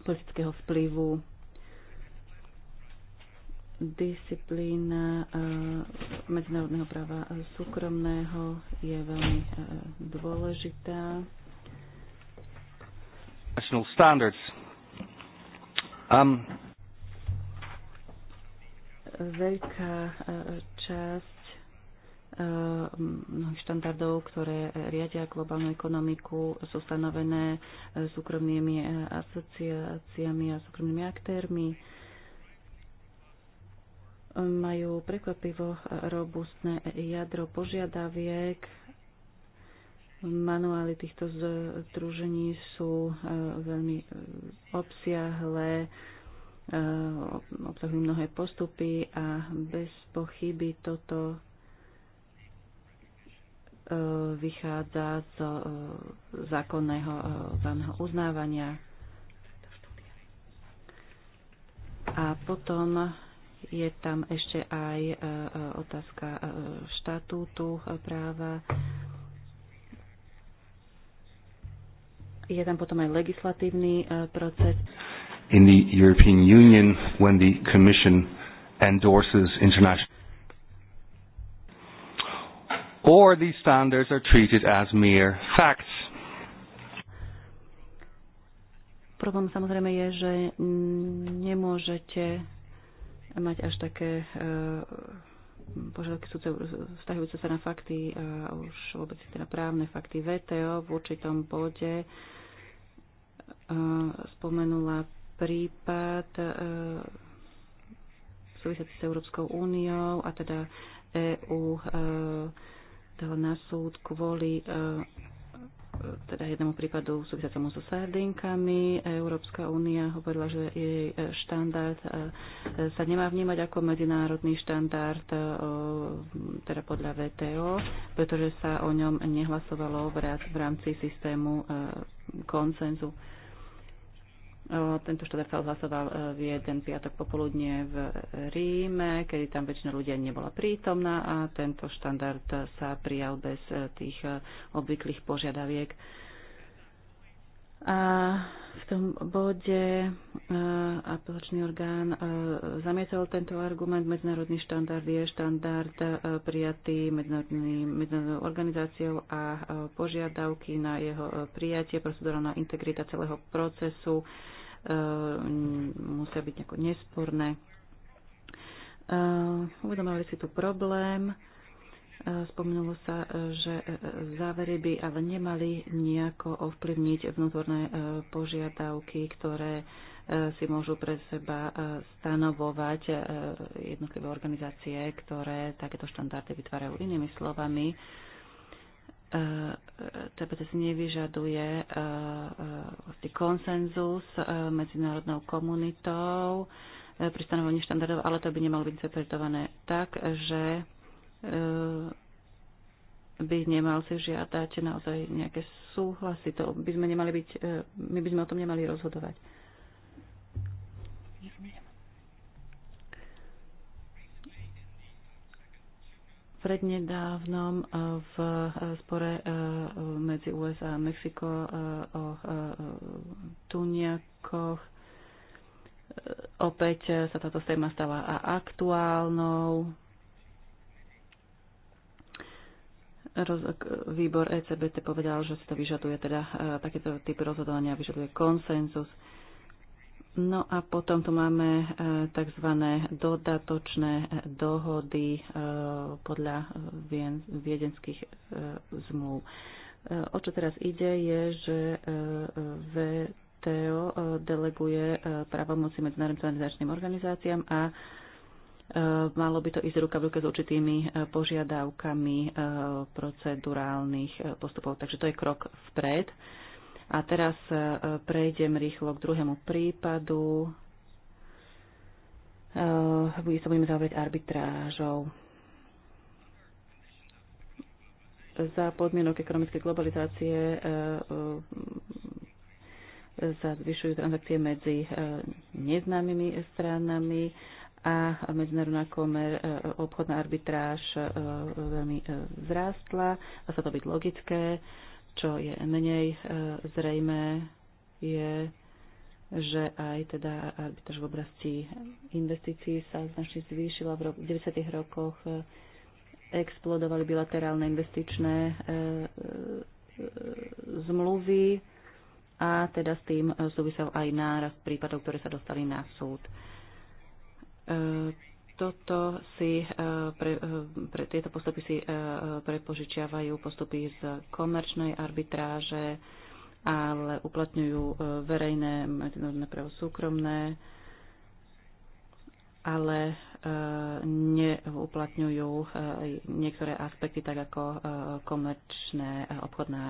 politického vplyvu disciplína medzinárodného práva súkromného je veľmi dôležitá. National standards. Um, veľká e, časť e, mnohých štandardov, ktoré riadia globálnu ekonomiku, sú stanovené e, súkromnými asociáciami a súkromnými aktérmi. Majú prekvapivo robustné jadro požiadaviek. Manuály týchto združení sú veľmi obsiahlé Eh, obsahujú mnohé postupy a bez pochyby toto eh, vychádza z eh, zákonného vzájomného uznávania. A potom je tam ešte aj otázka štatútu práva. Je tam potom aj legislatívny proces in the European Union when the Commission endorses international. Or these standards are treated as mere facts. Problém samozrejme je, že nemôžete mať až také e, požiadavky súdce vzťahujúce sa na fakty e, a už vôbec teda právne fakty. VTO v určitom bode e, spomenula prípad e, súvisiaci s Európskou úniou a teda EÚ dala e, na súd kvôli e, teda jednému prípadu súvisiacemu so sardinkami. Európska únia hovorila, že jej štandard sa nemá vnímať ako medzinárodný štandard teda podľa VTO, pretože sa o ňom nehlasovalo v rámci systému koncenzu. Eh, tento sa hlasoval eh, v jeden piatok popoludne v Ríme, kedy tam väčšina ľudia nebola prítomná a tento štandard sa prijal bez eh, tých obvyklých požiadaviek. A v tom bode apelačný orgán zamietol tento argument. Medzinárodný štandard je štandard prijatý medzinárodnou organizáciou a požiadavky na jeho prijatie, procedurálna integrita celého procesu E, musia byť nejako nesporné. E, uvedomovali si tu problém. E, spomenulo sa, že závery by ale nemali nejako ovplyvniť vnútorné požiadavky, ktoré si môžu pre seba stanovovať jednotlivé organizácie, ktoré takéto štandardy vytvárajú. Inými slovami, TBT e, e, si nevyžaduje e, vlastne konsenzus medzinárodnou komunitou pri stanovení štandardov, ale to by nemalo byť interpretované tak, že by nemal si žiadať naozaj nejaké súhlasy. To by sme nemali byť, my by sme o tom nemali rozhodovať. prednedávnom eh, v eh, spore eh, medzi USA a Mexiko o tuniakoch. Opäť sa táto téma stala aktuálnou. Výbor ECBT povedal, že si to vyžaduje teda takéto typy rozhodovania, vyžaduje konsenzus. No a potom tu máme e, tzv. dodatočné e, dohody e, podľa viedenských zmluv. O čo teraz ide je, že VTO deleguje právomoci medzinárodným organizačným organizáciám a malo by to ísť ruka v ruke s určitými požiadavkami procedurálnych postupov. Takže to je krok vpred. A teraz e, prejdem rýchlo k druhému prípadu. Bude sa budeme zaoberať arbitrážou. Za podmienok ekonomickej globalizácie e, e, sa zvyšujú transakcie medzi neznámymi stranami a medzinárodná komer, obchodná arbitráž veľmi vzrástla. a sa to byť logické. Čo je menej e, zrejmé je, že aj teda arbitraž v oblasti investícií sa značne zvýšila. V 90. rokoch e, explodovali bilaterálne investičné e, zmluvy a teda s tým súvisel aj nárast prípadov, ktoré sa dostali na súd toto si, e, pre, e, pre, tieto postupy si e, prepožičiavajú postupy z komerčnej arbitráže, ale uplatňujú verejné medzinárodné právo súkromné, ale neuplatňujú niektoré aspekty tak ako komerčné obchodná,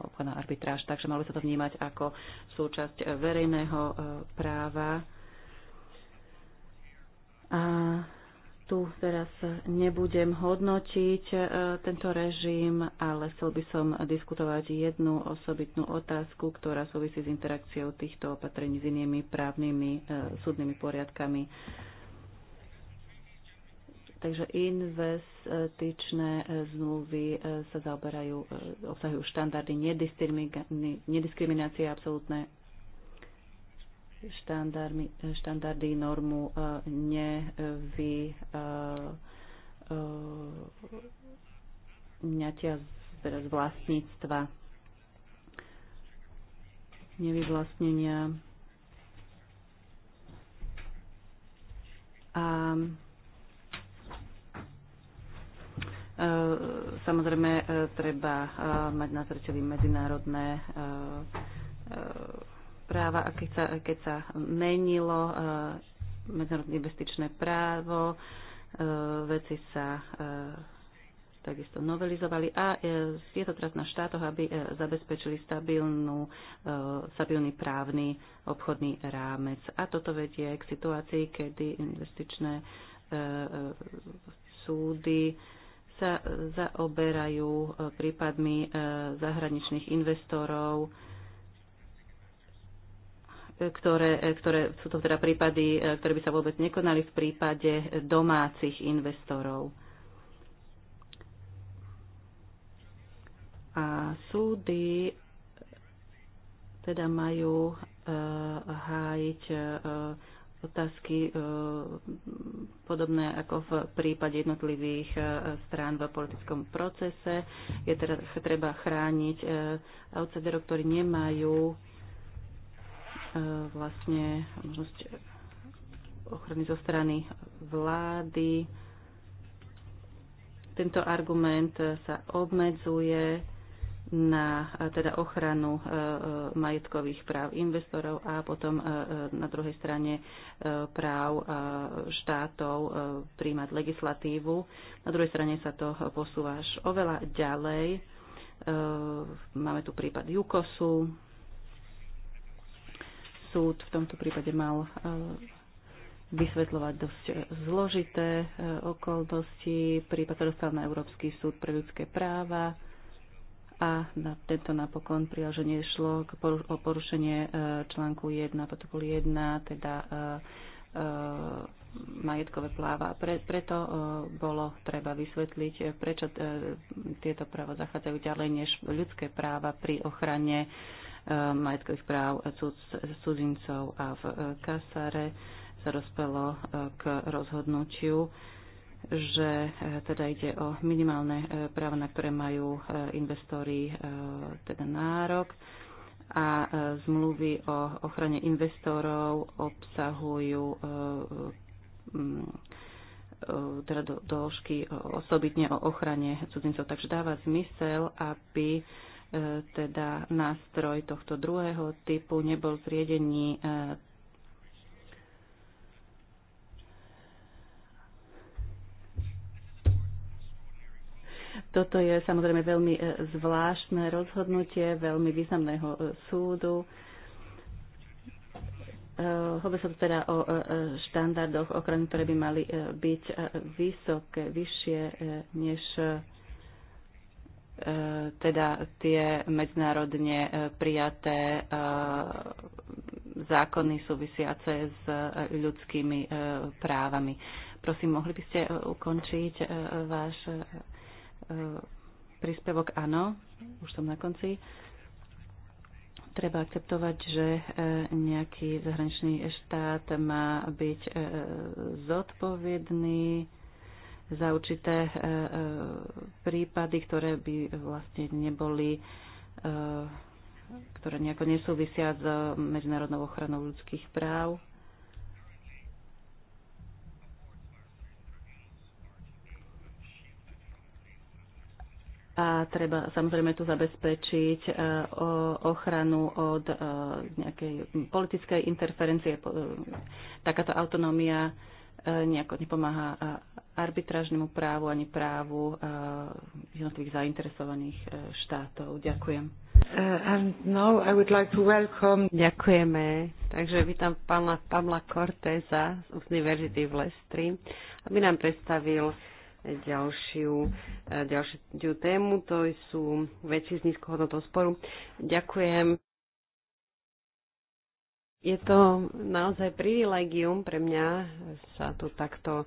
obchodná arbitráž. Takže malo sa to vnímať ako súčasť verejného práva a tu teraz nebudem hodnotiť e, tento režim, ale chcel by som diskutovať jednu osobitnú otázku, ktorá súvisí s interakciou týchto opatrení s inými právnymi e, súdnymi poriadkami. Takže investičné e, zmluvy sa zaoberajú, obsahujú štandardy nediskriminácie, absolútne štandardy, normu e, nevy e, e, ňatia z vlastníctva, nevyvlastnenia. A samozrejme treba mať na zreteli medzinárodné práva, keď sa, keď sa menilo e, medzinárodné investičné právo, e, veci sa e, takisto novelizovali a je to teraz na štátoch, aby zabezpečili stabilnú, stabilný právny obchodný rámec. A toto vedie k situácii, kedy investičné súdy sa zaoberajú prípadmi zahraničných investorov, ktoré, ktoré sú to teda prípady, e, ktoré by sa vôbec nekonali v prípade domácich investorov. A súdy teda majú uh, hájiť uh, otázky uh, podobné ako v prípade jednotlivých uh, strán v politickom procese. Je teda treba chrániť uh, outsiderov, ktorí nemajú uh, E, vlastne možnosť ochrany zo strany vlády. Tento argument sa obmedzuje na e, teda ochranu e, majetkových práv investorov a potom na druhej strane práv štátov príjmať legislatívu. Na druhej strane sa to posúva až oveľa ďalej. Máme tu prípad Jukosu, súd v tomto prípade mal e, vysvetľovať dosť e, zložité e, okolnosti. Prípad sa dostal na Európsky súd pre ľudské práva a na tento napokon prijal, že nešlo k poru- o porušenie článku 1, protokol 1, teda majetkové pláva. Pre, preto bolo treba vysvetliť, prečo tieto práva zachádzajú ďalej než ľudské práva pri ochrane Eh, majetkových práv cudzincov a v eh, Kasare sa dospelo eh, k rozhodnutiu, že teda ide o minimálne práva, na ktoré majú investori teda nárok a zmluvy o ochrane investorov obsahujú mm, teda do, doložky osobitne o ochrane cudzincov. Takže dáva zmysel, aby teda nástroj tohto druhého typu nebol v riedení eh, Toto je samozrejme veľmi eh, zvláštne rozhodnutie veľmi významného eh, súdu. Hovorí sa tu teda o štandardoch okrem ktoré by mali byť vysoké, vyššie než E, teda tie medzinárodne e, prijaté e, zákony súvisiace s ľudskými právami. Prosím, mohli by ste ukončiť váš príspevok? Áno, už som na konci. Treba akceptovať, že nejaký zahraničný štát má byť zodpovedný za určité e, e, prípady, ktoré by vlastne neboli e, ktoré nejako nesúvisia s medzinárodnou ochranou ľudských práv. A treba samozrejme tu zabezpečiť ochranu od nejakej politickej interferencie. Takáto autonómia nejako nepomáha arbitrážnemu právu ani právu jednotlivých zainteresovaných e, štátov. Ďakujem. Uh, now I would like to welcome... Ďakujeme. Takže vítam pána Pavla Corteza z Univerzity v Lestri, aby nám predstavil ďalšiu, e, ďalšiu tému, to sú veci z nízkohodnotou sporu. Ďakujem. Je to naozaj privilegium pre mňa sa tu takto e,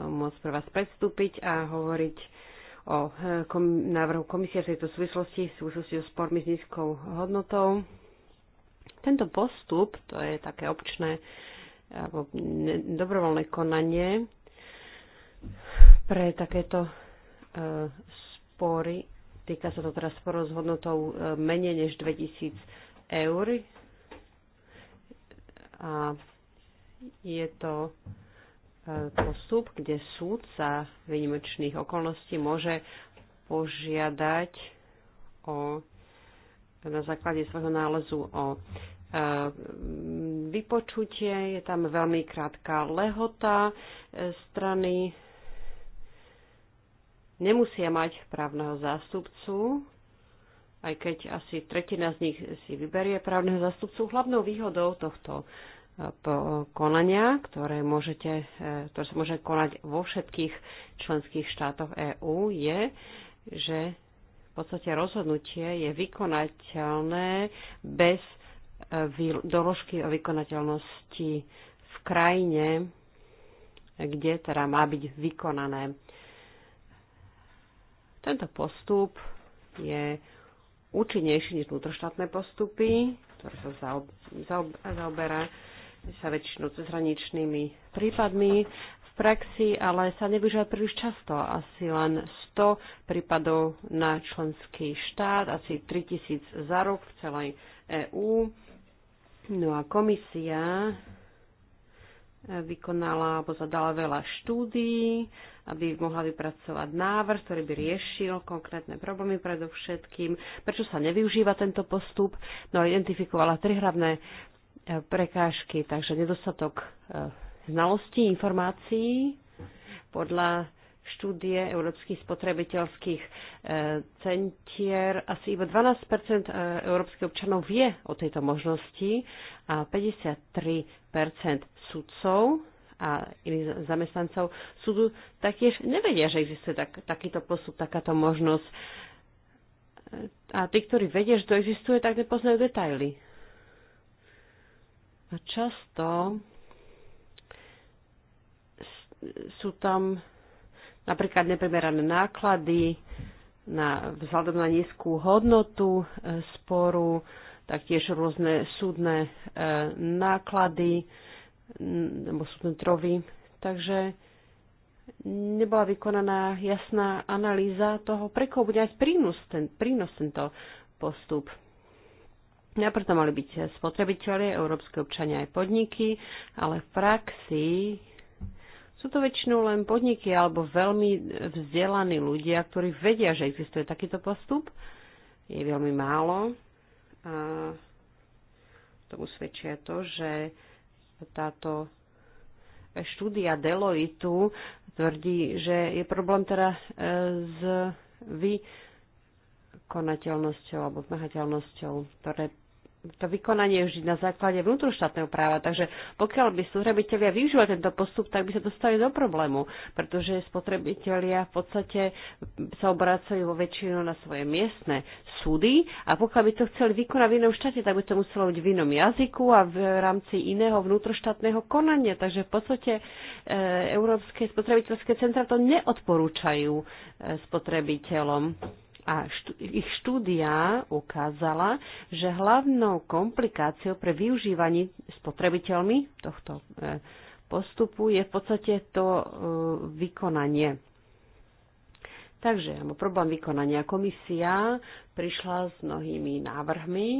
môcť pre vás predstúpiť a hovoriť o e, kom, návrhu komisie v tejto súvislosti, v súvislosti so spormi s nízkou hodnotou. Tento postup, to je také občné alebo dobrovoľné konanie pre takéto e, spory, týka sa to teraz sporov s hodnotou e, menej než 2000 eur, a je to e, postup, kde súdca výnimočných okolností môže požiadať o, na základe svojho nálezu o e, vypočutie, je tam veľmi krátka lehota e, strany, nemusia mať právneho zástupcu, aj keď asi tretina z nich si vyberie právneho zastupcu. Hlavnou výhodou tohto eh, konania, ktoré, môžete, eh, ktoré sa môže konať vo všetkých členských štátoch EÚ, je, že v podstate rozhodnutie je vykonateľné bez eh, doložky o vykonateľnosti v krajine, kde teda má byť vykonané. Tento postup je účinnejší než vnútroštátne postupy, ktoré sa zaob, zaob, zaoberá sa väčšinou cezhraničnými prípadmi v praxi, ale sa nevyžiaľ príliš často. Asi len 100 prípadov na členský štát, asi 3000 za rok v celej EÚ. No a komisia e, vykonala alebo zadala veľa štúdií aby mohla vypracovať návrh, ktorý by riešil konkrétne problémy predovšetkým, prečo sa nevyužíva tento postup. No a identifikovala tri hlavné e, prekážky, takže nedostatok e, znalostí, informácií podľa štúdie európskych spotrebiteľských e, centier. Asi iba 12 európskych občanov vie o tejto možnosti a 53 sudcov a iných zamestnancov súdu taktiež nevedia, že existuje tak, takýto postup, takáto možnosť. A tí, ktorí vedia, že to existuje, tak nepoznajú detaily. A často sú tam napríklad neprimerané náklady na, vzhľadom na nízku hodnotu e, sporu, taktiež rôzne súdne e, náklady, alebo sú tam trovy. Takže nebola vykonaná jasná analýza toho, pre koho bude mať prínos, ten, prínos tento postup. Najprv to mali byť spotrebitelia, európske občania aj podniky, ale v praxi sú to väčšinou len podniky alebo veľmi vzdelaní ľudia, ktorí vedia, že existuje takýto postup. Je veľmi málo. A tomu svedčia to, že táto štúdia Deloitu tvrdí, že je problém teda s vykonateľnosťou alebo vmahateľnosťou, ktoré to vykonanie je vždy na základe vnútroštátneho práva. Takže pokiaľ by spotrebitelia využívali tento postup, tak by sa dostali do problému, pretože spotrebitelia v podstate sa obracajú vo väčšinu na svoje miestne súdy a pokiaľ by to chceli vykonať v inom štáte, tak by to muselo byť v inom jazyku a v rámci iného vnútroštátneho konania. Takže v podstate e, európske spotrebiteľské centra to neodporúčajú e, spotrebiteľom a štú, ich štúdia ukázala, že hlavnou komplikáciou pre využívanie spotrebiteľmi tohto e, postupu je v podstate to e, vykonanie. Takže problém vykonania komisia prišla s mnohými návrhmi,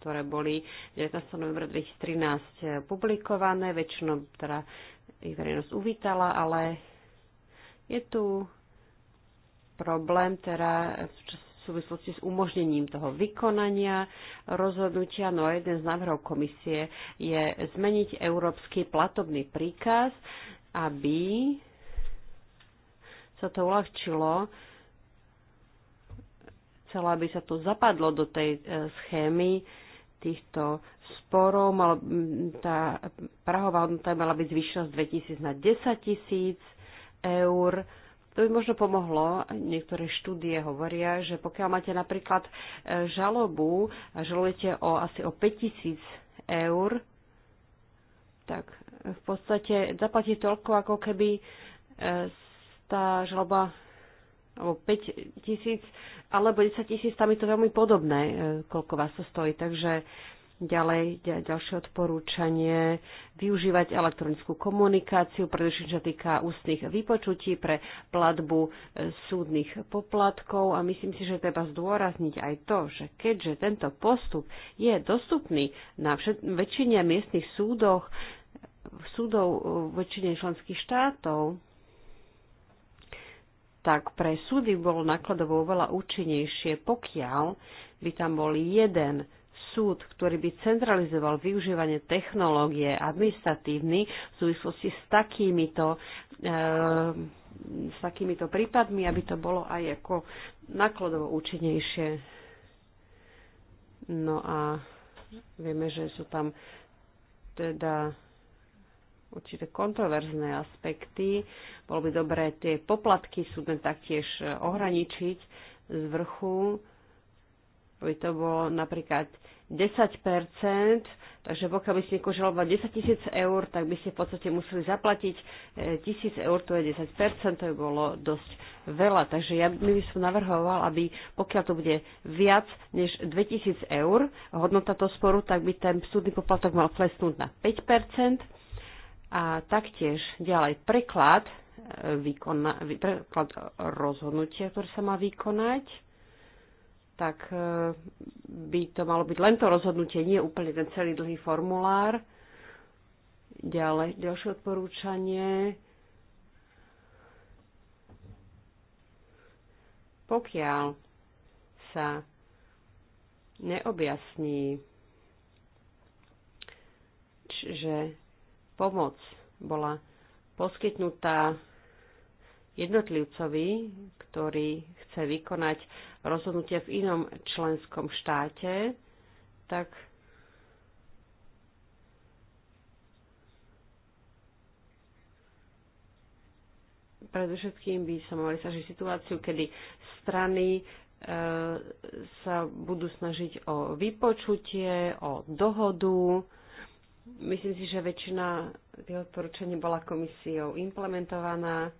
ktoré boli 19. novembra 2013 publikované, väčšinou teda ich verejnosť uvítala, ale je tu problém teda v súvislosti s umožnením toho vykonania rozhodnutia. No a jeden z návrhov komisie je zmeniť európsky platobný príkaz, aby sa to uľahčilo chcela, aby sa to zapadlo do tej e, schémy týchto sporov. Mal, tá prahová hodnota mala byť zvyšená z 2000 na 10 tisíc eur to by možno pomohlo. Niektoré štúdie hovoria, že pokiaľ máte napríklad e, žalobu a žalujete o asi o 5000 eur, tak v podstate zaplatí toľko, ako keby e, tá žaloba alebo 5 tisíc, alebo 10 tisíc, tam je to veľmi podobné, e, koľko vás to stojí. Takže Ďalej ďalšie odporúčanie využívať elektronickú komunikáciu, predovšetkým čo týka ústnych vypočutí pre platbu e, súdnych poplatkov a myslím si, že treba zdôrazniť aj to, že keďže tento postup je dostupný na väčšine miestnych súdoch, súdov e, väčšine členských štátov, tak pre súdy bolo nakladovo oveľa účinnejšie, pokiaľ by tam bol jeden súd, ktorý by centralizoval využívanie technológie administratívny v súvislosti s takýmito, e, s takýmito prípadmi, aby to bolo aj ako nakladovo účinnejšie. No a vieme, že sú tam teda určité kontroverzné aspekty. Bolo by dobré tie poplatky súdne taktiež eh, ohraničiť z vrchu, aby to bolo napríklad 10 takže pokiaľ by ste niekoho 10 tisíc eur, tak by ste v podstate museli zaplatiť e, tisíc eur, to je 10 to by bolo dosť veľa. Takže ja by som navrhoval, aby pokiaľ to bude viac než 2000 eur hodnota toho sporu, tak by ten súdny poplatok mal klesnúť na 5 a taktiež ďalej preklad, e, výkona, preklad rozhodnutia, ktoré sa má vykonať tak e, by to malo byť len to rozhodnutie, nie úplne ten celý dlhý formulár. Ďalej, ďalšie odporúčanie. Pokiaľ sa neobjasní, že pomoc bola poskytnutá jednotlivcovi, ktorý chce vykonať rozhodnutia v inom členskom štáte, tak predovšetkým by sa mali sažiť situáciu, kedy strany e, sa budú snažiť o vypočutie, o dohodu. Myslím si, že väčšina tých odporúčaní bola komisiou implementovaná.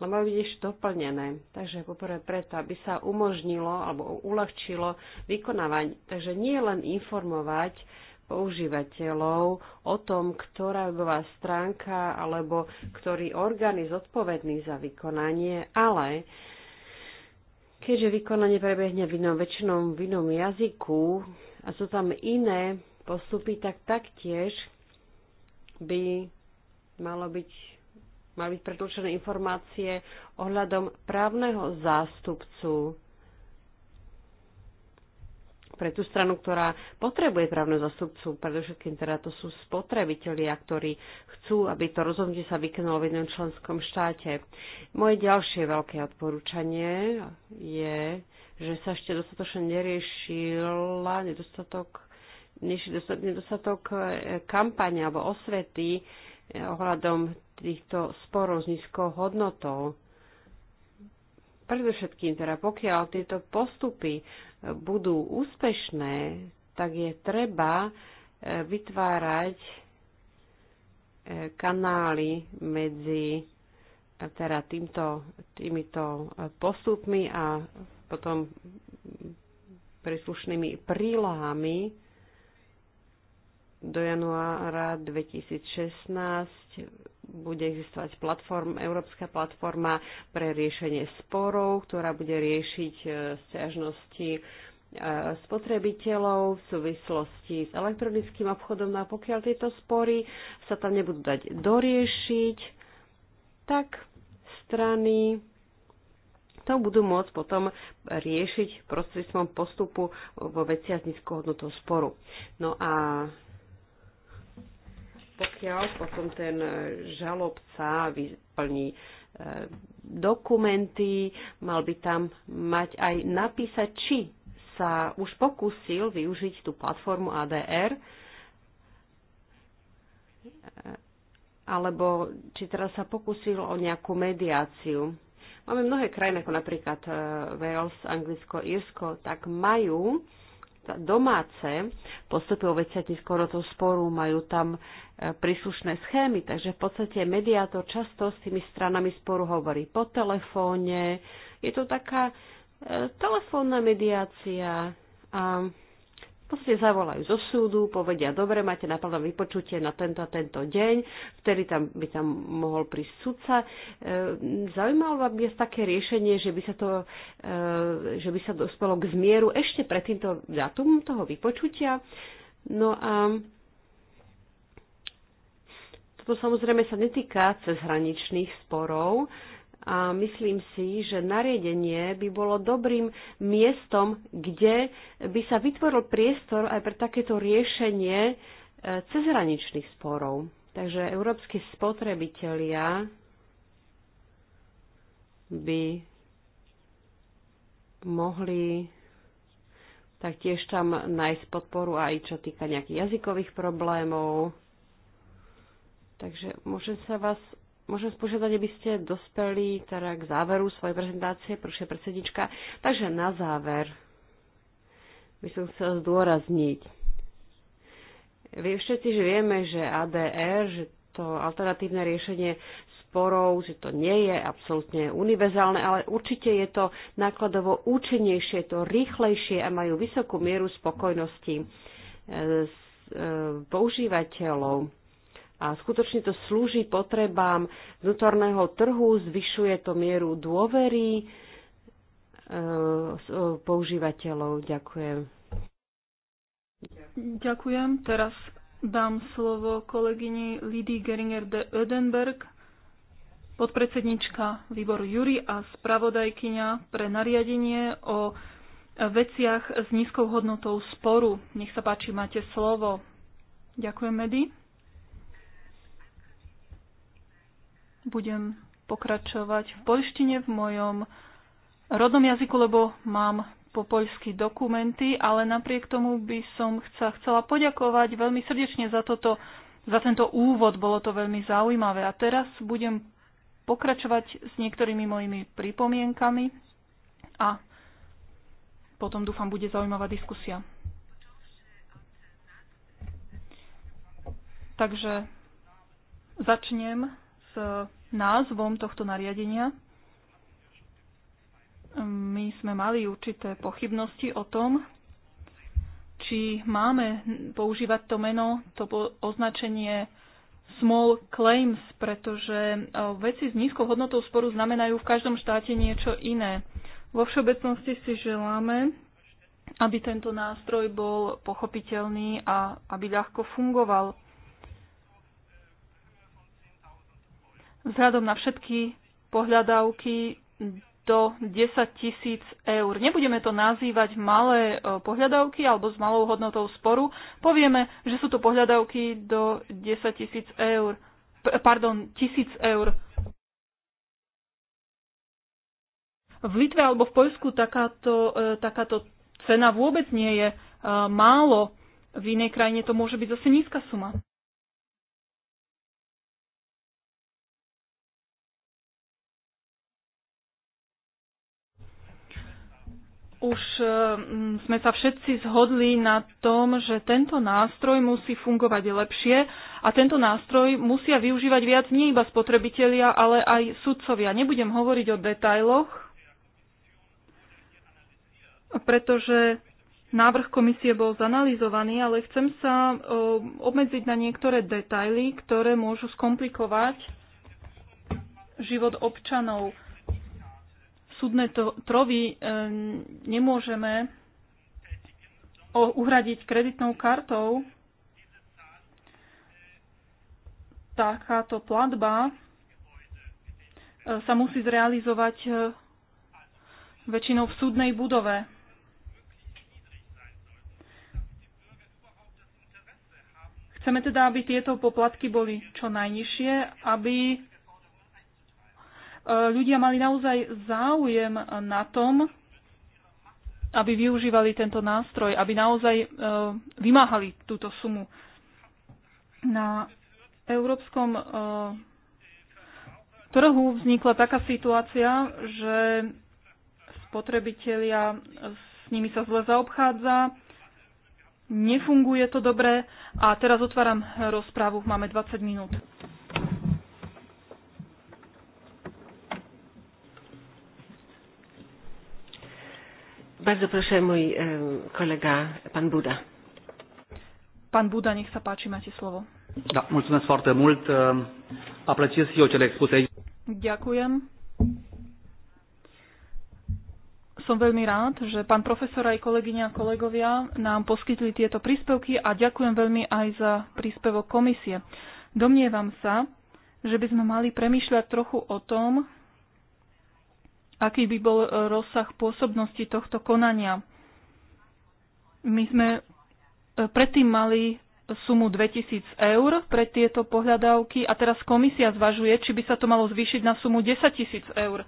ale majú byť ešte doplnené. Takže poprvé preto, aby sa umožnilo alebo uľahčilo vykonávanie. Takže nie len informovať používateľov o tom, ktorá webová stránka alebo ktorý orgán je zodpovedný za vykonanie, ale keďže vykonanie prebehne v inom, väčšinom v inom jazyku a sú tam iné postupy, tak taktiež by malo byť mali byť predlčené informácie ohľadom právneho zástupcu pre tú stranu, ktorá potrebuje právne zastupcu, predovšetkým teda to sú spotrebitelia, ktorí chcú, aby to rozhodnutie sa vykonalo v jednom členskom štáte. Moje ďalšie veľké odporúčanie je, že sa ešte dostatočne neriešila nedostatok, nedostatok eh, kampania alebo osvety eh, ohľadom týchto sporov s nízkou hodnotou. Predovšetkým teda, pokiaľ tieto postupy e, budú úspešné, tak je treba e, vytvárať e, kanály medzi teda týmto, týmito postupmi a potom príslušnými prílohami do januára 2016 bude existovať platform, európska platforma pre riešenie sporov, ktorá bude riešiť e, stiažnosti e, spotrebiteľov v súvislosti s elektronickým obchodom. No a pokiaľ tieto spory sa tam nebudú dať doriešiť, tak strany to budú môcť potom riešiť prostredstvom postupu vo veciach s nízkohodnotou sporu. No a pokiaľ potom ten e, žalobca vyplní e, dokumenty, mal by tam mať aj napísať, či sa už pokúsil využiť tú platformu ADR, alebo či teraz sa pokúsil o nejakú mediáciu. Máme mnohé krajiny, ako napríklad e, Wales, Anglicko, Írsko, tak majú domáce postupujú veciati skoro to sporu, majú tam e, príslušné schémy, takže v podstate mediátor často s tými stranami sporu hovorí po telefóne. Je to taká e, telefónna mediácia a podstate zavolajú zo súdu, povedia, dobre, máte napadlo vypočutie na tento a tento deň, vtedy tam by tam mohol prísť sudca. E, zaujímalo by je také riešenie, že by sa, to, e, že by sa dospelo k zmieru ešte pred týmto dátumom toho vypočutia. No a toto samozrejme sa netýka cezhraničných sporov, a myslím si, že nariadenie by bolo dobrým miestom, kde by sa vytvoril priestor aj pre takéto riešenie e, cezhraničných sporov. Takže európsky spotrebitelia by mohli taktiež tam nájsť podporu aj čo týka nejakých jazykových problémov. Takže môžem sa vás môžem spožiadať, aby ste dospeli teda k záveru svojej prezentácie, prvšia predsednička. Takže na záver by som chcela zdôrazniť. Vy všetci, že vieme, že ADR, že to alternatívne riešenie sporov, že to nie je absolútne univerzálne, ale určite je to nákladovo účinnejšie, je to rýchlejšie a majú vysokú mieru spokojnosti e, e, používateľov a skutočne to slúži potrebám vnútorného trhu, zvyšuje to mieru dôvery e, e, používateľov. Ďakujem. Ďakujem. Teraz dám slovo kolegyni Lidy Geringer de Ödenberg, podpredsednička výboru Jury a spravodajkyňa pre nariadenie o veciach s nízkou hodnotou sporu. Nech sa páči, máte slovo. Ďakujem, Medi. budem pokračovať v poľštine v mojom rodnom jazyku, lebo mám po poľsky dokumenty, ale napriek tomu by som sa chcela poďakovať veľmi srdečne za, toto, za tento úvod, bolo to veľmi zaujímavé. A teraz budem pokračovať s niektorými mojimi pripomienkami a potom dúfam bude zaujímavá diskusia. Takže začnem s názvom tohto nariadenia. My sme mali určité pochybnosti o tom, či máme používať to meno, to označenie small claims, pretože e, veci s nízkou hodnotou sporu znamenajú v každom štáte niečo iné. Vo všeobecnosti si želáme, aby tento nástroj bol pochopiteľný a aby ľahko fungoval. vzhľadom na všetky pohľadávky do 10 tisíc eur. Nebudeme to nazývať malé e, pohľadávky alebo s malou hodnotou sporu. Povieme, že sú to pohľadávky do 10 tisíc eur. Pardon, tisíc eur. V Litve alebo v Poľsku takáto, e, takáto cena vôbec nie je e, málo. V inej krajine to môže byť zase nízka suma. už e, sme sa všetci zhodli na tom, že tento nástroj musí fungovať lepšie a tento nástroj musia využívať viac nie iba spotrebitelia, ale aj sudcovia. Nebudem hovoriť o detailoch, pretože návrh komisie bol zanalizovaný, ale chcem sa e, obmedziť na niektoré detaily, ktoré môžu skomplikovať život občanov súdne to, trovy e, nemôžeme uhradiť kreditnou kartou, takáto platba e, sa musí zrealizovať e, väčšinou v súdnej budove. Chceme teda, aby tieto poplatky boli čo najnižšie, aby E, ľudia mali naozaj záujem na tom, aby využívali tento nástroj, aby naozaj e, vymáhali túto sumu. Na európskom e, trhu vznikla taká situácia, že spotrebitelia s nimi sa zle zaobchádza, nefunguje to dobre a teraz otváram rozprávu, máme 20 minút. Bardzo proszę, mój kolega, pan Buda. Pan Buda, niech sa páči, máte slovo. Da, mulțumesc foarte mult. Apreciez eu cele expuse aici. Ďakujem. Som veľmi rád, že pán profesor aj kolegyňa a kolegovia nám poskytli tieto príspevky a ďakujem veľmi aj za príspevok komisie. Domnievam sa, že by sme mali premýšľať trochu o tom, aký by bol e, rozsah pôsobnosti tohto konania. My sme e, predtým mali sumu 2000 eur pre tieto pohľadávky a teraz komisia zvažuje, či by sa to malo zvýšiť na sumu 10 tisíc eur.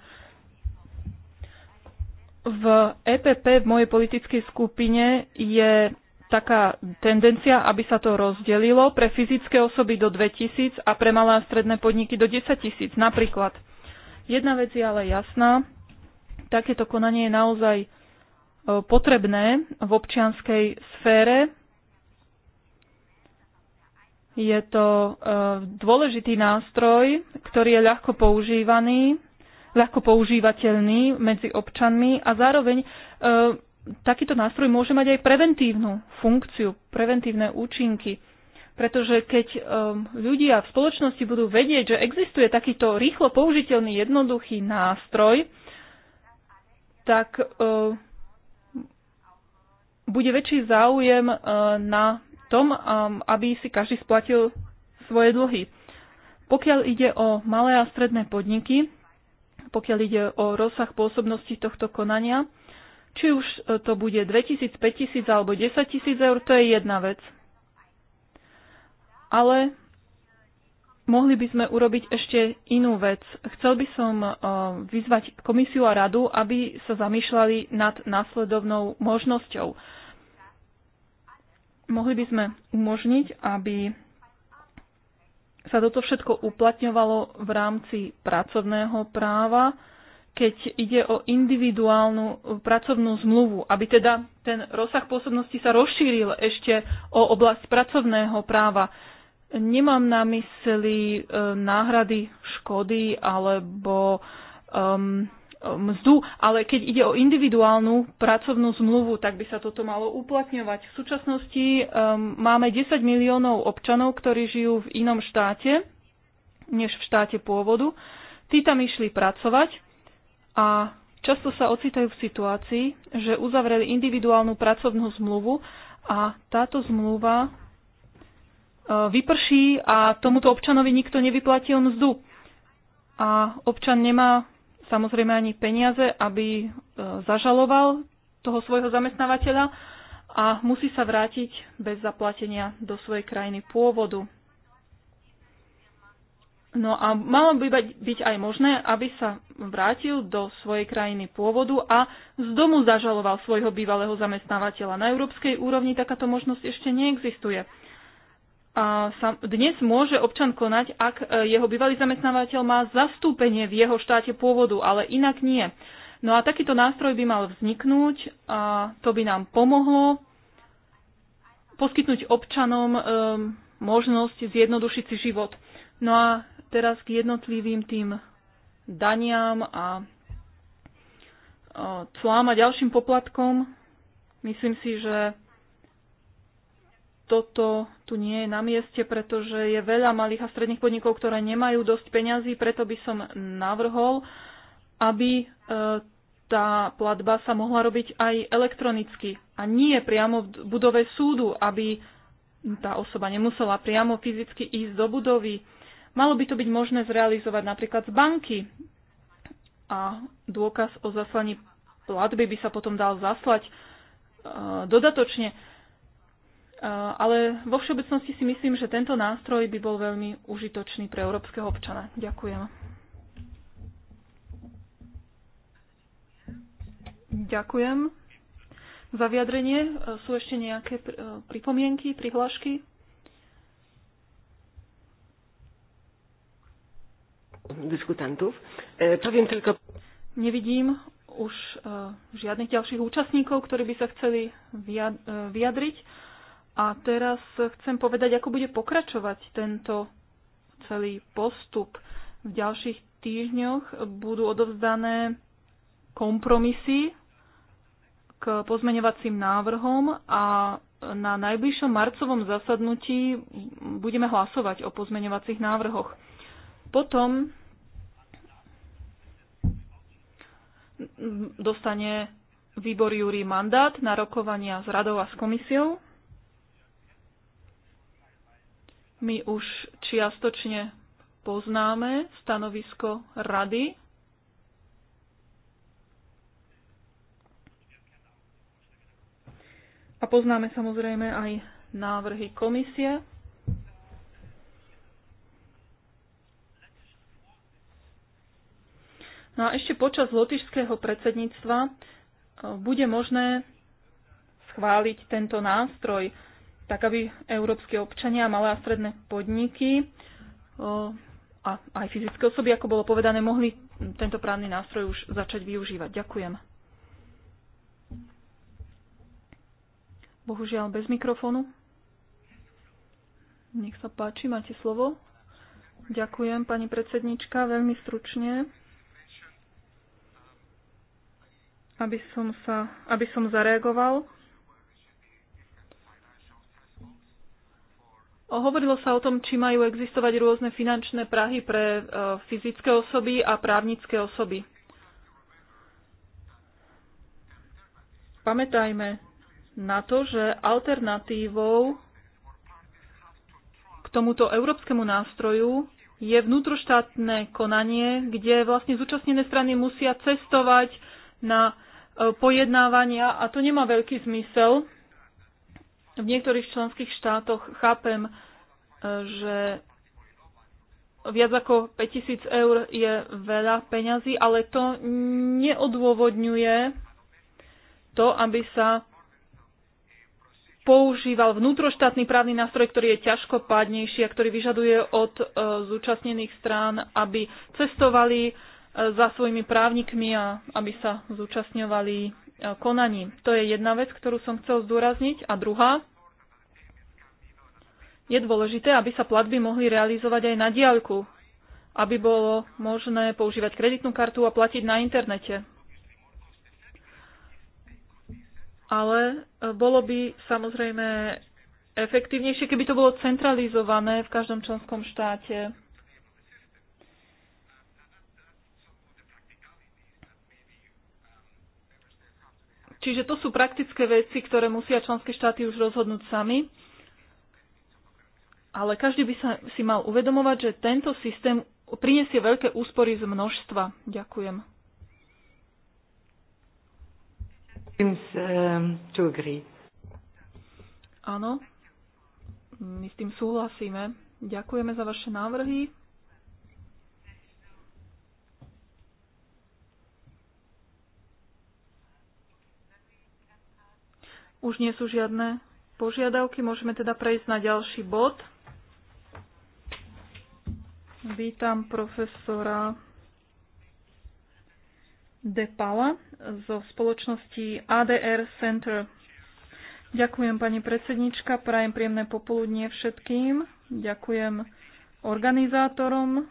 V EPP, v mojej politickej skupine, je taká tendencia, aby sa to rozdelilo pre fyzické osoby do 2000 a pre malé a stredné podniky do 10 tisíc. Napríklad, jedna vec je ale jasná, takéto konanie je naozaj e, potrebné v občianskej sfére. Je to e, dôležitý nástroj, ktorý je ľahko používaný, ľahko používateľný medzi občanmi a zároveň e, takýto nástroj môže mať aj preventívnu funkciu, preventívne účinky. Pretože keď um, ľudia v spoločnosti budú vedieť, že existuje takýto rýchlo použiteľný, jednoduchý nástroj, tak e, bude väčší záujem e, na tom, aby si každý splatil svoje dlhy. Pokiaľ ide o malé a stredné podniky, pokiaľ ide o rozsah pôsobnosti tohto konania, či už e, to bude 2000, 5000 alebo 10 000 eur, to je jedna vec. Ale mohli by sme urobiť ešte inú vec. Chcel by som eh, vyzvať komisiu a radu, aby sa zamýšľali nad následovnou možnosťou. Mohli by sme umožniť, aby sa toto všetko uplatňovalo v rámci pracovného práva, keď ide o individuálnu eh, pracovnú zmluvu, aby teda ten rozsah pôsobnosti sa rozšíril ešte o oblasť pracovného práva. Nemám na mysli e, náhrady škody alebo um, mzdu, ale keď ide o individuálnu pracovnú zmluvu, tak by sa toto malo uplatňovať. V súčasnosti um, máme 10 miliónov občanov, ktorí žijú v inom štáte než v štáte pôvodu. Tí tam išli pracovať a často sa ocitajú v situácii, že uzavreli individuálnu pracovnú zmluvu a táto zmluva E, vyprší a tomuto občanovi nikto nevyplatil mzdu. A občan nemá samozrejme ani peniaze, aby e, zažaloval toho svojho zamestnávateľa a musí sa vrátiť bez zaplatenia do svojej krajiny pôvodu. No a malo by byť aj možné, aby sa vrátil do svojej krajiny pôvodu a z domu zažaloval svojho bývalého zamestnávateľa. Na európskej úrovni takáto možnosť ešte neexistuje dnes môže občan konať, ak e, jeho bývalý zamestnávateľ má zastúpenie v jeho štáte pôvodu, ale inak nie. No a takýto nástroj by mal vzniknúť a to by nám pomohlo poskytnúť občanom um, možnosť zjednodušiť si život. No a teraz k jednotlivým tým daniam a e, clám a ďalším poplatkom. Myslím si, že toto tu nie je na mieste, pretože je veľa malých a stredných podnikov, ktoré nemajú dosť peňazí, preto by som navrhol, aby e, tá platba sa mohla robiť aj elektronicky a nie priamo v budove súdu, aby tá osoba nemusela priamo fyzicky ísť do budovy. Malo by to byť možné zrealizovať napríklad z banky a dôkaz o zaslaní platby by sa potom dal zaslať e, dodatočne ale vo všeobecnosti si myslím, že tento nástroj by bol veľmi užitočný pre európskeho občana. Ďakujem. Ďakujem za vyjadrenie. E, sú ešte nejaké e, pripomienky, prihlášky? Diskutantov. E, poviem tylko... Nevidím už e, žiadnych ďalších účastníkov, ktorí by sa chceli vyjadriť. A teraz chcem povedať, ako bude pokračovať tento celý postup. V ďalších týždňoch budú odovzdané kompromisy k pozmeňovacím návrhom a na najbližšom marcovom zasadnutí budeme hlasovať o pozmeňovacích návrhoch. Potom dostane výbor Júri mandát na rokovania s radou a s komisiou My už čiastočne poznáme stanovisko rady. A poznáme samozrejme aj návrhy komisie. No a ešte počas lotišského predsedníctva eh, bude možné schváliť tento nástroj tak aby európske občania, malé a stredné podniky a aj fyzické osoby, ako bolo povedané, mohli tento právny nástroj už začať využívať. Ďakujem. Bohužiaľ bez mikrofónu. Nech sa páči, máte slovo. Ďakujem, pani predsednička, veľmi stručne. Aby som, sa, aby som zareagoval Hovorilo sa o tom, či majú existovať rôzne finančné prahy pre e, fyzické osoby a právnické osoby. Pamätajme na to, že alternatívou k tomuto európskemu nástroju je vnútroštátne konanie, kde vlastne zúčastnené strany musia cestovať na e, pojednávania a to nemá veľký zmysel, v niektorých členských štátoch chápem, e, že viac ako 5000 eur je veľa peňazí, ale to neodôvodňuje to, aby sa používal vnútroštátny právny nástroj, ktorý je ťažko pádnejší a ktorý vyžaduje od e, zúčastnených strán, aby cestovali e, za svojimi právnikmi a aby sa zúčastňovali E, konaním. To je jedna vec, ktorú som chcel zdôrazniť. A druhá, je dôležité, aby sa platby mohli realizovať aj na diaľku, aby bolo možné používať kreditnú kartu a platiť na internete. Ale e, bolo by samozrejme efektívnejšie, keby to bolo centralizované v každom členskom štáte. Čiže to sú praktické veci, ktoré musia členské štáty už rozhodnúť sami. Ale každý by sa, si mal uvedomovať, že tento systém prinesie veľké úspory z množstva. Ďakujem. Um, Áno, my s tým súhlasíme. Ďakujeme za vaše návrhy. Už nie sú žiadne požiadavky, môžeme teda prejsť na ďalší bod. Vítam profesora Depala zo spoločnosti ADR Center. Ďakujem pani predsednička, prajem príjemné popoludnie všetkým. Ďakujem organizátorom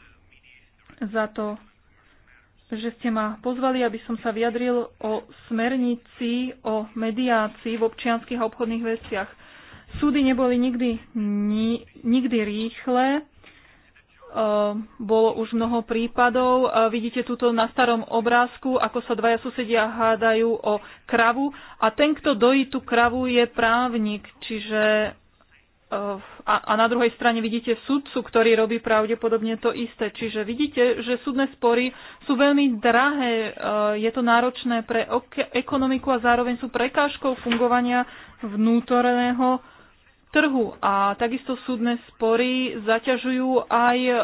za to, že ste ma pozvali, aby som sa vyjadril o smernici o mediácii v občianských a obchodných veciach. Súdy neboli nikdy, ni, nikdy rýchle, e, bolo už mnoho prípadov. E, vidíte túto na starom obrázku, ako sa dvaja susedia hádajú o kravu a ten, kto dojí tú kravu, je právnik, čiže a, a na druhej strane vidíte sudcu, ktorý robí pravdepodobne to isté. Čiže vidíte, že súdne spory sú veľmi drahé, e, je to náročné pre ekonomiku a zároveň sú prekážkou fungovania vnútorného trhu. A takisto súdne spory zaťažujú aj, e,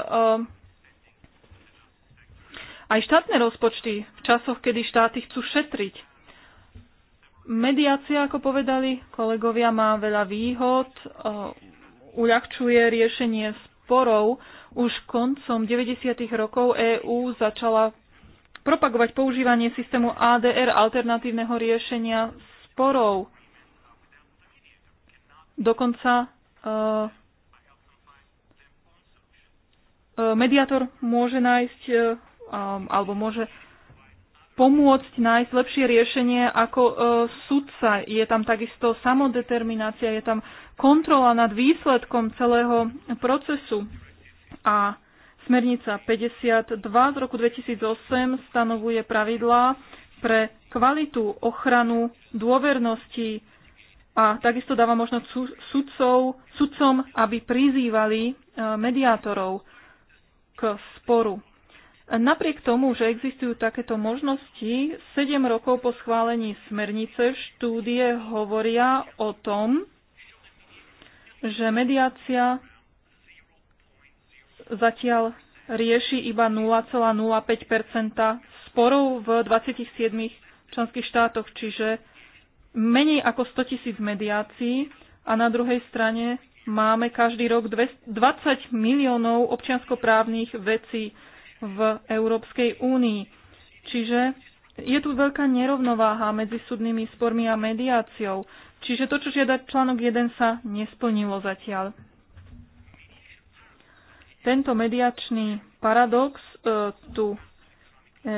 aj štátne rozpočty v časoch, kedy štáty chcú šetriť. Mediácia, ako povedali kolegovia, má veľa výhod, e, uľahčuje riešenie sporov. Už koncom 90. rokov EÚ začala propagovať používanie systému ADR, alternatívneho riešenia sporov. Dokonca uh, mediátor môže nájsť uh, alebo môže pomôcť nájsť lepšie riešenie ako e, sudca. Je tam takisto samodeterminácia, je tam kontrola nad výsledkom celého procesu. A smernica 52 z roku 2008 stanovuje pravidlá pre kvalitu, ochranu, dôvernosti a takisto dáva možnosť sudcov, sudcom, aby prizývali e, mediátorov k sporu. Napriek tomu, že existujú takéto možnosti, 7 rokov po schválení smernice štúdie hovoria o tom, že mediácia zatiaľ rieši iba 0,05 sporov v 27 členských štátoch, čiže menej ako 100 tisíc mediácií a na druhej strane máme každý rok 20 miliónov občianskoprávnych vecí v Európskej únii. Čiže je tu veľká nerovnováha medzi súdnymi spormi a mediáciou. Čiže to, čo žiada článok 1, sa nesplnilo zatiaľ. Tento mediačný paradox e, tu e,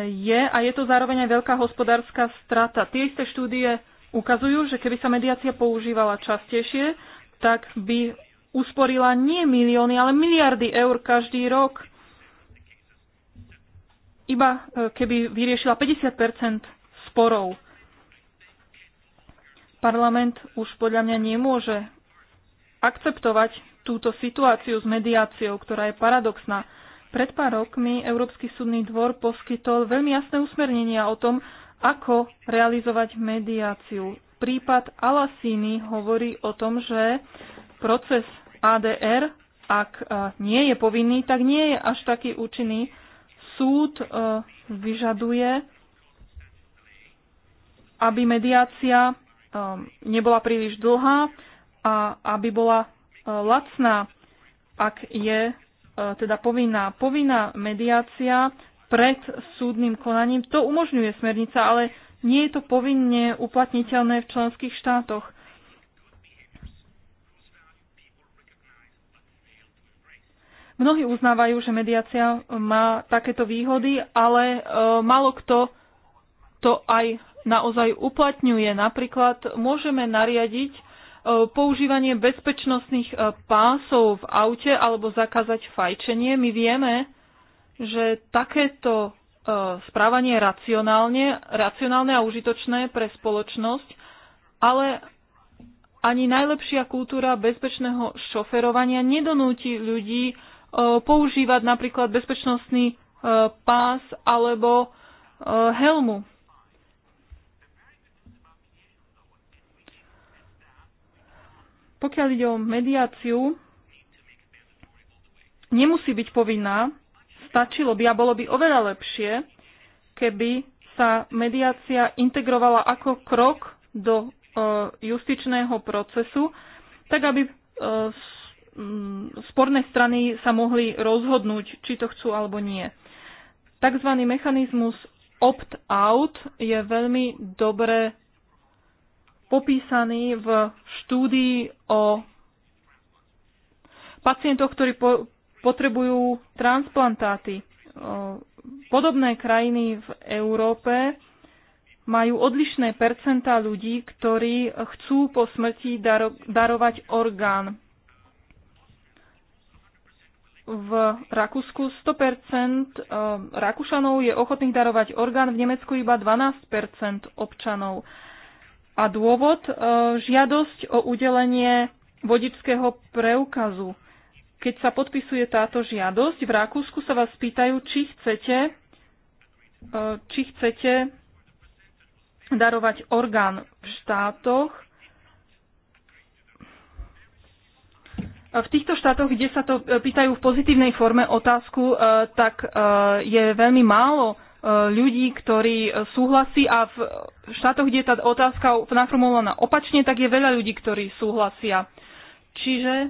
je a je to zároveň aj veľká hospodárska strata. Tie isté štúdie ukazujú, že keby sa mediácia používala častejšie, tak by usporila nie milióny, ale miliardy eur každý rok iba e, keby vyriešila 50 sporov. Parlament už podľa mňa nemôže akceptovať túto situáciu s mediáciou, ktorá je paradoxná. Pred pár rokmi Európsky súdny dvor poskytol veľmi jasné usmernenia o tom, ako realizovať mediáciu. Prípad Alasíny hovorí o tom, že proces ADR, ak e, nie je povinný, tak nie je až taký účinný, súd e, vyžaduje, aby mediácia e, nebola príliš dlhá a aby bola e, lacná, ak je teda povinná. Povinná mediácia pred súdnym konaním, to umožňuje smernica, ale nie je to povinne uplatniteľné v členských štátoch. Mnohí uznávajú, že mediácia e, má takéto výhody, ale e, málo kto to aj naozaj uplatňuje. Napríklad môžeme nariadiť e, používanie bezpečnostných pásov v aute alebo zakázať fajčenie. My vieme, že takéto správanie je racionálne, racionálne a užitočné pre spoločnosť, ale ani najlepšia kultúra bezpečného šoferovania nedonúti ľudí E, používať napríklad bezpečnostný e, pás alebo e, helmu. Pokiaľ ide o mediáciu, nemusí byť povinná, stačilo by a bolo by oveľa lepšie, keby sa mediácia integrovala ako krok do justičného procesu, tak aby Mm, sporné strany sa mohli rozhodnúť, či to chcú alebo nie. Takzvaný mechanizmus opt-out je veľmi dobre popísaný v štúdii o pacientoch, ktorí po, potrebujú transplantáty. Podobné krajiny v Európe majú odlišné percentá ľudí, ktorí chcú po smrti daro- darovať orgán v Rakúsku 100% eh, Rakúšanov je ochotných darovať orgán, v Nemecku iba 12% občanov. A dôvod? Eh, žiadosť o udelenie vodičského preukazu. Keď sa podpisuje táto žiadosť, v Rakúsku sa vás pýtajú, či chcete, eh, či chcete darovať orgán v štátoch, V týchto štátoch, kde sa to e, pýtajú v pozitívnej forme otázku, e, tak e, je veľmi málo ľudí, ktorí súhlasí a v štátoch, kde je tá otázka naformulovaná opačne, tak je veľa ľudí, ktorí súhlasia. Čiže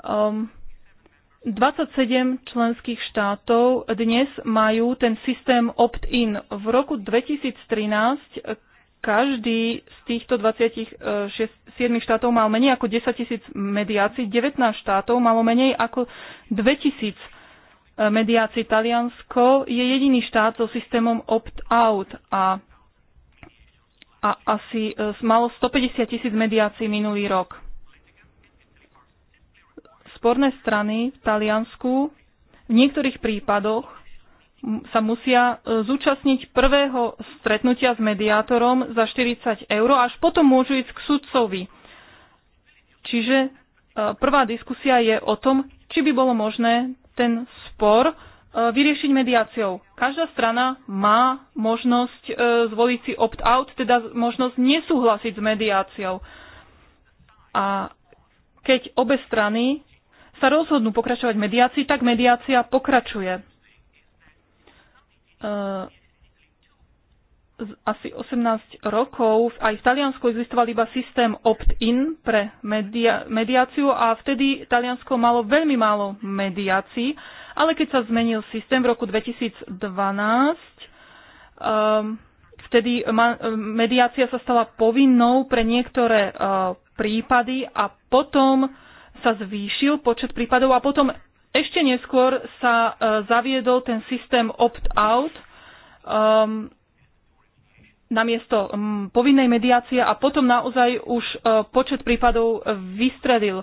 um, 27 členských štátov dnes majú ten systém opt-in. V roku 2013 každý z týchto 27 eh, štátov mal menej ako 10 tisíc mediácií, 19 štátov malo menej ako 2 tisíc eh, mediácií. Taliansko je jediný štát so systémom opt-out a, a asi eh, malo 150 tisíc mediácií minulý rok. Sporné strany v Taliansku v niektorých prípadoch sa musia e, zúčastniť prvého stretnutia s mediátorom za 40 eur, až potom môžu ísť k sudcovi. Čiže e, prvá diskusia je o tom, či by bolo možné ten spor e, vyriešiť mediáciou. Každá strana má možnosť zvoliť si opt-out, teda možnosť nesúhlasiť s mediáciou. A keď obe strany sa rozhodnú pokračovať mediácii, tak mediácia pokračuje asi 18 rokov aj v Taliansku existoval iba systém opt-in pre media, mediáciu a vtedy Taliansko malo veľmi málo mediácií, ale keď sa zmenil systém v roku 2012, um, ehm, vtedy ma, mediácia sa stala povinnou pre niektoré uh, prípady a potom sa zvýšil počet prípadov a potom ešte neskôr sa e, zaviedol ten systém opt-out um, namiesto um, povinnej mediácie a potom naozaj už uh, počet prípadov vystredil.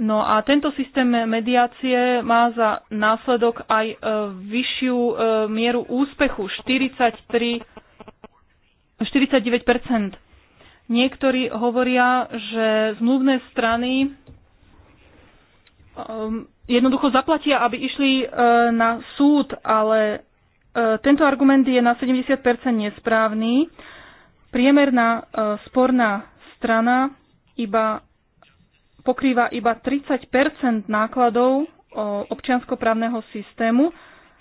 No a tento systém mediácie má za následok aj uh, vyššiu uh, mieru úspechu 43, 49 Niektorí hovoria, že zmluvné strany Ehm, jednoducho zaplatia, aby išli e, na súd, ale e, tento argument je na 70% nesprávny. Priemerná e, sporná strana iba pokrýva iba 30 nákladov občianskoprávneho systému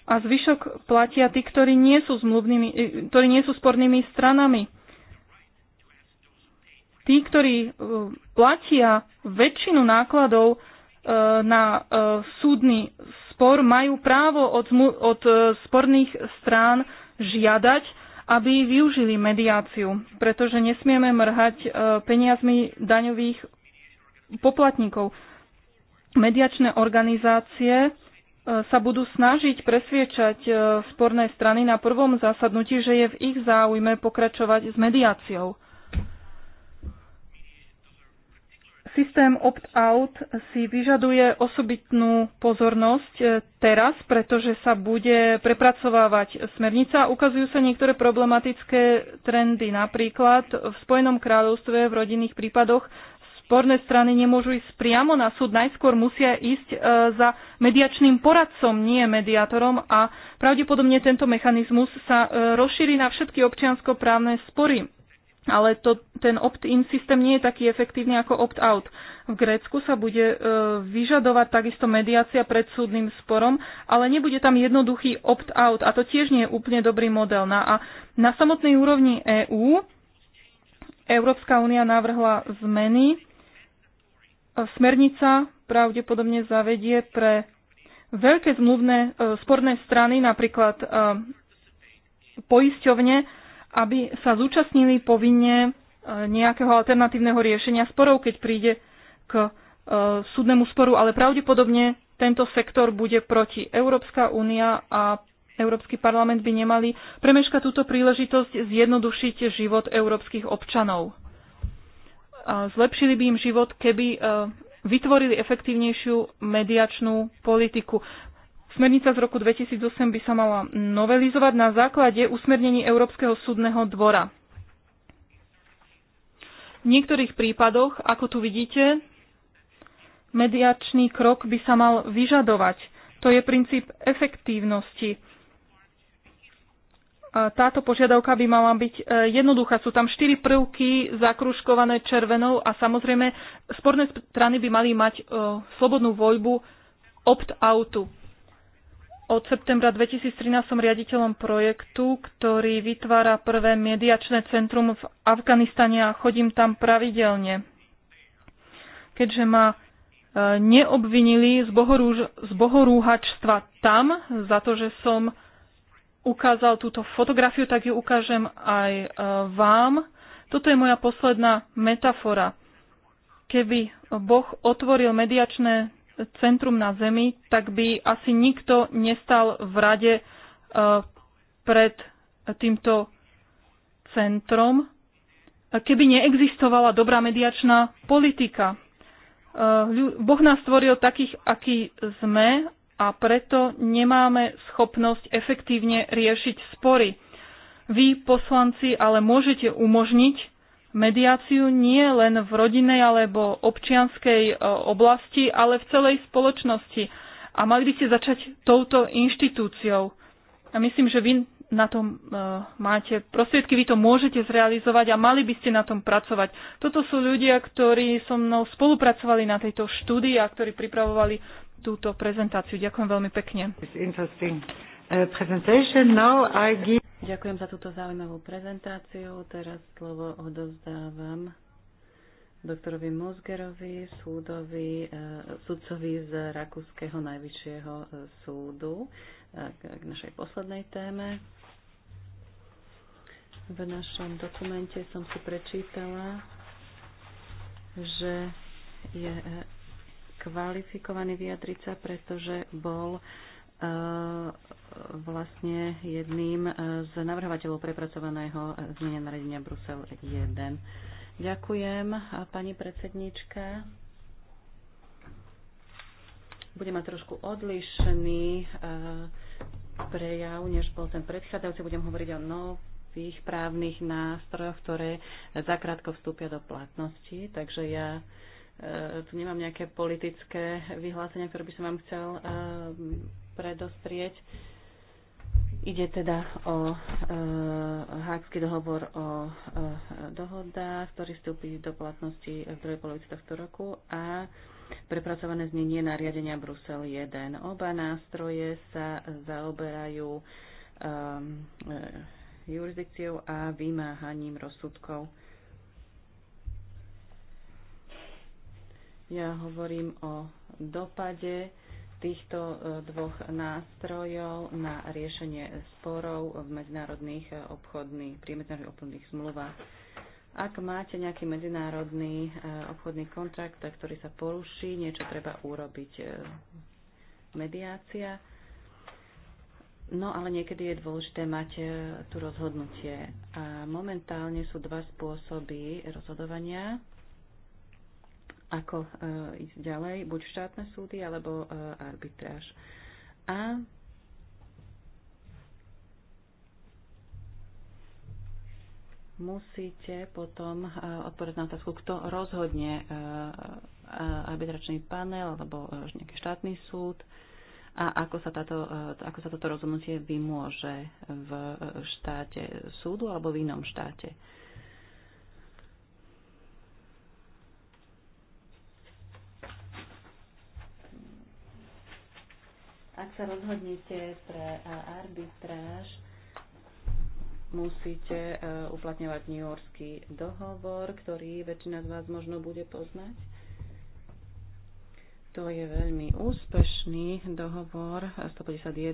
a zvyšok platia tí, ktorí nie sú, zmluvnými, ktorí nie sú spornými stranami. Tí, ktorí platia väčšinu nákladov E, na e, súdny spor, majú právo od, od e, sporných strán žiadať, aby využili mediáciu, pretože nesmieme mrhať peniazmi daňových poplatníkov. Mediačné organizácie sa budú snažiť presviečať sporné strany na prvom zasadnutí, že je v ich záujme pokračovať s mediáciou. Systém opt-out si vyžaduje osobitnú pozornosť e, teraz, pretože sa bude prepracovávať smernica. Ukazujú sa niektoré problematické trendy. Napríklad v Spojenom kráľovstve v rodinných prípadoch sporné strany nemôžu ísť priamo na súd, najskôr musia ísť e, za mediačným poradcom, nie mediátorom a pravdepodobne tento mechanizmus sa e, rozšíri na všetky občianskoprávne spory ale to, ten opt-in systém nie je taký efektívny ako opt-out. V Grécku sa bude e, vyžadovať takisto mediácia pred súdnym sporom, ale nebude tam jednoduchý opt-out a to tiež nie je úplne dobrý model. Na, no a na samotnej úrovni EÚ Európska únia navrhla zmeny. E, smernica pravdepodobne zavedie pre veľké zmluvné e, sporné strany, napríklad e, poisťovne, aby sa zúčastnili povinne e, nejakého alternatívneho riešenia sporov, keď príde k e, súdnemu sporu, ale pravdepodobne tento sektor bude proti. Európska únia a Európsky parlament by nemali premeškať túto príležitosť zjednodušiť život európskych občanov. Zlepšili by im život, keby e, vytvorili efektívnejšiu mediačnú politiku. Smernica z roku 2008 by sa mala novelizovať na základe usmernení Európskeho súdneho dvora. V niektorých prípadoch, ako tu vidíte, mediačný krok by sa mal vyžadovať. To je princíp efektívnosti. Táto požiadavka by mala byť e, jednoduchá. Sú tam štyri prvky zakruškované červenou a samozrejme sporné strany by mali mať e, slobodnú voľbu opt-outu. Od septembra 2013 som riaditeľom projektu, ktorý vytvára prvé mediačné centrum v Afganistane a chodím tam pravidelne. Keďže ma e, neobvinili z, bohorúž, z bohorúhačstva tam, za to, že som ukázal túto fotografiu, tak ju ukážem aj e, vám. Toto je moja posledná metafora. Keby Boh otvoril mediačné centrum na Zemi, tak by asi nikto nestal v rade e, pred týmto centrom, keby neexistovala dobrá mediačná politika. E, boh nás stvoril takých, akí sme a preto nemáme schopnosť efektívne riešiť spory. Vy, poslanci, ale môžete umožniť, mediáciu nie len v rodinej alebo občianskej e, oblasti, ale v celej spoločnosti. A mali by ste začať touto inštitúciou. A myslím, že vy na tom e, máte prostriedky, vy to môžete zrealizovať a mali by ste na tom pracovať. Toto sú ľudia, ktorí so mnou spolupracovali na tejto štúdii a ktorí pripravovali túto prezentáciu. Ďakujem veľmi pekne. Uh, give... Ďakujem za túto zaujímavú prezentáciu. Teraz slovo odovzdávam doktorovi Mozgerovi, súdovi, eh, sudcovi z Rakúskeho najvyššieho eh, súdu eh, k našej poslednej téme. V našom dokumente som si prečítala, že je kvalifikovaný vyjadriť sa, pretože bol E, vlastne jedným e, z navrhovateľov prepracovaného zmenia naredenia Brusel 1. Ďakujem, e, pani predsednička. Budem mať trošku odlišný prejav, než bol ten predchádzajúci. Budem hovoriť o nových právnych nástrojoch, ktoré zakrátko vstúpia do platnosti. Takže ja tu nemám nejaké politické vyhlásenia, ktoré by som vám chcel predostrieť. Ide teda o e, hádsky dohovor o e, dohodách, ktorý vstúpi do platnosti v druhej polovici tohto roku a prepracované znenie nariadenia Brusel 1. Oba nástroje sa zaoberajú e, e, jurisdikciou a vymáhaním rozsudkov. Ja hovorím o dopade týchto e, dvoch nástrojov na riešenie sporov v medzinárodných e, obchodných, pri medzinárodných obchodných zmluvách. Ak máte nejaký medzinárodný e, obchodný kontrakt, ktorý sa poruší, niečo treba urobiť. Mediácia. No ale niekedy je dôležité mať tu rozhodnutie. A momentálne sú dva spôsoby rozhodovania ako e, ísť ďalej, buď štátne súdy alebo e, arbitráž. A musíte potom e, odpovedať na otázku, kto rozhodne arbitračný panel alebo nejaký štátny súd a ako sa, táto, ako sa toto rozhodnutie vymôže v štáte súdu alebo v inom štáte. Ak sa rozhodnete pre arbitráž, musíte e, uplatňovať New Yorkský dohovor, ktorý väčšina z vás možno bude poznať. To je veľmi úspešný dohovor 151 e,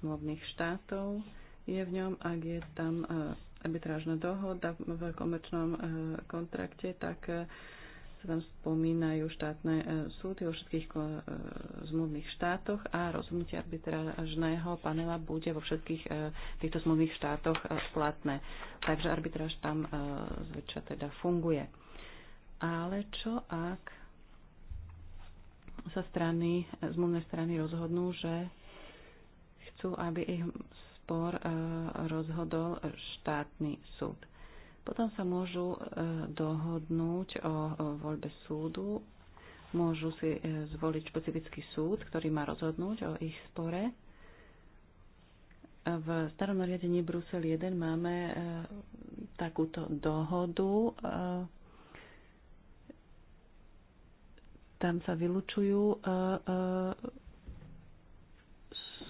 zmluvných štátov. Je v ňom, ak je tam e, arbitrážna dohoda v komerčnom kontrakte, tak sa tam spomínajú štátne e, súdy o všetkých e, zmluvných štátoch a rozhodnutie arbitrážneho panela bude vo všetkých e, týchto zmluvných štátoch platné. Takže arbitráž tam zväčša teda funguje. Ale čo ak sa strany, zmluvné strany rozhodnú, že chcú, aby ich spor rozhodol štátny súd? Potom sa môžu e, dohodnúť o voľbe súdu, môžu si e, zvoliť špecifický súd, ktorý má rozhodnúť o ich spore. V starom nariadení Brusel 1 máme e, takúto dohodu. Tam sa vylučujú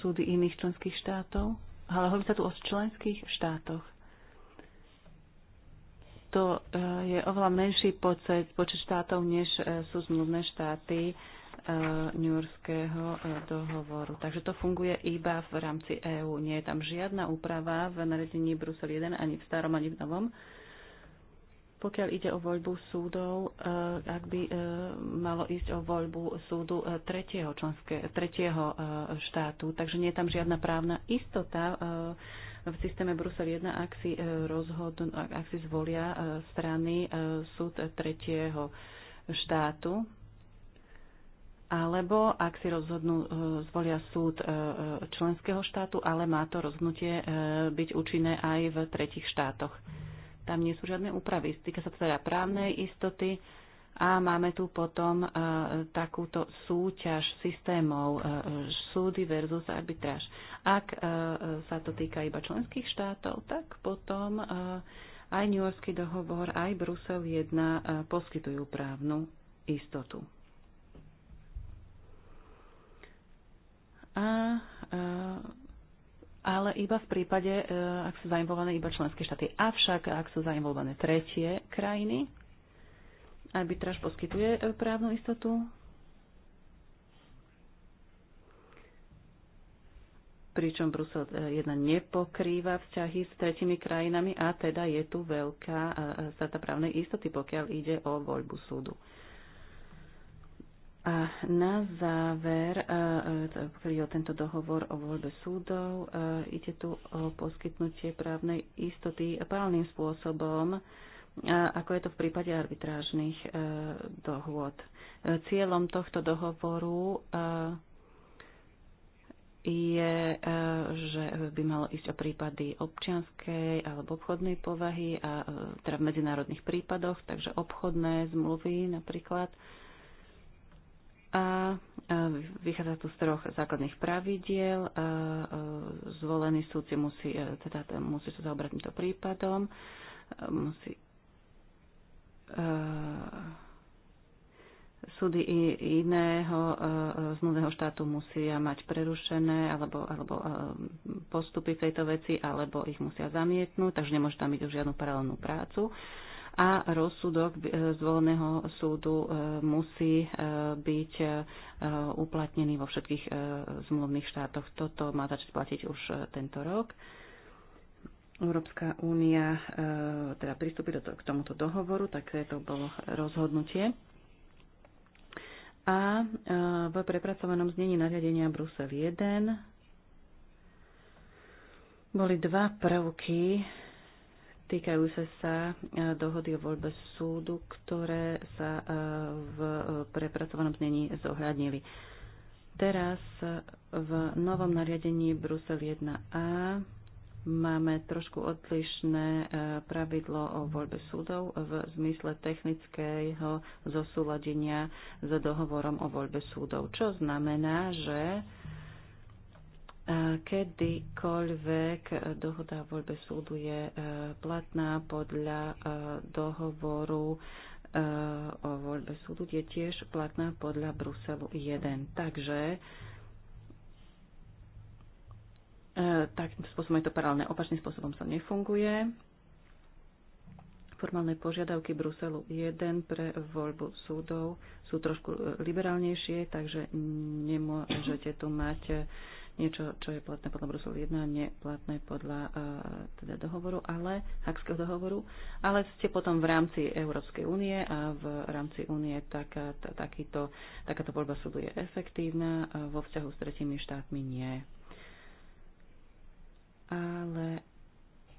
súdy iných členských štátov, ale hovorí sa tu o členských štátoch to eh, je oveľa menší počet, počet štátov, než eh, sú zmluvné štáty eh, New Yorkského dohovoru. Takže to funguje iba v rámci EÚ. Nie je tam žiadna úprava v nariadení Brusel 1, ani v starom, ani v novom. Pokiaľ ide o voľbu súdov, ak by malo ísť o voľbu súdu tretieho, členské, tretieho štátu, takže nie je tam žiadna právna istota v systéme Brusel 1, ak si, e, rozhodn, ak si zvolia e, strany e, súd tretieho štátu, alebo ak si rozhodnú, zvolia súd členského štátu, ale má to rozhodnutie byť účinné aj v tretich štátoch. Tam nie sú žiadne úpravy. Týka sa to teda právnej istoty, a máme tu potom e, takúto súťaž systémov e, súdy versus arbitráž. Ak e, sa to týka iba členských štátov, tak potom aj New Yorkský dohovor, aj Brusel 1 poskytujú právnu istotu. A, ale iba v prípade, ak sú zainvolované iba členské štáty. Avšak, ak sú zainvolované tretie krajiny, Arbitráž poskytuje e, právnu istotu? Pričom Brusel 1 e, nepokrýva vzťahy s tretimi krajinami a teda je tu veľká e, strata právnej istoty, pokiaľ ide o voľbu súdu. A na záver, pokiaľ tento dohovor o voľbe súdov, ide tu o poskytnutie právnej istoty právnym spôsobom, ako je to v prípade arbitrážnych e, dohôd. E, cieľom tohto dohovoru e, je, že by malo ísť o prípady občianskej alebo obchodnej povahy a teda v medzinárodných prípadoch, takže obchodné zmluvy napríklad. A vychádza tu z troch základných pravidiel. Zvolený súd si musí, teda musí sa zaobrať týmto prípadom, musí E, súdy iného e, e, zmluvného štátu musia mať prerušené alebo, alebo postupy v tejto veci, alebo ich musia zamietnúť, takže nemôže tam byť už žiadnu paralelnú prácu. A rozsudok zvoleného súdu musí byť uplatnený vo všetkých zmluvných štátoch. Toto má začať platiť už tento rok. Európska únia e, teda pristúpi do, k tomuto dohovoru, tak to bolo rozhodnutie. A e, v prepracovanom znení nariadenia Brusel 1 boli dva prvky týkajú sa sa e, dohody o voľbe súdu, ktoré sa v prepracovanom znení zohľadnili. Teraz v novom nariadení Brusel 1a máme trošku odlišné e, pravidlo o voľbe súdov v zmysle technického zosúladenia s dohovorom o voľbe súdov, čo znamená, že e, kedykoľvek dohoda o voľbe súdu je e, platná podľa dohovoru o voľbe súdu, je tiež platná podľa Bruselu 1. Takže E, takým spôsobom je to paralelné. Opačným spôsobom sa nefunguje. Formálne požiadavky Bruselu 1 pre voľbu súdov sú trošku e, liberálnejšie, takže nemôžete tu mať e, niečo, čo je platné podľa Bruselu 1 a neplatné podľa teda dohovoru, ale Hakského dohovoru, ale ste potom v rámci Európskej únie a v rámci únie taká, takýto, takáto voľba súdu je efektívna, vo vzťahu s tretími štátmi nie ale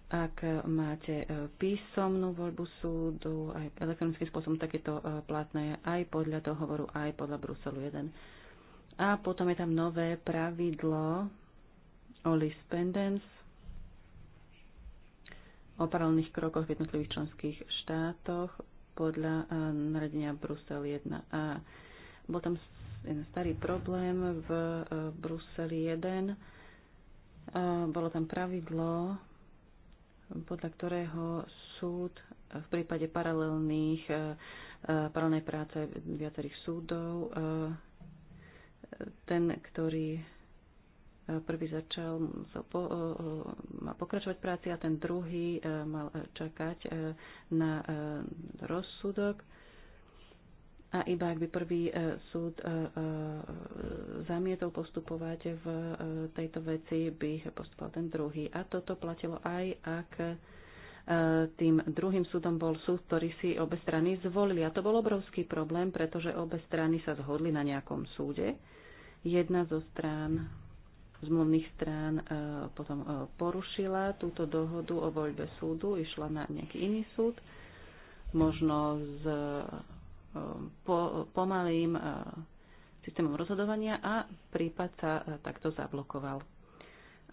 ak máte e, písomnú voľbu súdu, aj elektronický spôsob, tak je to e, platné aj podľa dohovoru, aj podľa Bruselu 1. A potom je tam nové pravidlo o list o paralelných krokoch v jednotlivých členských štátoch podľa e, naradenia Brusel 1a. Bol tam jeden starý problém v Bruseli 1, bolo tam pravidlo, podľa ktorého súd v prípade paralelných, e, e, paralelnej práce viacerých súdov, e, ten, ktorý prvý začal, mal pokračovať práci a ten druhý mal čakať na rozsudok a iba ak by prvý e, súd e, e, zamietol postupovať v tejto veci, by postupoval ten druhý. A toto platilo aj ak tým druhým súdom bol súd, ktorý si obe strany zvolili. A to bol obrovský problém, pretože obe strany sa zhodli na nejakom súde. Jedna zo strán, zmluvných strán, potom porušila túto dohodu o voľbe súdu, išla na nejaký iný súd, možno z po, pomalým e, systémom rozhodovania a prípad sa e, takto zablokoval.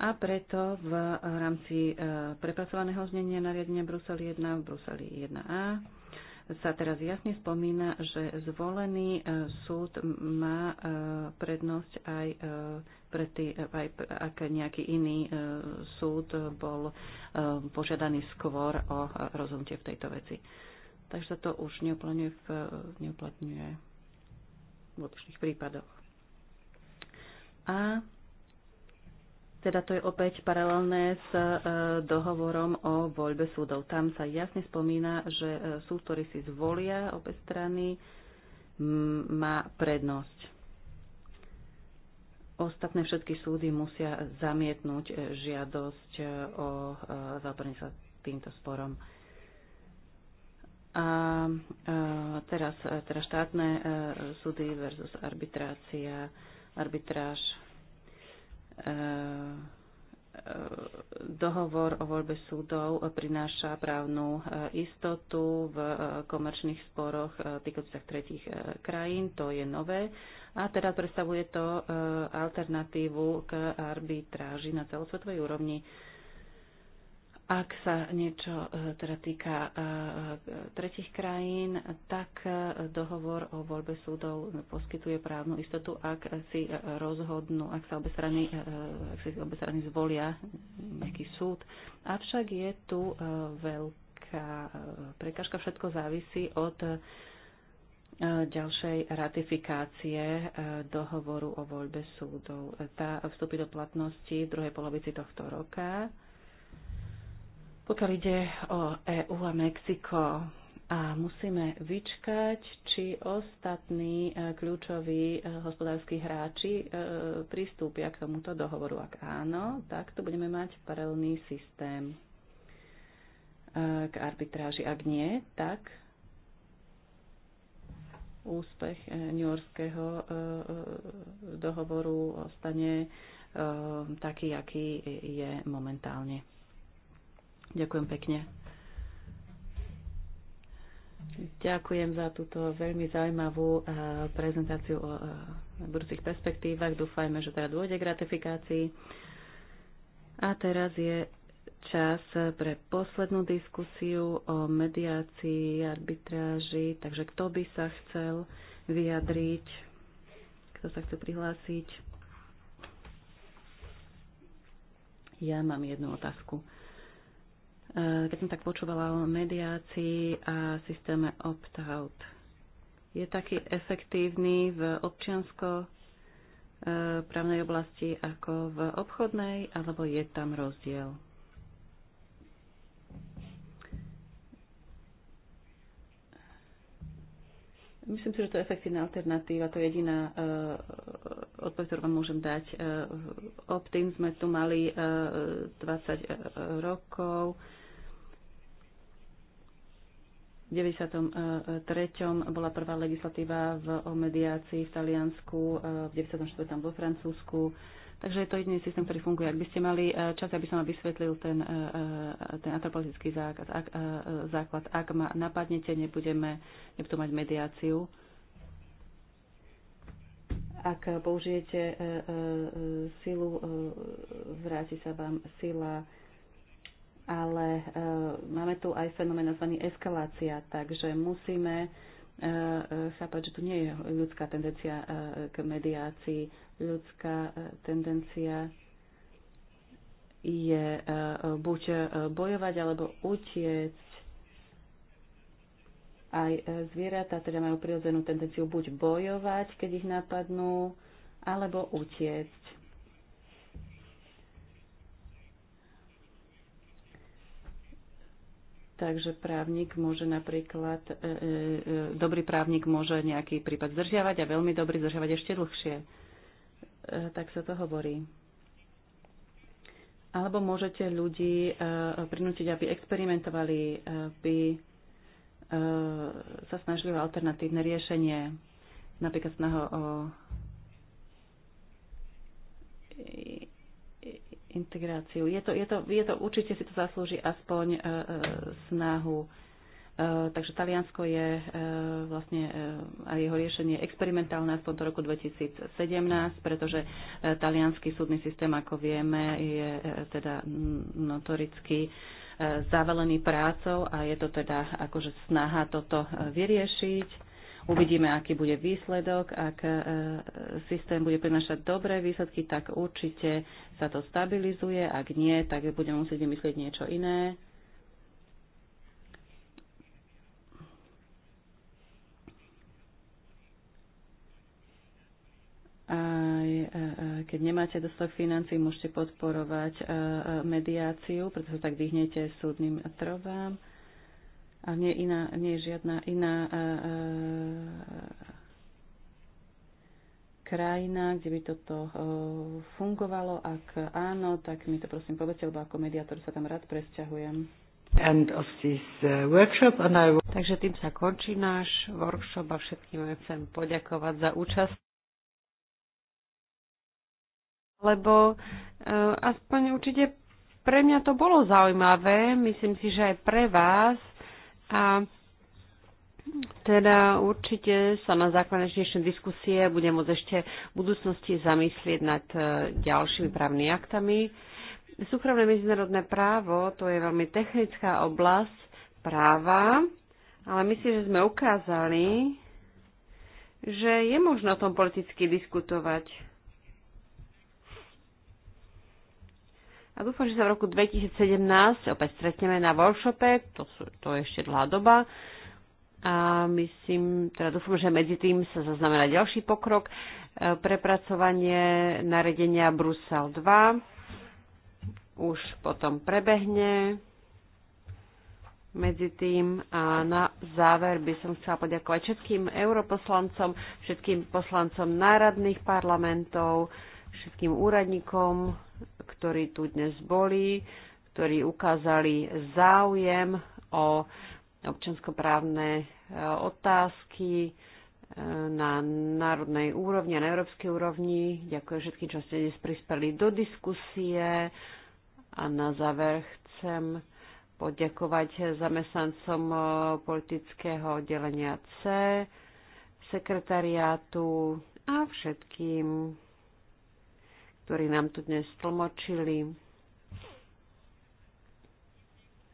A preto v rámci e, prepracovaného znenia nariadenia Brusel 1 v Bruseli 1a sa teraz jasne spomína, že zvolený súd má prednosť aj, pre tý, aj ak nejaký iný súd bol požiadaný skôr o rozhodnutie v tejto veci takže sa to už neuplatňuje v, neuplatňuje v odlišných prípadoch. A teda to je opäť paralelné s e, dohovorom o voľbe súdov. Tam sa jasne spomína, že e, súd, ktorý si zvolia obe strany, má prednosť. Ostatné všetky súdy musia zamietnúť e, žiadosť o zaoprenie sa týmto sporom a e, teraz, e, teraz štátne e, súdy versus arbitrácia, arbitráž, dohovor o voľbe súdov prináša právnu istotu v komerčných sporoch týkajúcich tretich krajín, to je nové, a teda predstavuje to alternatívu k arbitráži na celosvetovej úrovni. Ak sa niečo e, teda týka e, e, tretich krajín, tak dohovor o voľbe súdov poskytuje právnu istotu, ak si rozhodnú, ak sa obe strany, ak si obe strany zvolia nejaký súd. Avšak je tu veľká prekažka, všetko závisí od ďalšej ratifikácie dohovoru o voľbe súdov. Tá vstúpi do platnosti v druhej polovici tohto roka pokiaľ ide o EU a Mexiko, a musíme vyčkať, či ostatní e, kľúčoví e, hospodárskí hráči e, pristúpia k tomuto dohovoru. Ak áno, tak tu budeme mať paralelný systém k arbitráži. Ak nie, tak úspech New Yorkského dohovoru ostane taký, aký je momentálne. Ďakujem pekne. Ďakujem za túto veľmi zaujímavú eh, prezentáciu o eh, budúcich perspektívach. Dúfajme, že teda dôjde k ratifikácii. A teraz je čas pre poslednú diskusiu o mediácii, arbitráži. Takže kto by sa chcel vyjadriť? Kto sa chce prihlásiť? Ja mám jednu otázku. Eh, keď som tak počúvala o mediácii a systéme opt-out. Je taký efektívny v občiansko eh, právnej oblasti ako v obchodnej, alebo je tam rozdiel? Myslím si, že to je efektívna alternatíva, to je jediná uh, odpoveď, ktorú vám môžem dať. Uh, Optim sme tu mali uh, 20 uh, rokov, uh, 93. E, e, bola prvá legislatíva v, o mediácii v Taliansku, e, v 94. vo Francúzsku. Takže je to jediný systém, ktorý funguje. Ak by ste mali čas, aby som vám vysvetlil ten, ten antropologický základ. Ak, základ. Ak ma napadnete, nebudeme, nebudú mať mediáciu. Ak použijete silu, vráti sa vám sila ale e, máme tu aj fenomén nazvaný eskalácia, takže musíme e, e, chápať, že tu nie je ľudská tendencia k mediácii. Ľudská tendencia je buď bojovať alebo utiecť. Aj zvieratá teda majú prirodzenú tendenciu buď bojovať, keď ich napadnú, alebo utiecť. Takže právnik môže napríklad, e, e, e, dobrý právnik môže nejaký prípad zdržiavať a veľmi dobrý zdržiavať ešte dlhšie. tak sa to hovorí. Alebo môžete ľudí prinútiť, aby experimentovali, aby sa snažili o alternatívne riešenie, napríklad snaho o integráciu. Je to, je to, je to určite si to zaslúži aspoň e, e, snahu. E, takže Taliansko je e, vlastne e, a jeho riešenie experimentálne aspoň do roku 2017, pretože e, talianský súdny systém, ako vieme, je e, teda notoricky e, zavelený prácou a je to teda akože snaha toto e, vyriešiť Uvidíme, aký bude výsledok. Ak e, systém bude prinašať dobré výsledky, tak určite sa to stabilizuje. Ak nie, tak budeme musieť vymyslieť niečo iné. aj e, e, keď nemáte dostatok financí, môžete podporovať mediáciu, pretože tak vyhnete súdnym trovám a nie, iná, nie je žiadna iná e, e, krajina, kde by toto e, fungovalo. Ak áno, tak mi to prosím povedzte, lebo ako mediátor sa tam rád presťahujem. And of this workshop and I... Takže tým sa končí náš workshop a všetkým chcem poďakovať za účasť lebo uh, aspoň určite pre mňa to bolo zaujímavé, myslím si, že aj pre vás a teda určite sa na základe dnešnej diskusie bude môcť ešte v budúcnosti zamyslieť nad e, ďalšími právnymi aktami. Súkromné medzinárodné právo to je veľmi technická oblasť práva, ale myslím, že sme ukázali, že je možno o tom politicky diskutovať A dúfam, že sa v roku 2017 opäť stretneme na workshope, to, sú, to je ešte dlhá doba. A myslím, teda dúfam, že medzi tým sa zaznamená ďalší pokrok, e, prepracovanie naredenia Brusel 2 už potom prebehne medzi tým a na záver by som chcela poďakovať všetkým europoslancom, všetkým poslancom národných parlamentov, všetkým úradníkom ktorí tu dnes boli, ktorí ukázali záujem o občanskoprávne e, otázky e, na národnej úrovni a na európskej úrovni. Ďakujem všetkým, čo ste dnes prispeli do diskusie. A na záver chcem poďakovať zamestnancom e, politického oddelenia C, sekretariátu a všetkým ktorí nám tu dnes tlmočili.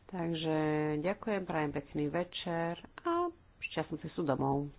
Takže ďakujem, prajem pekný večer a šťastný sú domov.